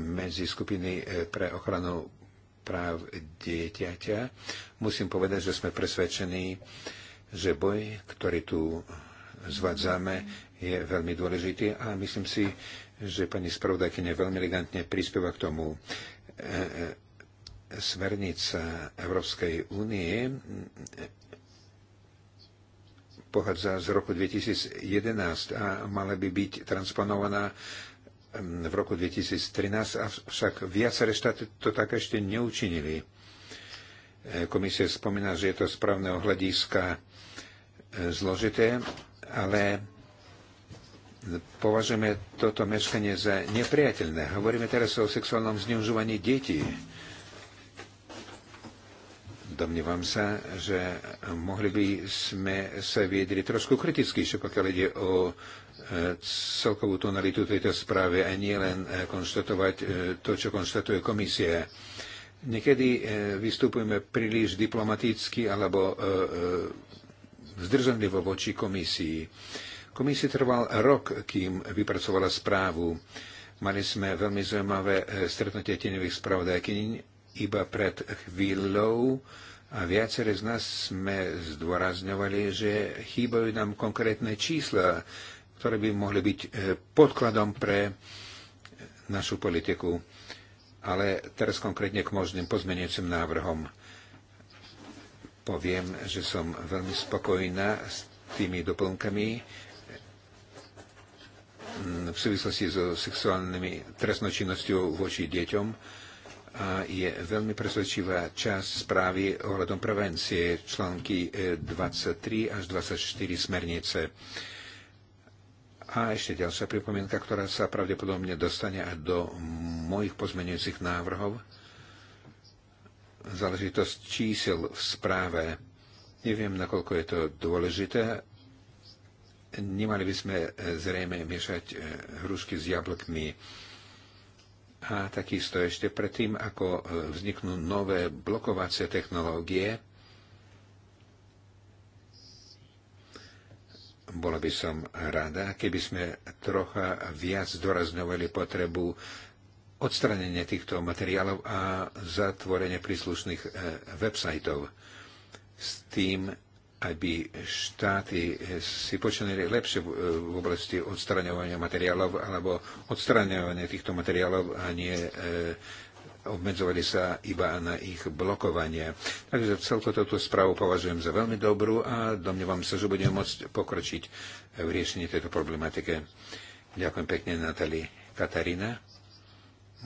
medzi skupiny pre ochranu práv dieťaťa. Musím povedať, že sme presvedčení, že boj, ktorý tu zvádzame, je veľmi dôležitý a myslím si, že pani spravodajkyňa veľmi elegantne prispieva k tomu. E, e, smernica Európskej únie pochádza z roku 2011 a mala by byť transponovaná v roku 2013, avšak viaceré štáty to tak ešte neučinili. E, Komisia spomína, že je to správne hľadiska e, zložité, ale považujeme toto meškanie za nepriateľné. Hovoríme teraz o sexuálnom zneužívaní detí. Domnívam sa, že mohli by sme sa viedriť trošku kritickejšie, pokiaľ ide o celkovú tonalitu tejto správy a nie len eh, konštatovať eh, to, čo konštatuje komisie. Niekedy eh, vystupujeme príliš diplomaticky alebo zdržanlivo voči komisii. Komisie trval rok, kým vypracovala správu. Mali sme veľmi zaujímavé stretnutie tenových spravodajkyň iba pred chvíľou a viacere z nás sme zdôrazňovali, že chýbajú nám konkrétne čísla, ktoré by mohli byť e, podkladom pre e, našu politiku. Ale teraz konkrétne k možným pozmeniacim návrhom poviem, že som veľmi spokojná s tými doplnkami e, v súvislosti so sexuálnymi trestnočinnosťou voči deťom a je veľmi presvedčivá časť správy ohľadom prevencie články 23 až 24 smernice. A ešte ďalšia pripomienka, ktorá sa pravdepodobne dostane aj do mojich pozmenujúcich návrhov. Záležitosť čísel v správe. Neviem, nakoľko je to dôležité. Nemali by sme e, zrejme miešať e, hrušky s jablkmi. A takisto ešte predtým, ako e, vzniknú nové blokovacie technológie, Bola by som rada, keby sme trocha viac dorazňovali potrebu odstranenia týchto materiálov a zatvorenie príslušných e, websajtov s tým, aby štáty e, si počinili lepšie e, v oblasti odstraňovania materiálov alebo odstraňovania týchto materiálov a nie obmedzovali sa iba na ich blokovanie. Takže celko túto správu považujem za veľmi dobrú a domnievam sa, že budeme môcť pokročiť v riešení tejto problematike. Ďakujem pekne, Natali. Katarína,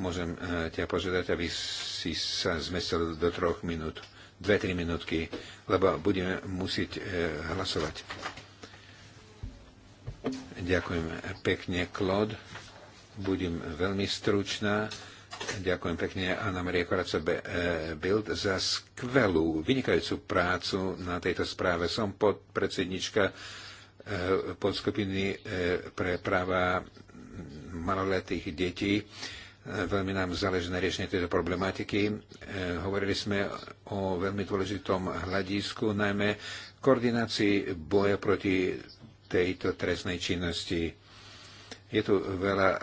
môžem e, ťa požiadať, aby si sa zmestil do troch minút, dve, tri minútky, lebo budeme musieť e, hlasovať. Ďakujem pekne, Klod. Budem veľmi stručná. Ďakujem pekne Anna Maria Koraca eh, Bild za skvelú, vynikajúcu prácu na tejto správe. Som podpredsednička eh, podskupiny eh, pre práva maloletých detí. Veľmi nám záleží na riešenie tejto problematiky. Hovorili sme o veľmi dôležitom hľadisku, najmä koordinácii boja proti tejto trestnej činnosti je tu veľa eh, eh,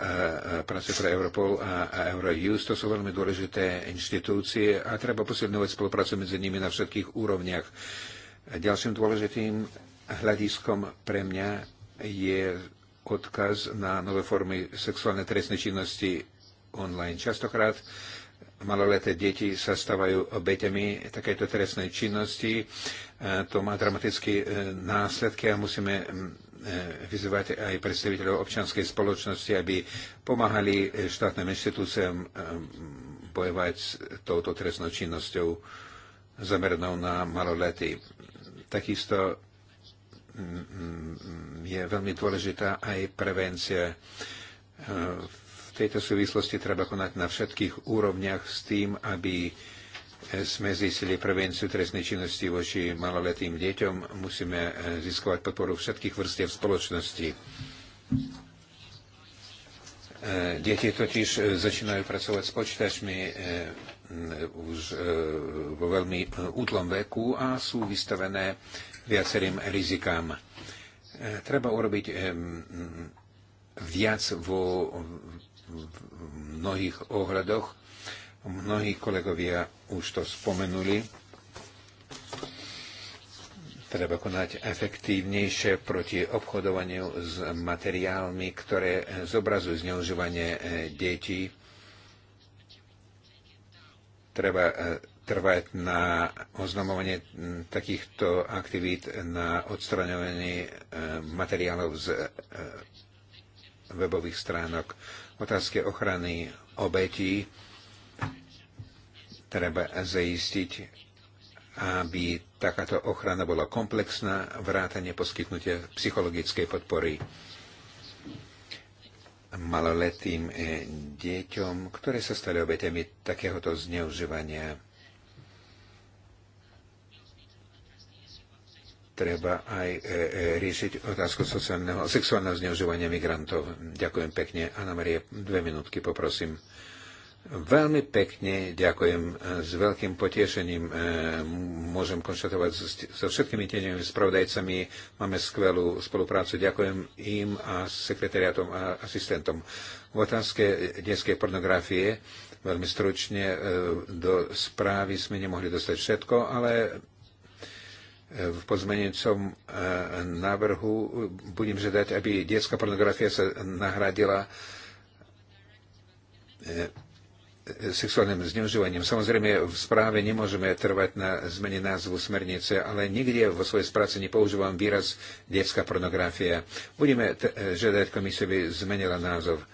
práce pre Europol a Eurojust, to sú veľmi dôležité inštitúcie a treba posilňovať spoluprácu medzi nimi na všetkých úrovniach. Ďalším dôležitým hľadiskom pre mňa je odkaz na nové formy sexuálnej trestnej činnosti online. Častokrát maloleté deti sa stávajú obeťami takéto trestnej činnosti. Eh, to má dramatické následky a musíme mm, Eh, vyzývať aj predstaviteľov občianskej spoločnosti, aby pomáhali štátnym inštitúciám eh, bojovať s touto trestnou činnosťou zameranou na malolety. Takisto mm, mm, je veľmi dôležitá aj prevencia. Eh, v tejto súvislosti treba konať na všetkých úrovniach s tým, aby sme zistili prevenciu trestnej činnosti voči maloletým deťom, musíme e, získovať podporu všetkých vrstiev spoločnosti. E, deti totiž e, začínajú pracovať s počítačmi už vo veľmi útlom veku a sú vystavené viacerým rizikám. Treba urobiť viac vo mnohých ohľadoch Mnohí kolegovia už to spomenuli. Treba konať efektívnejšie proti obchodovaniu s materiálmi, ktoré zobrazujú zneužívanie e, detí. Treba e, trvať na oznamovanie takýchto aktivít, na odstraňovanie e, materiálov z webových stránok, otázky ochrany obetí Treba zaistiť, aby takáto ochrana bola komplexná, vrátanie poskytnutia psychologickej podpory maloletým eh, deťom, ktoré sa stali obeťami takéhoto zneužívania. Treba aj eh, eh, riešiť otázku sociálneho, sexuálneho zneužívania migrantov. Ďakujem pekne. Anna Marie, dve minútky poprosím. Veľmi pekne ďakujem. S veľkým potešením e, môžem konštatovať so všetkými tieňovými spravodajcami. Máme skvelú spoluprácu. Ďakujem im a sekretariatom a asistentom. V otázke detskej pornografie veľmi stručne e, do správy sme nemohli dostať všetko, ale e, v pozmenujúcom návrhu budem žiadať, aby detská pornografia sa nahradila sexuálnym zneužívaním. Samozrejme, v správe nemôžeme trvať na zmene názvu smernice, ale nikde vo svojej práci nepoužívam výraz detská pornografia. Budeme žiadať komisiu, aby zmenila názov. E,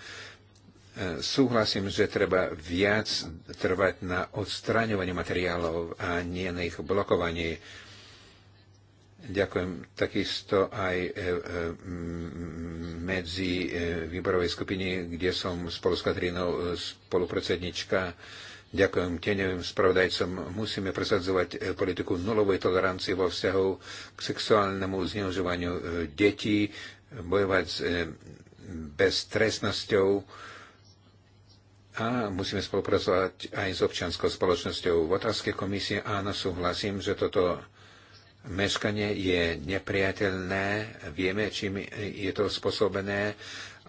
súhlasím, že treba viac trvať na odstraňovaní materiálov a nie na ich blokovaní. Ďakujem takisto aj e, e, medzi e, výborovej skupiny, kde som spolu s Katrínou spolupredsednička. Ďakujem tenevým spravodajcom. Musíme presadzovať politiku nulovej tolerancie vo vzťahu k sexuálnemu zneužívaniu detí, bojovať s beztrestnosťou a musíme spolupracovať aj s občianskou spoločnosťou. V otázke komisie áno, súhlasím, že toto meškanie je nepriateľné, vieme, čím je to spôsobené,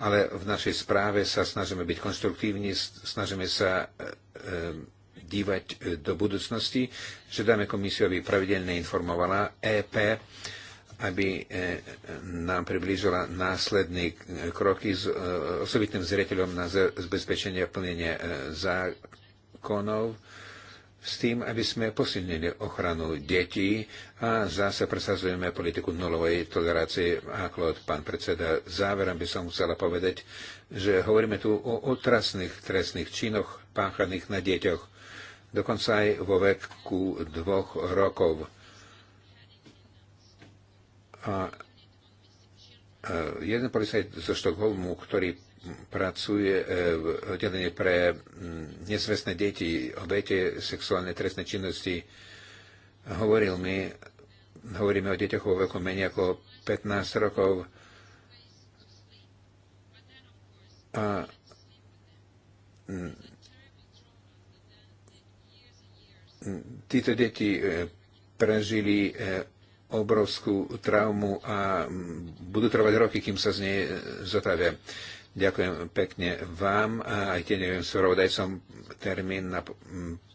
ale v našej správe sa snažíme byť konstruktívni, snažíme sa e, e, dívať e, do budúcnosti, že dáme komisiu, aby pravidelne informovala EP, aby nám priblížila následné kroky s osobitným zreteľom na zabezpečenie plnenia zákonov s tým, aby sme posilnili ochranu detí a zase presazujeme politiku nulovej tolerácie, ako od pán predseda. Záverom by som chcela povedať, že hovoríme tu o otrasných trestných činoch páchaných na deťoch, dokonca aj vo veku dvoch rokov. A jeden policajt zo Štokholmu, ktorý pracuje e, v oddelení pre mm, nezvestné deti, obete sexuálnej trestnej činnosti. Hovoril mi, hovoríme o deťoch vo veku menej ako 15 rokov a mm, títo deti e, prežili e, obrovskú traumu a mm, budú trvať roky, kým sa z nej zotavia. Ďakujem pekne vám a aj tieňovým som Termín na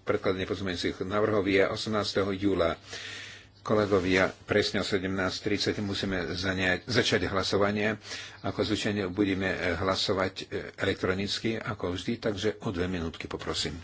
predkladanie pozmeňujúcich návrhov je 18. júla. Kolegovia, presne o 17.30 musíme zaňať, začať hlasovanie. Ako zvyčajne budeme hlasovať e, elektronicky, ako vždy, takže o dve minútky poprosím.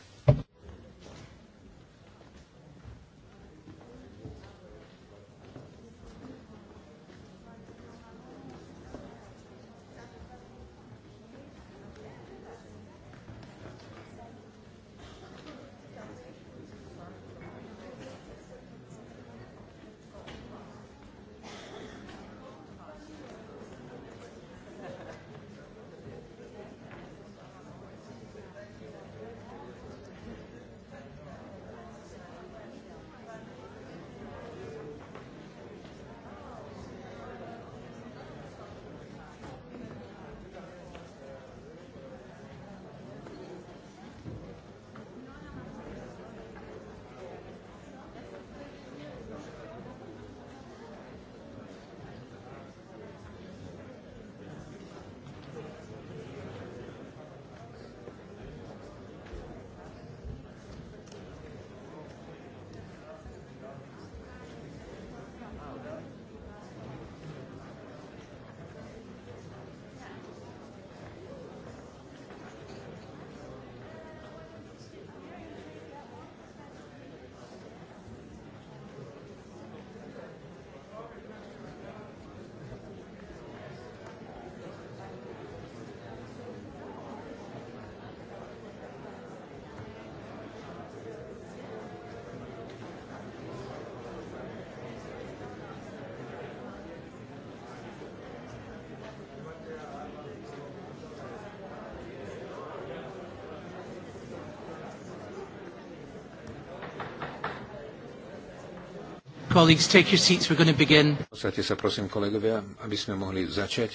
colleagues, take your seats, we're going to begin. Posaďte sa prosím kolegovia, aby sme mohli začať.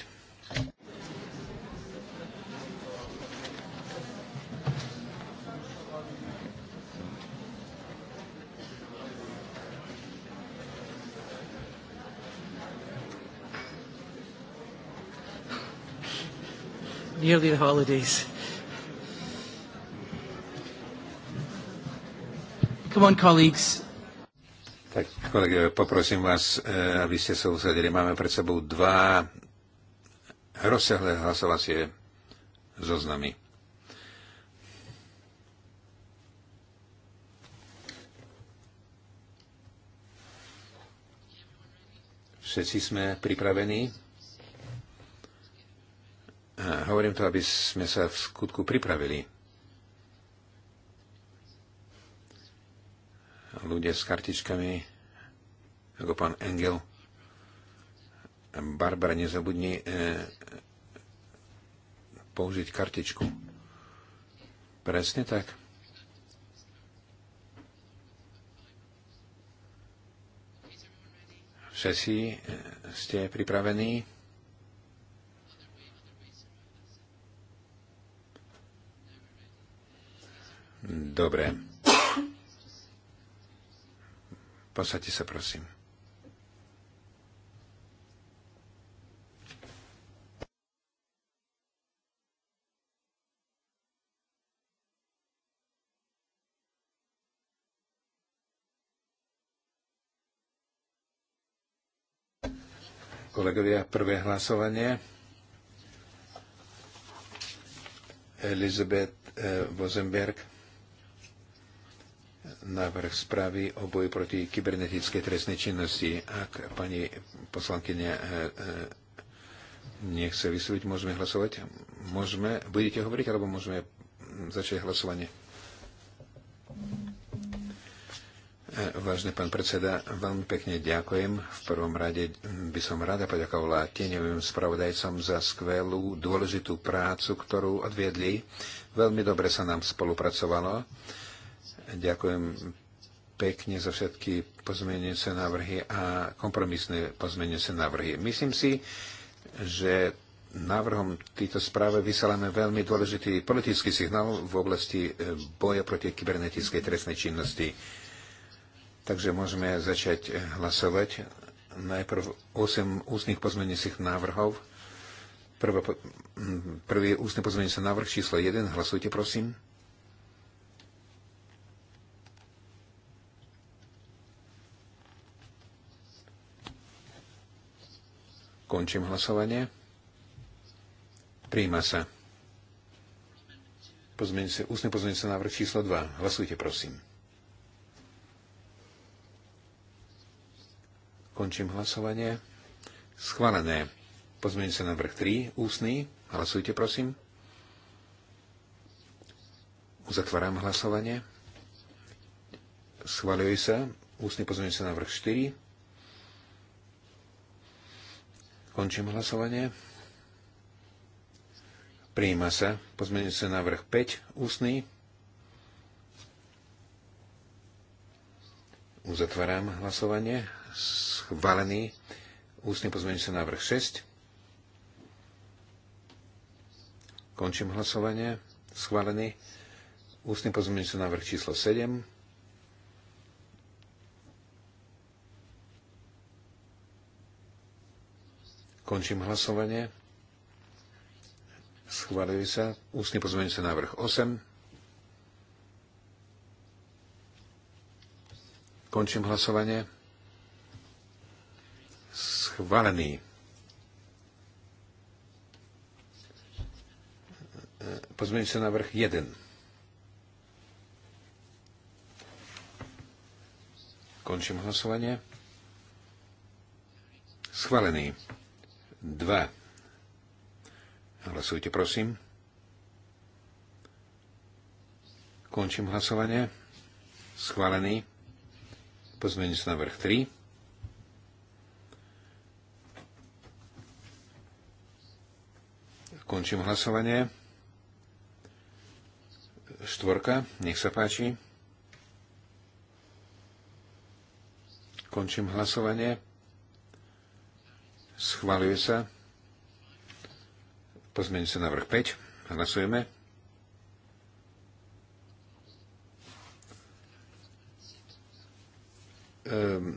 Nearly the holidays. Come on, colleagues kolegovia, poprosím vás, e, aby ste sa usadili. Máme pred sebou dva rozsiahle hlasovacie zoznamy. Všetci sme pripravení. A e, hovorím to, aby sme sa v skutku pripravili. Ľudia s kartičkami ako pán Engel. Barbara, nezabudni e, použiť kartičku. Presne tak. Všetci e, ste pripravení? Dobre. Posadte sa, prosím. kolegovia, prvé hlasovanie. Elizabeth eh, Vozenberg. Návrh správy o boji proti kybernetickej trestnej činnosti. Ak pani poslankyňa eh, eh, nechce vysloviť, môžeme hlasovať? Môžeme. Budete hovoriť, alebo môžeme začať hlasovanie? Vážne pán predseda, veľmi pekne ďakujem. V prvom rade by som rada poďakovala tieňovým spravodajcom za skvelú, dôležitú prácu, ktorú odviedli. Veľmi dobre sa nám spolupracovalo. Ďakujem pekne za všetky pozmenujúce návrhy a kompromisné pozmenujúce návrhy. Myslím si, že návrhom tejto správe vysielame veľmi dôležitý politický signál v oblasti boja proti kybernetickej trestnej činnosti. Takže môžeme začať eh, hlasovať. Najprv 8 ústnych pozmeňujúcich návrhov. Prvá, mm, prvý ústny pozmeňujúci návrh číslo 1. Hlasujte, prosím. Končím hlasovanie. Príjma sa. Pozmeňujúci, ústny pozmeňujúci návrh číslo 2. Hlasujte, prosím. Končím hlasovanie. Schválené. sa návrh 3, Úsny. Hlasujte, prosím. Uzatváram hlasovanie. Schváľuje sa pozmením sa návrh 4. Končím hlasovanie. Prijíma sa sa návrh 5, ústny. Uzatváram hlasovanie schválený ústny pozmeňujúci návrh 6. Končím hlasovanie. Schválený ústny pozmeňujúci návrh číslo 7. Končím hlasovanie. Schválili sa ústny pozmeňujúci návrh 8. Končím hlasovanie schválený. sa na vrch 1. Končím hlasovanie. Schválený. 2. Hlasujte, prosím. Končím hlasovanie. Schválený. sa na vrch 3. Končím hlasovanie. Štvorka, nech sa páči. Končím hlasovanie. Schváľuje sa. Pozmeňujem sa vrch 5. Hlasujeme. Ehm,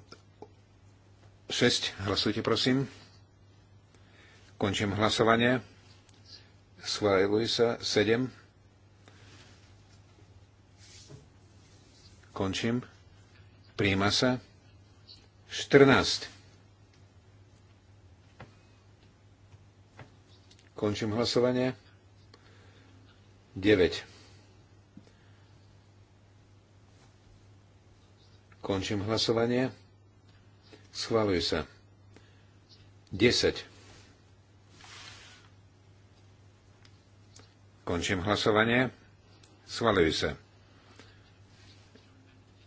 6. Hlasujte, prosím. Končím hlasovanie. Schváluje sa 7. Končím. Príjma sa 14. Končím hlasovanie. 9. Končím hlasovanie. Schváluje sa. 10. Končím hlasovanie. Schvaľujú sa.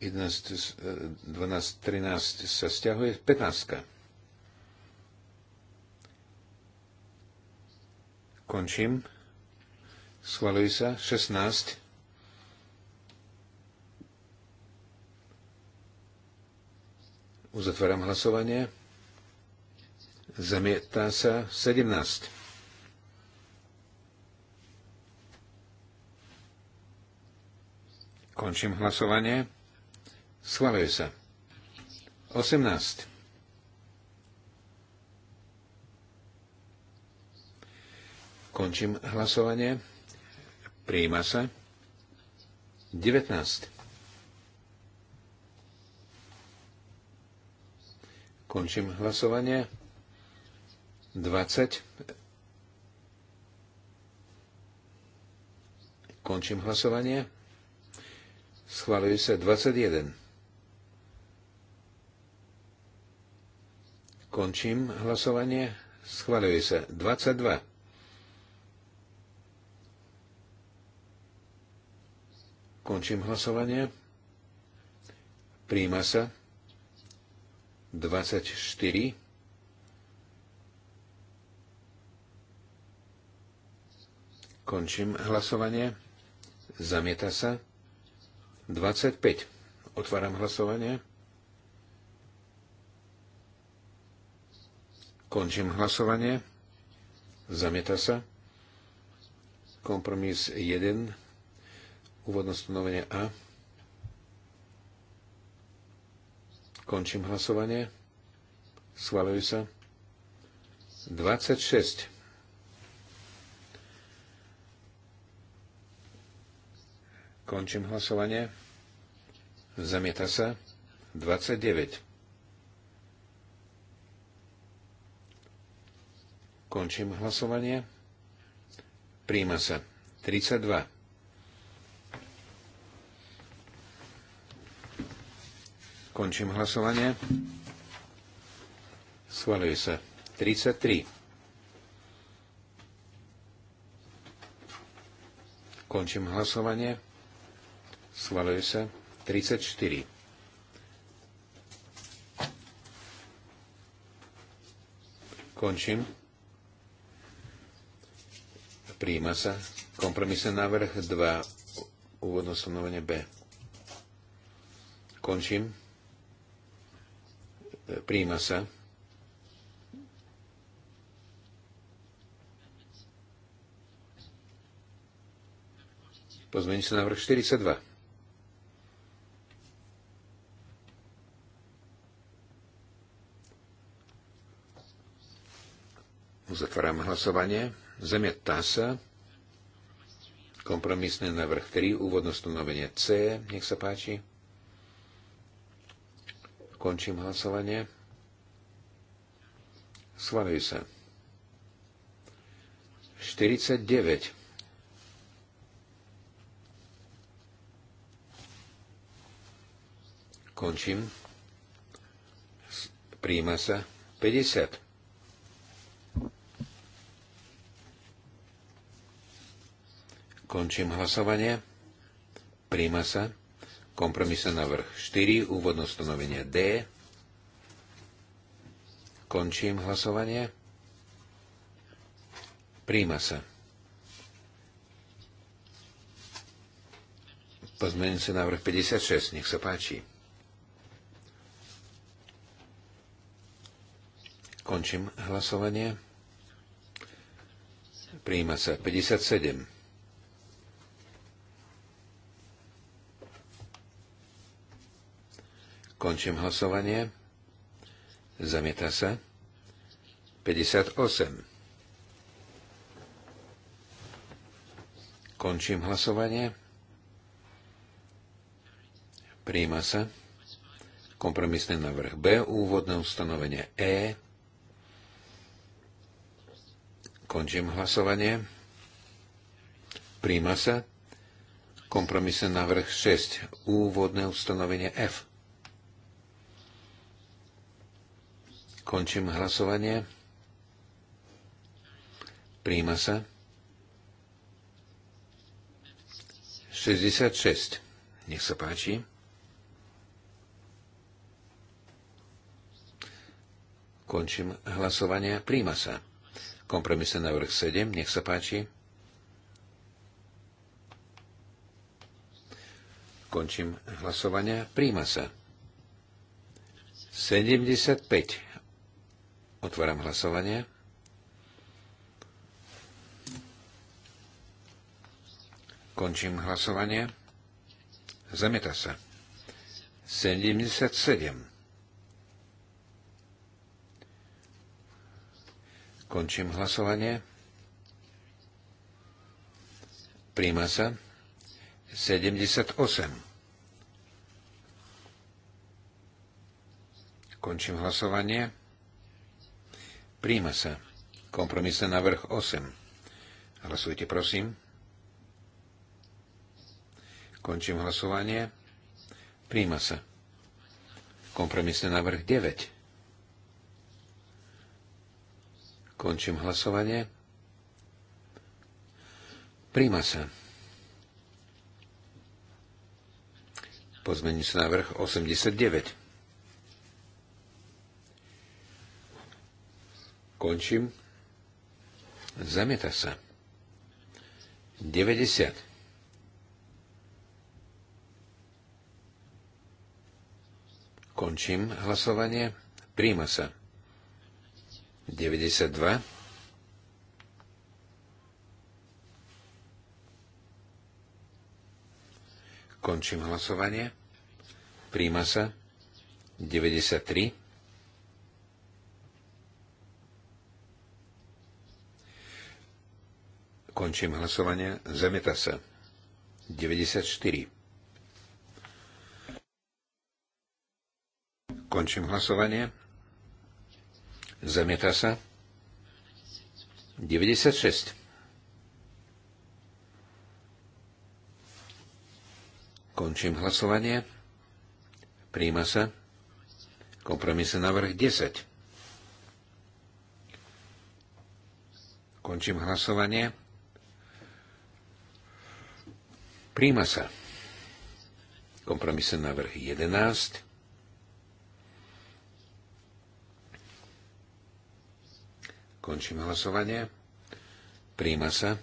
11, 12, 13 sa stiahuje. 15. Končím. Schvaľujú sa. 16. Uzatváram hlasovanie. Zamietá sa 17. Končím hlasovanie. Schvaluje sa. 18. Končím hlasovanie. Prijíma sa. 19. Končím hlasovanie. 20. Končím hlasovanie. Schváľuje sa 21. Končím hlasovanie. Schváľuje sa 22. Končím hlasovanie. Príjma sa 24. Končím hlasovanie. Zamieta sa. 25. Otváram hlasovanie. Končím hlasovanie. Zamieta sa. Kompromis 1. Úvodné stanovenie A. Končím hlasovanie. Schváľujú sa. 26. Končím hlasovanie. Zamieta sa. 29. Končím hlasovanie. Príjma sa. 32. Končím hlasovanie. Svaluje sa. 33. Končím hlasovanie. Svaluje sa. 34. Končím. Príjima sa kompromisný návrh 2, úvodné stanovenie B. Končím. Príjima sa. Pozmeniť sa návrh 42. Uzatváram hlasovanie. Zamietá sa. Kompromisný návrh 3, úvodné stanovenie C. Nech sa páči. Končím hlasovanie. Schváľuje sa. 49. Končím. Príjima sa. 50. Končím hlasovanie. Príjma sa. na vrch 4, Úvodno stanovenie D. Končím hlasovanie. Príjma sa. Pozmením sa vrch 56, nech sa páči. Končím hlasovanie. Príjma sa 57. Končím hlasovanie. Zamieta sa. 58. Končím hlasovanie. Príjma sa. Kompromisný návrh B. Úvodné ustanovenie E. Končím hlasovanie. Príjma sa. Kompromisný návrh 6. Úvodné ustanovenie F. Končím hlasovanie. Príjma sa. 66. Nech sa páči. Končím hlasovanie. Príjma sa. Kompromisný návrh 7. Nech sa páči. Končím hlasovanie. Príjma sa. 75. Otváram hlasovanie. Končím hlasovanie. Zamieta sa. 77. Končím hlasovanie. Príjma sa 78. Končím hlasovanie. Príjma sa. Kompromisný návrh 8. Hlasujte, prosím. Končím hlasovanie. Príjma sa. Kompromisný návrh 9. Končím hlasovanie. Príjma sa. Pozmení sa návrh 89. Končím. Zamieta sa. 90. Končím hlasovanie. Príjma sa. 92. Končím hlasovanie. Príjma sa. 93. Končím hlasovanie. Zamieta sa. 94. Končím hlasovanie. Zamieta sa. 96. Končím hlasovanie. Príjma sa. na návrh 10. Končím hlasovanie. Príjma sa. Kompromisný návrh 11. Končím hlasovanie. Príjma sa.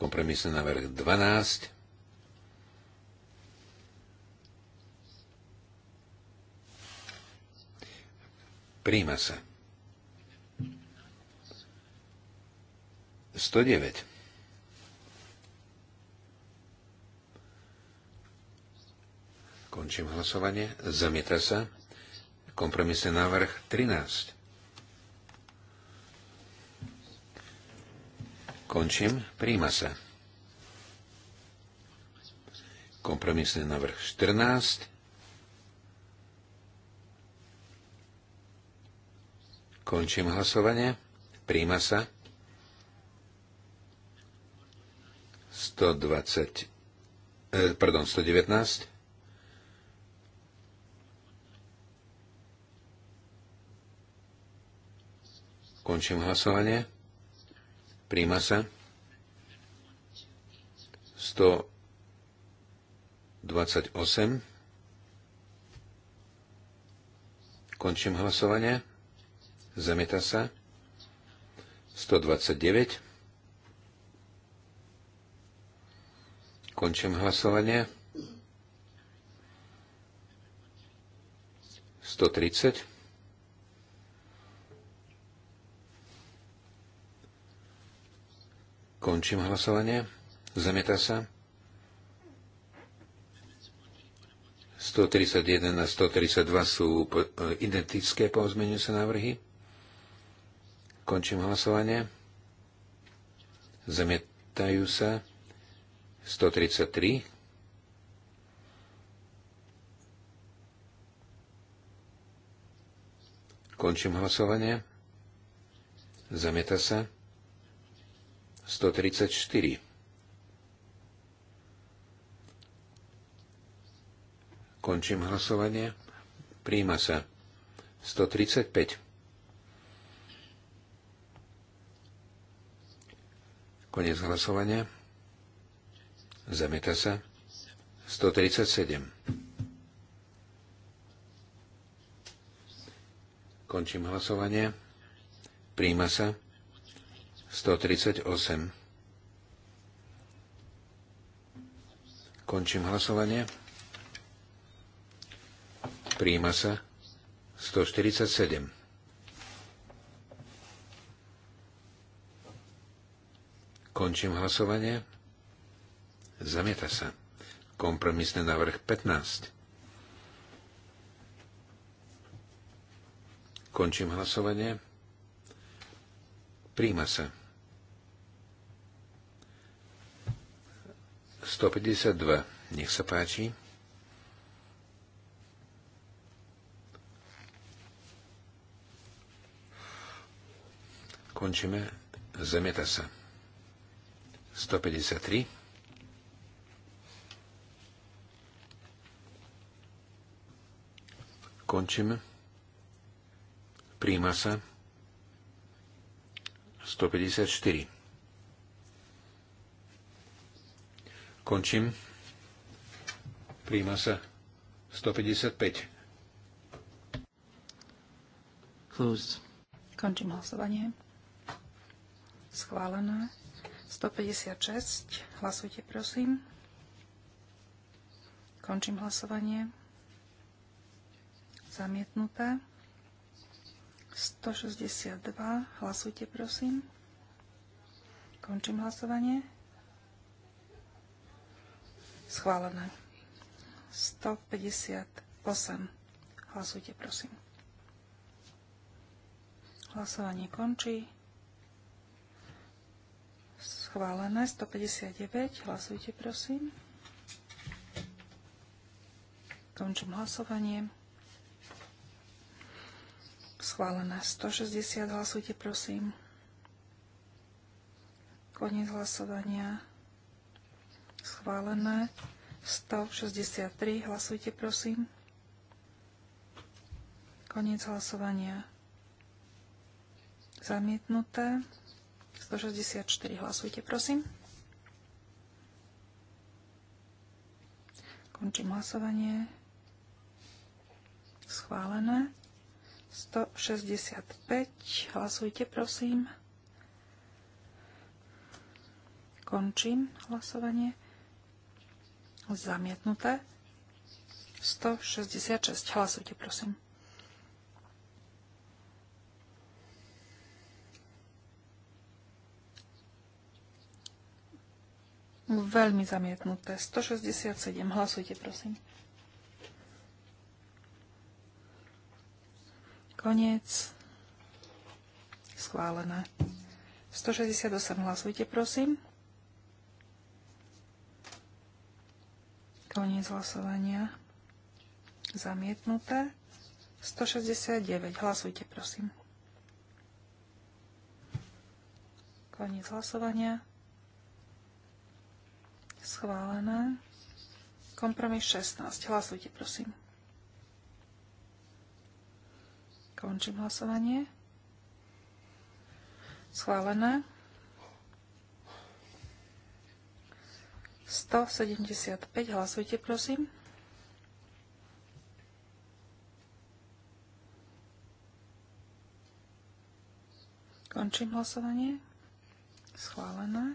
Kompromisný návrh 12. Príjma sa. 109. Končím hlasovanie. Zamieta sa. Kompromisný návrh 13. Končím. Príjma sa. Kompromisný návrh 14. Končím hlasovanie. Príjma sa. 120, eh, pardon, 119. Končím hlasovanie. Príjma sa. 128. Končím hlasovanie. Zamieta sa. 129. Končím hlasovanie. 130. Končím hlasovanie. Zamieta sa. 131 a 132 sú e, identické po zmeniu sa návrhy. Končím hlasovanie. Zamietajú sa 133. Končím hlasovanie. Zamieta sa. 134. Končím hlasovanie. Príjma sa. 135. Konec hlasovania. Zameta sa. 137. Končím hlasovanie. Príjma sa. 138. Končím hlasovanie. Príjima sa 147. Končím hlasovanie. Zamieta sa. Kompromisný návrh 15. Končím hlasovanie. Príjma sa. 152. Nech sa páči. Končíme. Zamieta sa. 153. Končíme. Príjma sa. 154. Končím. Príjma sa 155. Closed. Končím hlasovanie. Schválené. 156. Hlasujte, prosím. Končím hlasovanie. Zamietnuté. 162. Hlasujte, prosím. Končím hlasovanie. Schválené. 158. Hlasujte, prosím. Hlasovanie končí. Schválené. 159. Hlasujte, prosím. Končím hlasovanie. Schválené. 160. Hlasujte, prosím. Koniec hlasovania schválené. 163, hlasujte prosím. Koniec hlasovania. Zamietnuté. 164, hlasujte prosím. Končím hlasovanie. Schválené. 165. Hlasujte, prosím. Končím hlasovanie. Zamietnuté. 166. Hlasujte, prosím. Veľmi zamietnuté. 167. Hlasujte, prosím. Koniec. Schválené. 168. Hlasujte, prosím. Koniec hlasovania. Zamietnuté. 169. Hlasujte, prosím. Koniec hlasovania. Schválené. Kompromis 16. Hlasujte, prosím. Končím hlasovanie. Schválené. 175. Hlasujte, prosím. Končím hlasovanie. Schválené.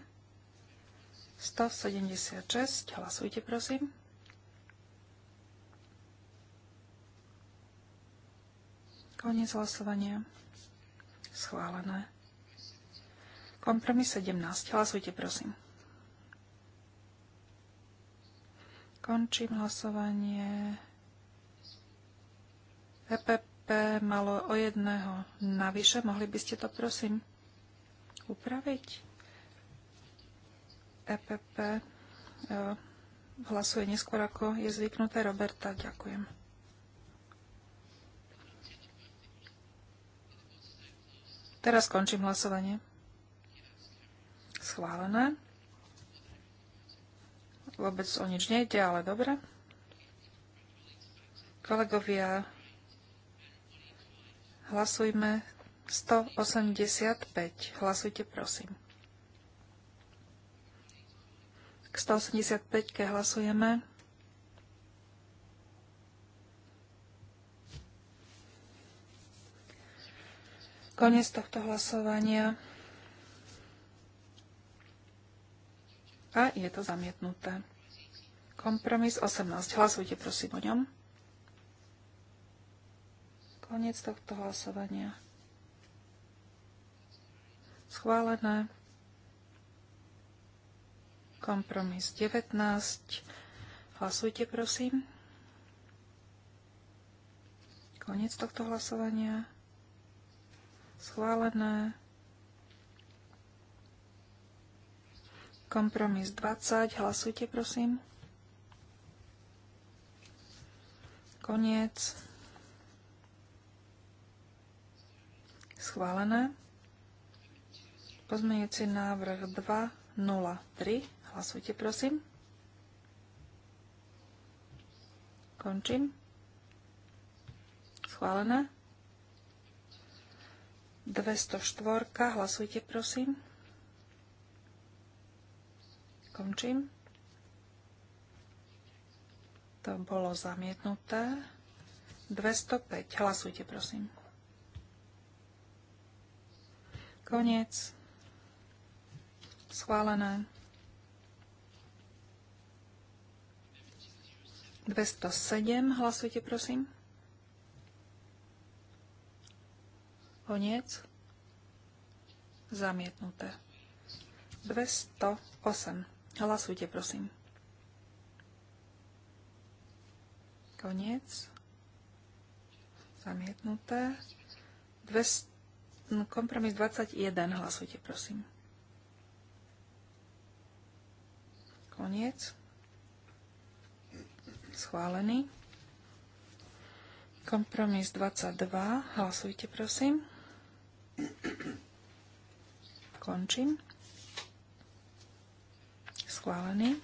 176. Hlasujte, prosím. Koniec hlasovania. Schválené. Kompromis 17. Hlasujte, prosím. Končím hlasovanie. EPP malo o jedného navyše. Mohli by ste to prosím upraviť? EPP e, hlasuje neskôr, ako je zvyknuté. Roberta, ďakujem. Teraz končím hlasovanie. Schválené vôbec o nič nejde, ale dobre. Kolegovia, hlasujme 185. Hlasujte, prosím. K 185-ke hlasujeme. Koniec tohto hlasovania. A je to zamietnuté. Kompromis 18. Hlasujte prosím o ňom. Koniec tohto hlasovania. Schválené. Kompromis 19. Hlasujte prosím. Koniec tohto hlasovania. Schválené. Kompromis 20. Hlasujte, prosím. Koniec. Schválené. Pozmeňujúci návrh 203. Hlasujte, prosím. Končím. Schválené. 204. Hlasujte, prosím. Končím. To bolo zamietnuté. 205. Hlasujte, prosím. Koniec. Schválené. 207. Hlasujte, prosím. Koniec. Zamietnuté. 208. Hlasujte, prosím. Koniec. Zamietnuté. Dve, kompromis 21. Hlasujte, prosím. Koniec. Schválený. Kompromis 22. Hlasujte, prosím. Končím schválený.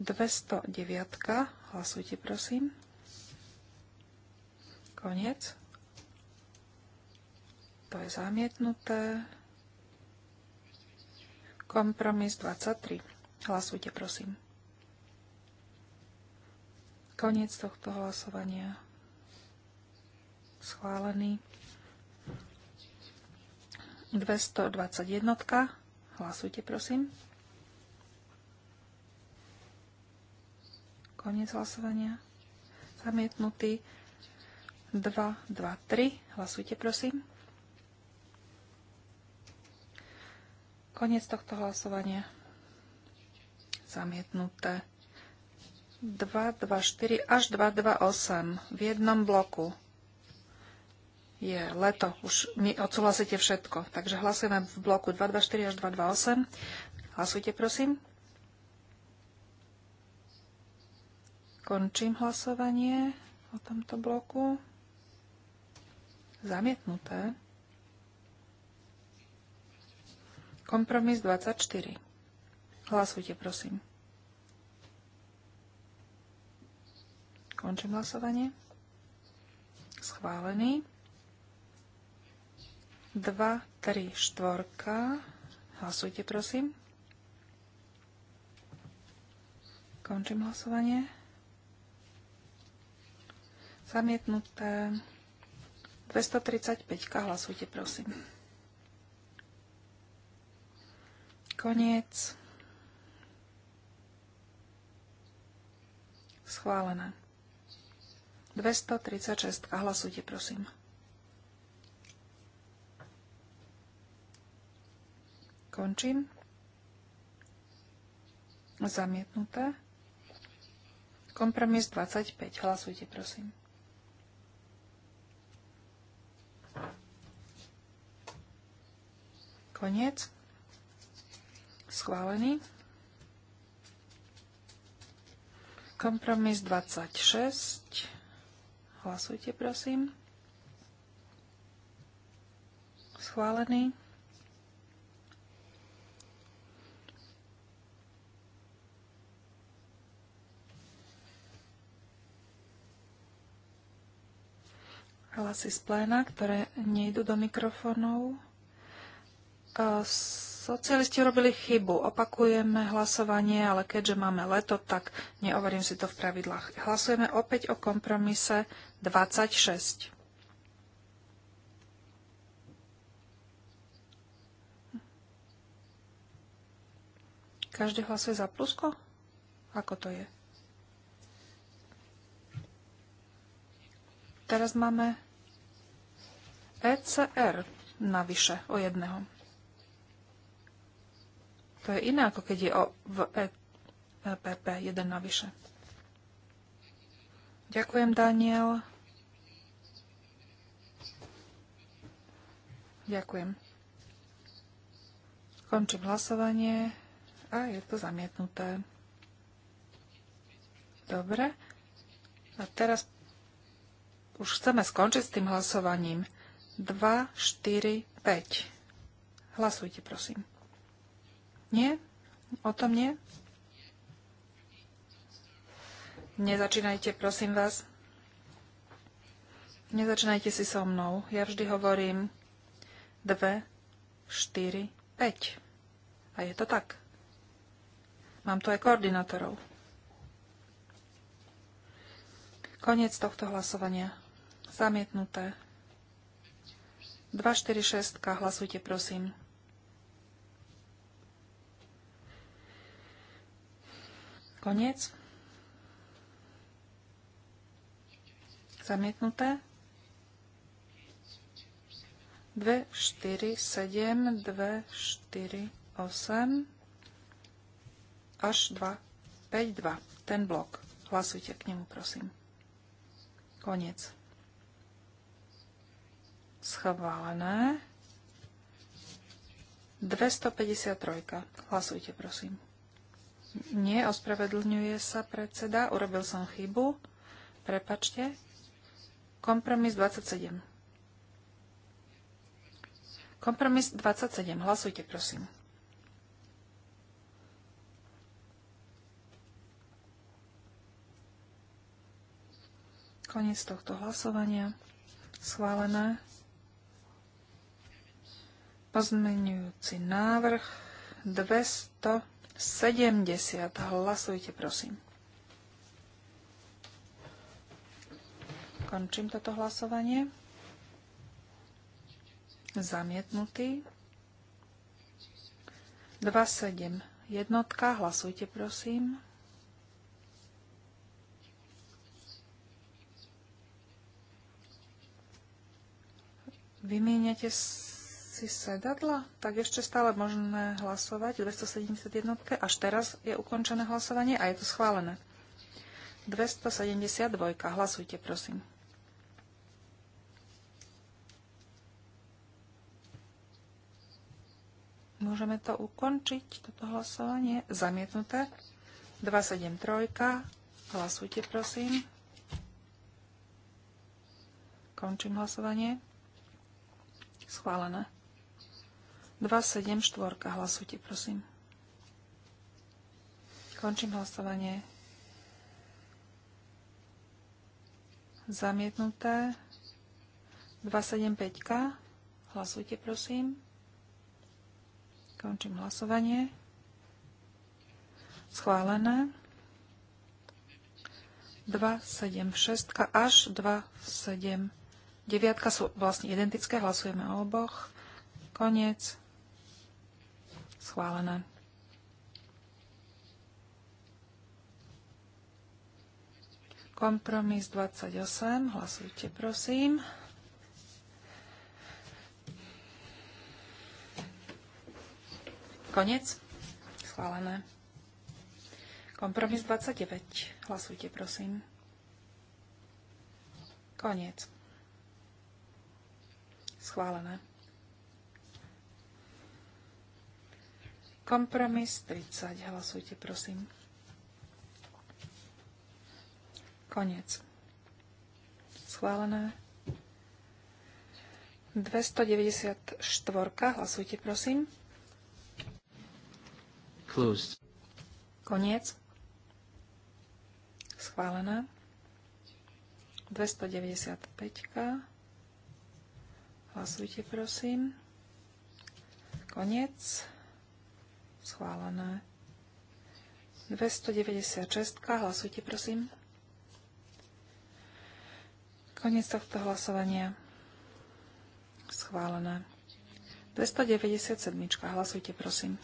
209. Hlasujte, prosím. Koniec. To je zamietnuté. Kompromis 23. Hlasujte, prosím. Koniec tohto hlasovania. Schválený. 221. Hlasujte, prosím. Koniec hlasovania. Zamietnutý. 2, 2, 3. Hlasujte, prosím. Koniec tohto hlasovania. Zamietnuté. 2, 2, 4 až 2, 2, 8 v jednom bloku je leto. Už mi odsúhlasíte všetko. Takže hlasujeme v bloku 224 až 228. Hlasujte, prosím. Končím hlasovanie o tomto bloku. Zamietnuté. Kompromis 24. Hlasujte, prosím. Končím hlasovanie. Schválený. 2, 3, 4. Hlasujte, prosím. Končím hlasovanie. Zamietnuté. 235. Hlasujte, prosím. Koniec. Schválené. 236. Hlasujte, prosím. skončím. Zamietnuté. Kompromis 25. Hlasujte, prosím. Koniec. Schválený. Kompromis 26. Hlasujte, prosím. Schválený. hlasy z pléna, ktoré nejdu do mikrofónov. E, socialisti robili chybu. Opakujeme hlasovanie, ale keďže máme leto, tak neoverím si to v pravidlách. Hlasujeme opäť o kompromise 26. Každý hlasuje za plusko? Ako to je? Teraz máme ECR navyše o jedného. To je iné, ako keď je o, v EPP jeden navyše. Ďakujem, Daniel. Ďakujem. Končím hlasovanie a je to zamietnuté. Dobre. A teraz už chceme skončiť s tým hlasovaním. 2, 4, 5. Hlasujte, prosím. Nie? O tom nie? Nezačínajte, prosím vás. Nezačínajte si so mnou. Ja vždy hovorím 2, 4, 5. A je to tak. Mám tu aj koordinátorov. Koniec tohto hlasovania. Zamietnuté. 246. Hlasujte, prosím. Koniec. Zamietnuté. 2, 4, 7, 2, 4, 8 až 2, 5, 2. Ten blok. Hlasujte k nemu, prosím. Koniec. Schválené. 253. Hlasujte, prosím. Nie, ospravedlňuje sa predseda. Urobil som chybu. Prepačte. Kompromis 27. Kompromis 27. Hlasujte, prosím. Koniec tohto hlasovania. Schválené. Pozmenujúci návrh 270. Hlasujte, prosím. Končím toto hlasovanie. Zamietnutý. 27. Jednotka. Hlasujte, prosím. Vymieňate si sedadla, tak ešte stále možné hlasovať 271. Až teraz je ukončené hlasovanie a je to schválené. 272. Hlasujte, prosím. Môžeme to ukončiť, toto hlasovanie. Zamietnuté. 273. Hlasujte, prosím. Končím hlasovanie. Schválené. 274. Hlasujte, prosím. Končím hlasovanie. Zamietnuté. 275. Hlasujte, prosím. Končím hlasovanie. Schválené. 276 až 279 sú vlastne identické. Hlasujeme o oboch. Koniec. Schválené. Kompromis 28. Hlasujte, prosím. Konec. Schválené. Kompromis 29. Hlasujte, prosím. Konec. Schválené. Kompromis 30. Hlasujte, prosím. Koniec. Schválené. 294. Hlasujte, prosím. Closed. Koniec. Schválené. 295. Hlasujte, prosím. Koniec. Schválené. 296. Hlasujte, prosím. Koniec tohto hlasovania. Schválené. 297. Hlasujte, prosím.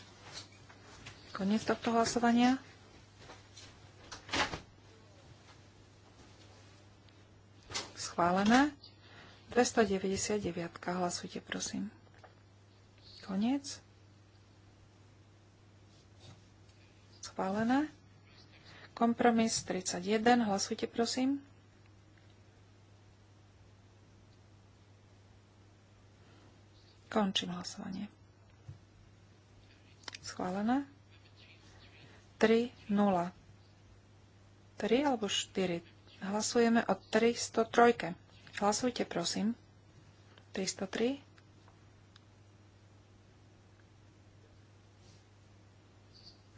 Koniec tohto hlasovania. Schválené. 299. Hlasujte, prosím. Koniec. schválené. Kompromis 31. Hlasujte, prosím. Končím hlasovanie. Schválené. 3, 0. 3 alebo 4. Hlasujeme o 303. Hlasujte, prosím. 303.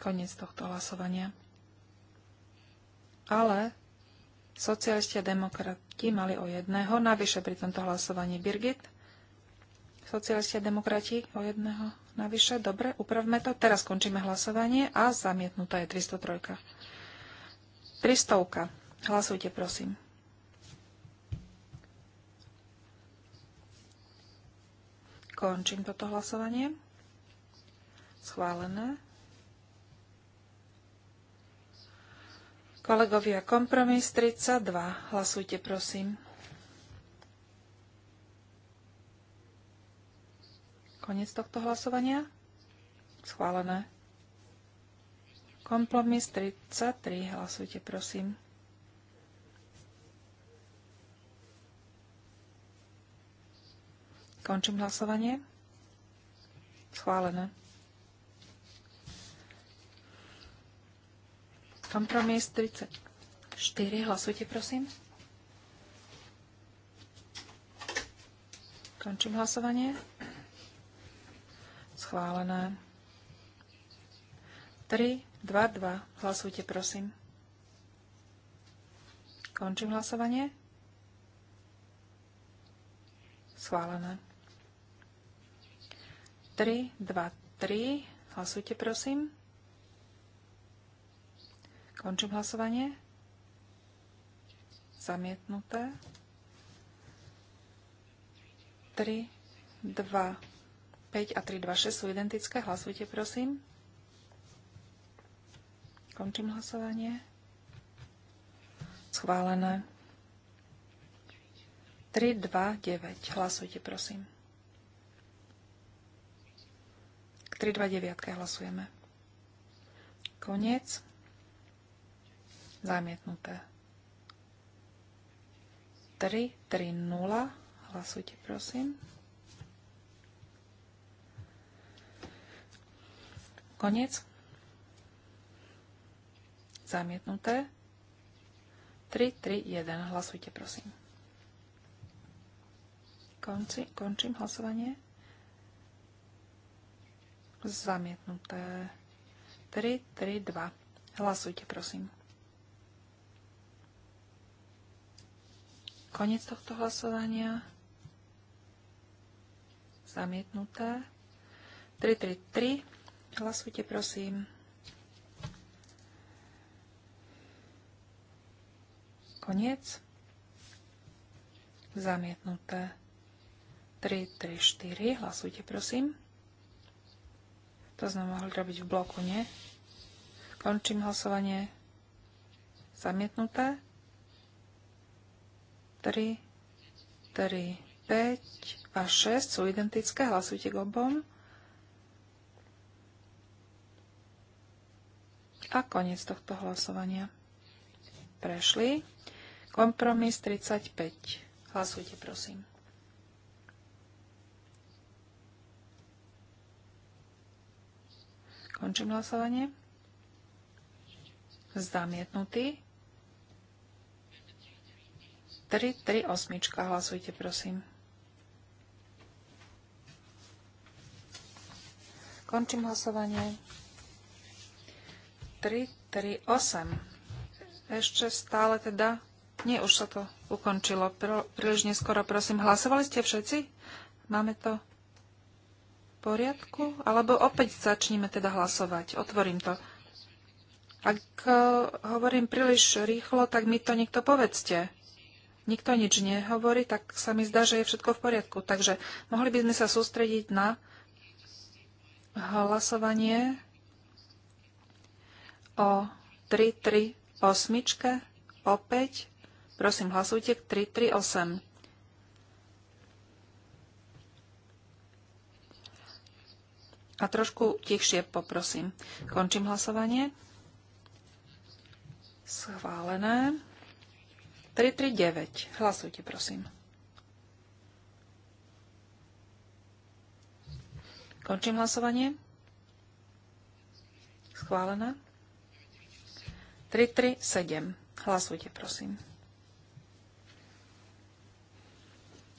koniec tohto hlasovania. Ale socialisti a demokrati mali o jedného, navyše pri tomto hlasovaní Birgit. Socialisti a demokrati o jedného, navyše. Dobre, upravme to. Teraz končíme hlasovanie a zamietnutá je 303. 300. Hlasujte, prosím. Končím toto hlasovanie. Schválené. Kolegovia, kompromis 32. Hlasujte, prosím. Konec tohto hlasovania. Schválené. Kompromis 33. Hlasujte, prosím. Končím hlasovanie. Schválené. Kompromis 34. Hlasujte, prosím. Končím hlasovanie. Schválené. 3, 2, 2. Hlasujte, prosím. Končím hlasovanie. Schválené. 3, 2, 3. Hlasujte, prosím. Končím hlasovanie. Zamietnuté. 3, 2, 5 a 3, 2, 6 sú identické. Hlasujte, prosím. Končím hlasovanie. Schválené. 3, 2, 9. Hlasujte, prosím. K 3, 2, 9 hlasujeme. Koniec. Zamietnuté. 3, 3, 0. Hlasujte, prosím. Koniec. Zamietnuté. 3, 3, 1. Hlasujte, prosím. Konci, končím hlasovanie. Zamietnuté. 3, 3, 2. Hlasujte, prosím. Konec tohto hlasovania. Zamietnuté. 333. Hlasujte, prosím. Koniec. Zamietnuté. 334. Hlasujte, prosím. To sme mohli robiť v bloku, nie? Končím hlasovanie. Zamietnuté. 3, 3, 5 a 6 sú identické. Hlasujte k obom. A koniec tohto hlasovania. Prešli. Kompromis 35. Hlasujte, prosím. Končím hlasovanie. Zamietnutý. 338. Hlasujte, prosím. Končím hlasovanie. 3, 3, 8. Ešte stále teda... Nie, už sa to ukončilo. príliš neskoro, prosím. Hlasovali ste všetci? Máme to v poriadku? Alebo opäť začníme teda hlasovať. Otvorím to. Ak eh, hovorím príliš rýchlo, tak mi to niekto povedzte nikto nič nehovorí, tak sa mi zdá, že je všetko v poriadku. Takže mohli by sme sa sústrediť na hlasovanie o 338 opäť. Prosím, hlasujte k 338. A trošku tichšie poprosím. Končím hlasovanie. Schválené. 339. Hlasujte, prosím. Končím hlasovanie. Schválená. 337. Hlasujte, prosím.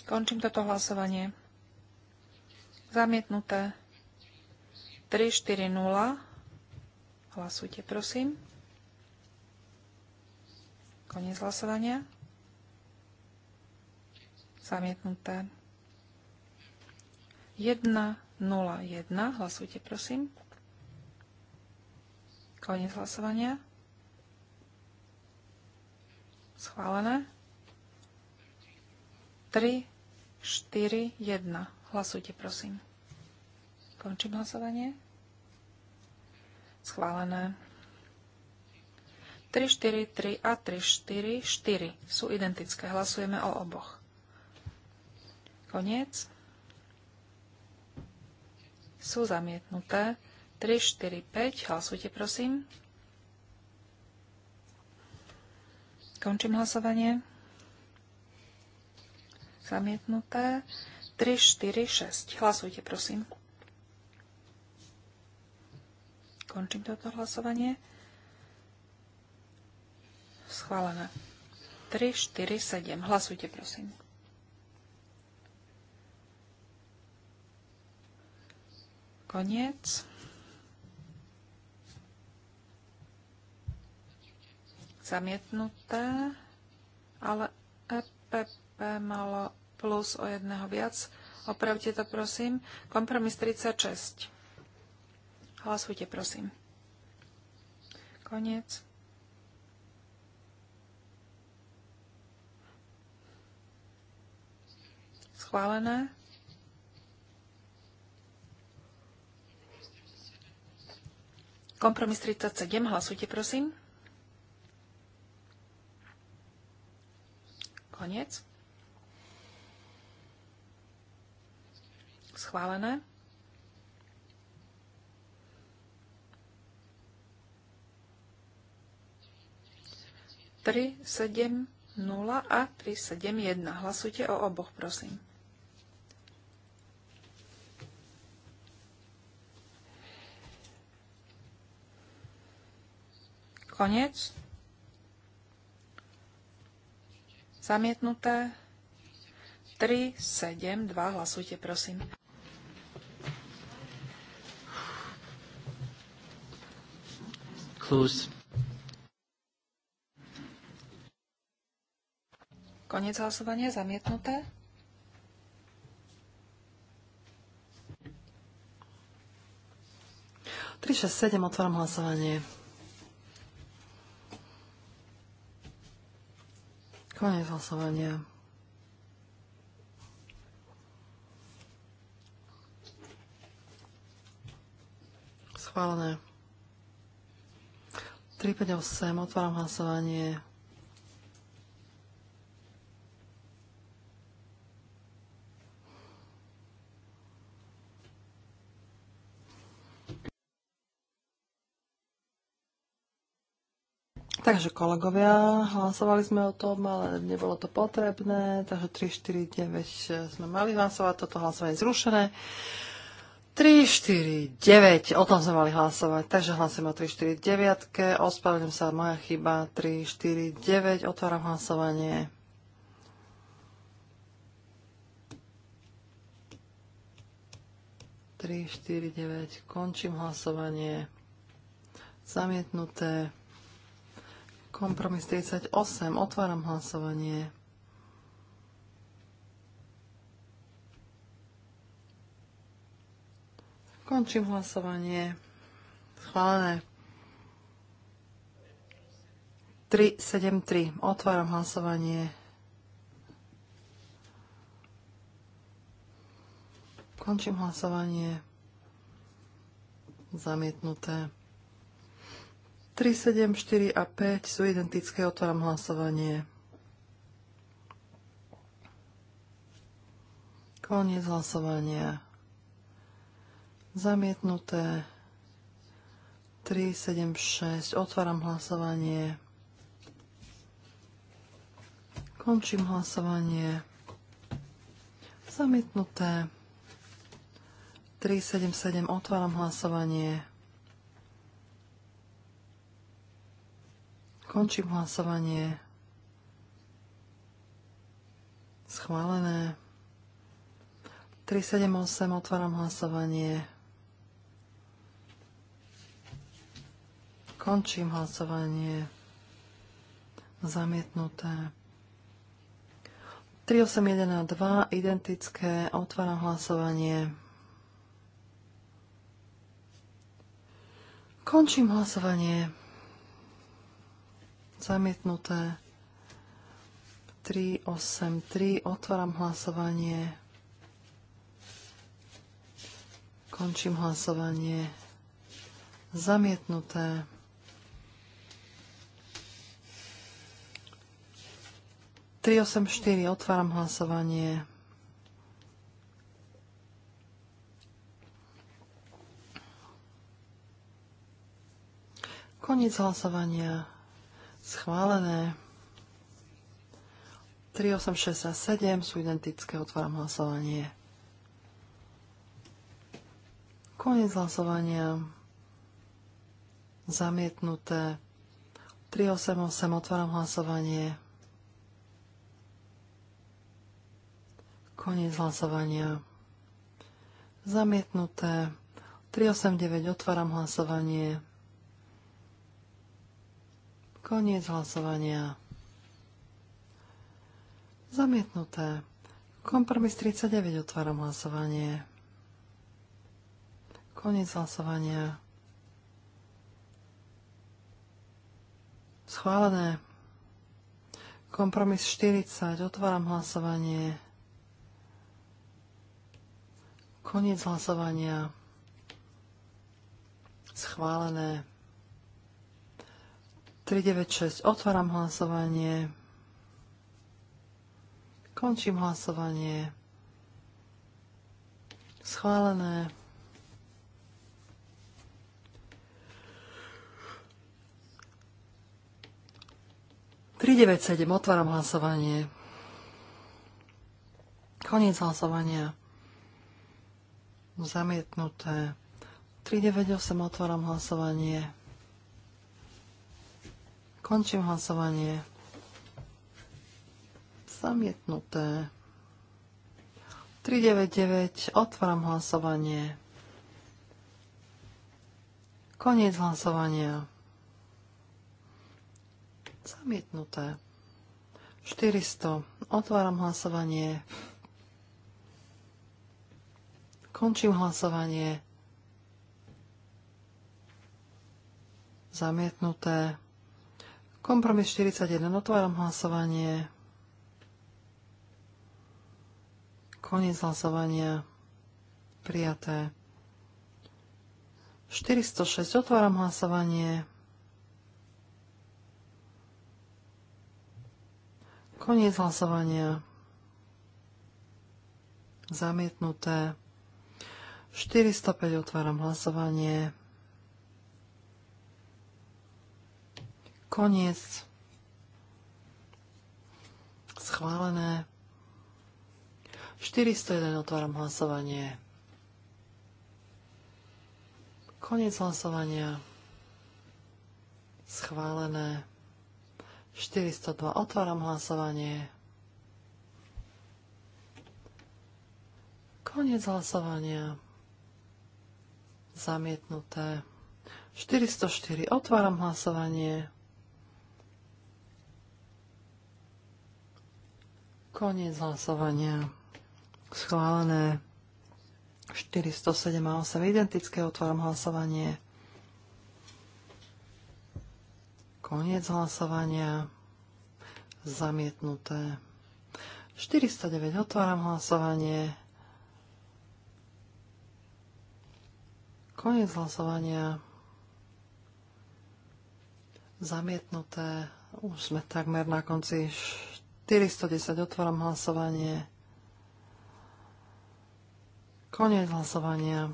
Končím toto hlasovanie. Zamietnuté. 340. Hlasujte, prosím. Koniec hlasovania. Zamietnuté. 101. Hlasujte, prosím. Koniec hlasovania. Schválené. 3, 4, 1. Hlasujte, prosím. Končím hlasovanie. Schválené. 3, 4, 3 a 3, 4, 4 sú identické. Hlasujeme o oboch. Koniec. Sú zamietnuté. 3, 4, 5. Hlasujte, prosím. Končím hlasovanie. Zamietnuté. 3, 4, 6. Hlasujte, prosím. Končím toto hlasovanie. Schválené. 3, 4, 7. Hlasujte, prosím. Koniec. Zamietnuté, ale EPP malo plus o jedného viac. Opravte to, prosím. Kompromis 36. Hlasujte, prosím. Koniec. schválené. Kompromis 37, hlasujte prosím. Koniec. Schválené. Tri, sedem, nula a tri, sedem, jedna. Hlasujte o oboch, prosím. Koniec. Zamietnuté. 3, 7, 2. Hlasujte, prosím. Close. Konec hlasovania zamietnuté. Tri, šesť, sedem, otváram hlasovanie. Konec hlasovania. Schválené. 358. Otváram hlasovanie. Takže kolegovia, hlasovali sme o tom, ale nebolo to potrebné, takže 3, 4, 9 sme mali hlasovať, toto hlasovanie je zrušené. 3, 4, 9, o tom sme mali hlasovať, takže hlasujeme o 3, 4, 9, ospravedlňujem sa, moja chyba, 3, 4, 9, otváram hlasovanie. Tri, štyri, deväť. Končím hlasovanie. Zamietnuté. Kompromis 38. Otváram hlasovanie. Končím hlasovanie. Schválené. 3, Otváram hlasovanie. Končím hlasovanie. Zamietnuté. 3, 7, 4 a 5 sú identické, otváram hlasovanie. Koniec hlasovania. Zamietnuté. 3, 7, 6. Otváram hlasovanie. Končím hlasovanie. Zamietnuté. 3, 7, 7. Otváram hlasovanie. Končím hlasovanie. Schválené. 378 otváram hlasovanie. Končím hlasovanie. Zamietnuté. 381 a 2 identické. Otváram hlasovanie. Končím hlasovanie. Zamietnuté. 383. Otváram hlasovanie. Končím hlasovanie. Zamietnuté. Tri osem štyri. Otváram hlasovanie. Koniec hlasovania. Schválené. 3, 8, 6 a 7 sú identické. Otváram hlasovanie. Koniec hlasovania. Zamietnuté. 388 otváram hlasovanie. Koniec hlasovania. Zamietnuté. 389 otváram hlasovanie. Koniec hlasovania. Zamietnuté. Kompromis 39. Otváram hlasovanie. Koniec hlasovania. Schválené. Kompromis 40. Otváram hlasovanie. Koniec hlasovania. Schválené. 396. Otváram hlasovanie. Končím hlasovanie. Schválené. Tri deväť sedem, otváram hlasovanie. Koniec hlasovania. Zamietnuté. 398, otváram hlasovanie. Končím hlasovanie. Zamietnuté. 399. Otváram hlasovanie. Koniec hlasovania. Zamietnuté. 400. Otváram hlasovanie. Končím hlasovanie. Zamietnuté. Kompromis 41. Otváram hlasovanie. Koniec hlasovania. Prijaté. 406. Otváram hlasovanie. Koniec hlasovania. Zamietnuté. 405. Otváram hlasovanie. Koniec. Schválené. 401 otváram hlasovanie. Koniec hlasovania. Schválené. 402 otváram hlasovanie. Koniec hlasovania. Zamietnuté. 404 otváram hlasovanie. Koniec hlasovania. Schválené. 407 a 8 identické. Otváram hlasovanie. Koniec hlasovania. Zamietnuté. 409. Otváram hlasovanie. Koniec hlasovania. Zamietnuté. Už sme takmer na konci 410. Otváram hlasovanie. Koniec hlasovania.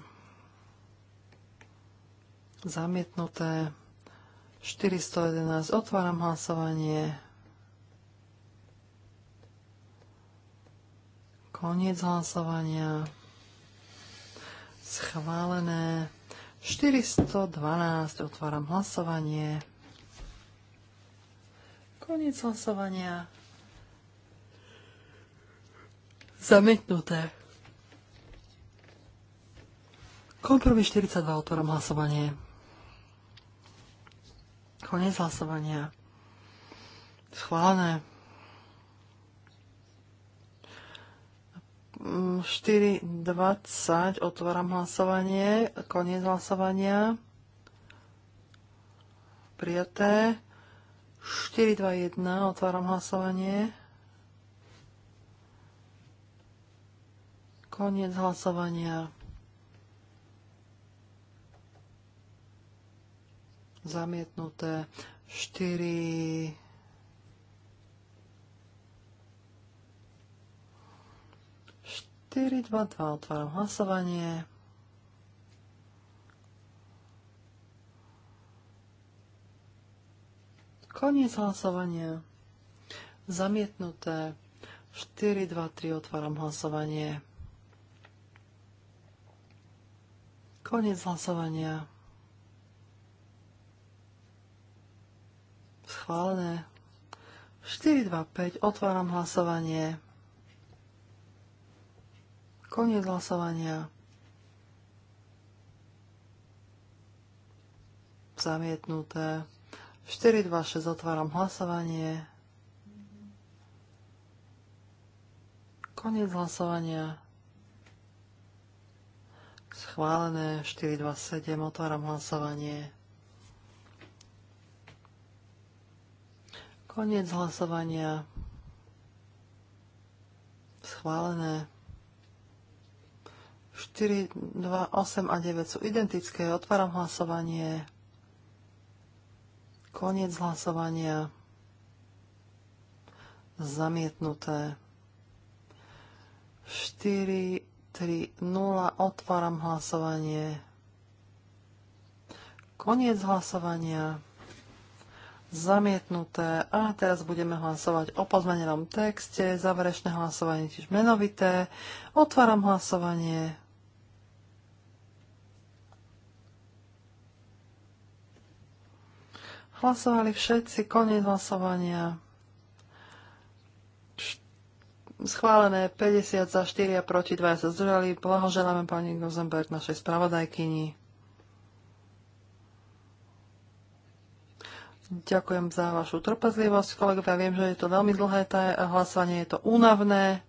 Zamietnuté. 411. Otváram hlasovanie. Koniec hlasovania. Schválené. 412. Otváram hlasovanie. Koniec hlasovania. Zamietnuté. Kompromis 42, otváram hlasovanie. Konec hlasovania. Schválené. 4.20, mm, otváram hlasovanie, koniec hlasovania. Prijaté. 4.21, otváram hlasovanie. Koniec hlasovania. Zamietnuté 4 4, 2, 2, otváram hlasovanie. Koniec hlasovania. Zamietnuté 4, 2, 3, otváram hlasovanie. Koniec hlasovania. Schválené. 5, Otváram hlasovanie. Koniec hlasovania. Zamietnuté. 426. Otváram hlasovanie. Koniec hlasovania. Schválené 427. Otváram hlasovanie. Koniec hlasovania. Schválené. 4, 2, 8 a 9 sú identické. Otváram hlasovanie. Koniec hlasovania. Zamietnuté. 4, 3, 0. Otváram hlasovanie. Koniec hlasovania. Zamietnuté. A teraz budeme hlasovať o pozmenenom texte. Záverečné hlasovanie tiež menovité. Otváram hlasovanie. Hlasovali všetci. Koniec hlasovania. Schválené 50 za 4 a proti 2 sa zdržali. Blahoželáme pani Gozenberg, našej spravodajkyni. Ďakujem za vašu trpezlivosť, kolegovia. Viem, že je to veľmi dlhé tá hlasovanie, je to únavné.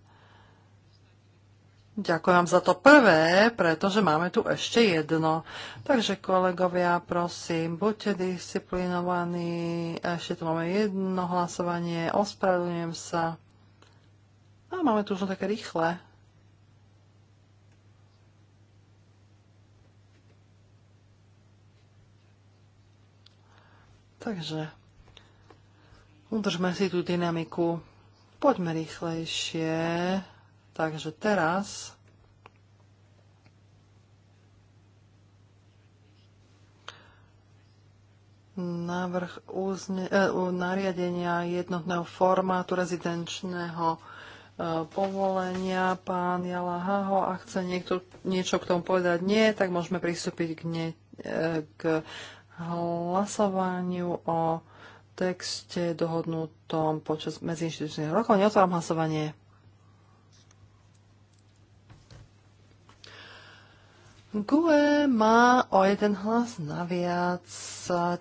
Ďakujem vám za to prvé, pretože máme tu ešte jedno. Takže kolegovia, prosím, buďte disciplinovaní. Ešte tu máme jedno hlasovanie. Ospravedlňujem sa. A no, máme tu už také rýchle. Takže udržme si tú dynamiku. Poďme rýchlejšie. Takže teraz návrh uzne, e, nariadenia jednotného formátu rezidenčného povolenia pán Jala Haho a chce niekto niečo k tomu povedať nie, tak môžeme pristúpiť k, ne, e, k hlasovaniu o texte dohodnutom počas medziinstitučných rokov. Neotváram hlasovanie. GUE má o jeden hlas naviac.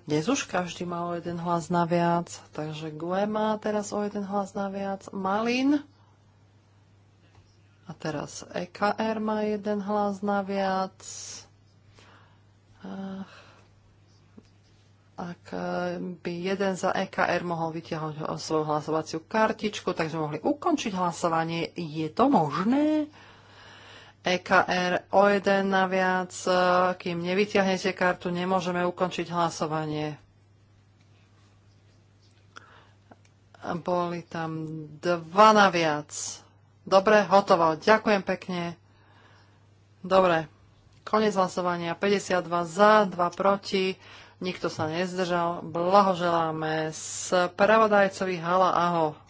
Dnes už každý má o jeden hlas naviac, takže GUE má teraz o jeden hlas naviac. Malin a teraz EKR má jeden hlas naviac. Ach. Ak eh, by jeden za EKR mohol vytiahnuť svoju hlasovaciu kartičku, takže mohli ukončiť hlasovanie. Je to možné? EKR o jeden naviac, eh, kým nevyťahnete kartu, nemôžeme ukončiť hlasovanie. Boli tam dva naviac. Dobre, hotovo. Ďakujem pekne. Dobre, koniec hlasovania. 52 za, 2 proti. Nikto sa nezdržal. Blahoželáme spravodajcovi Hala Aho.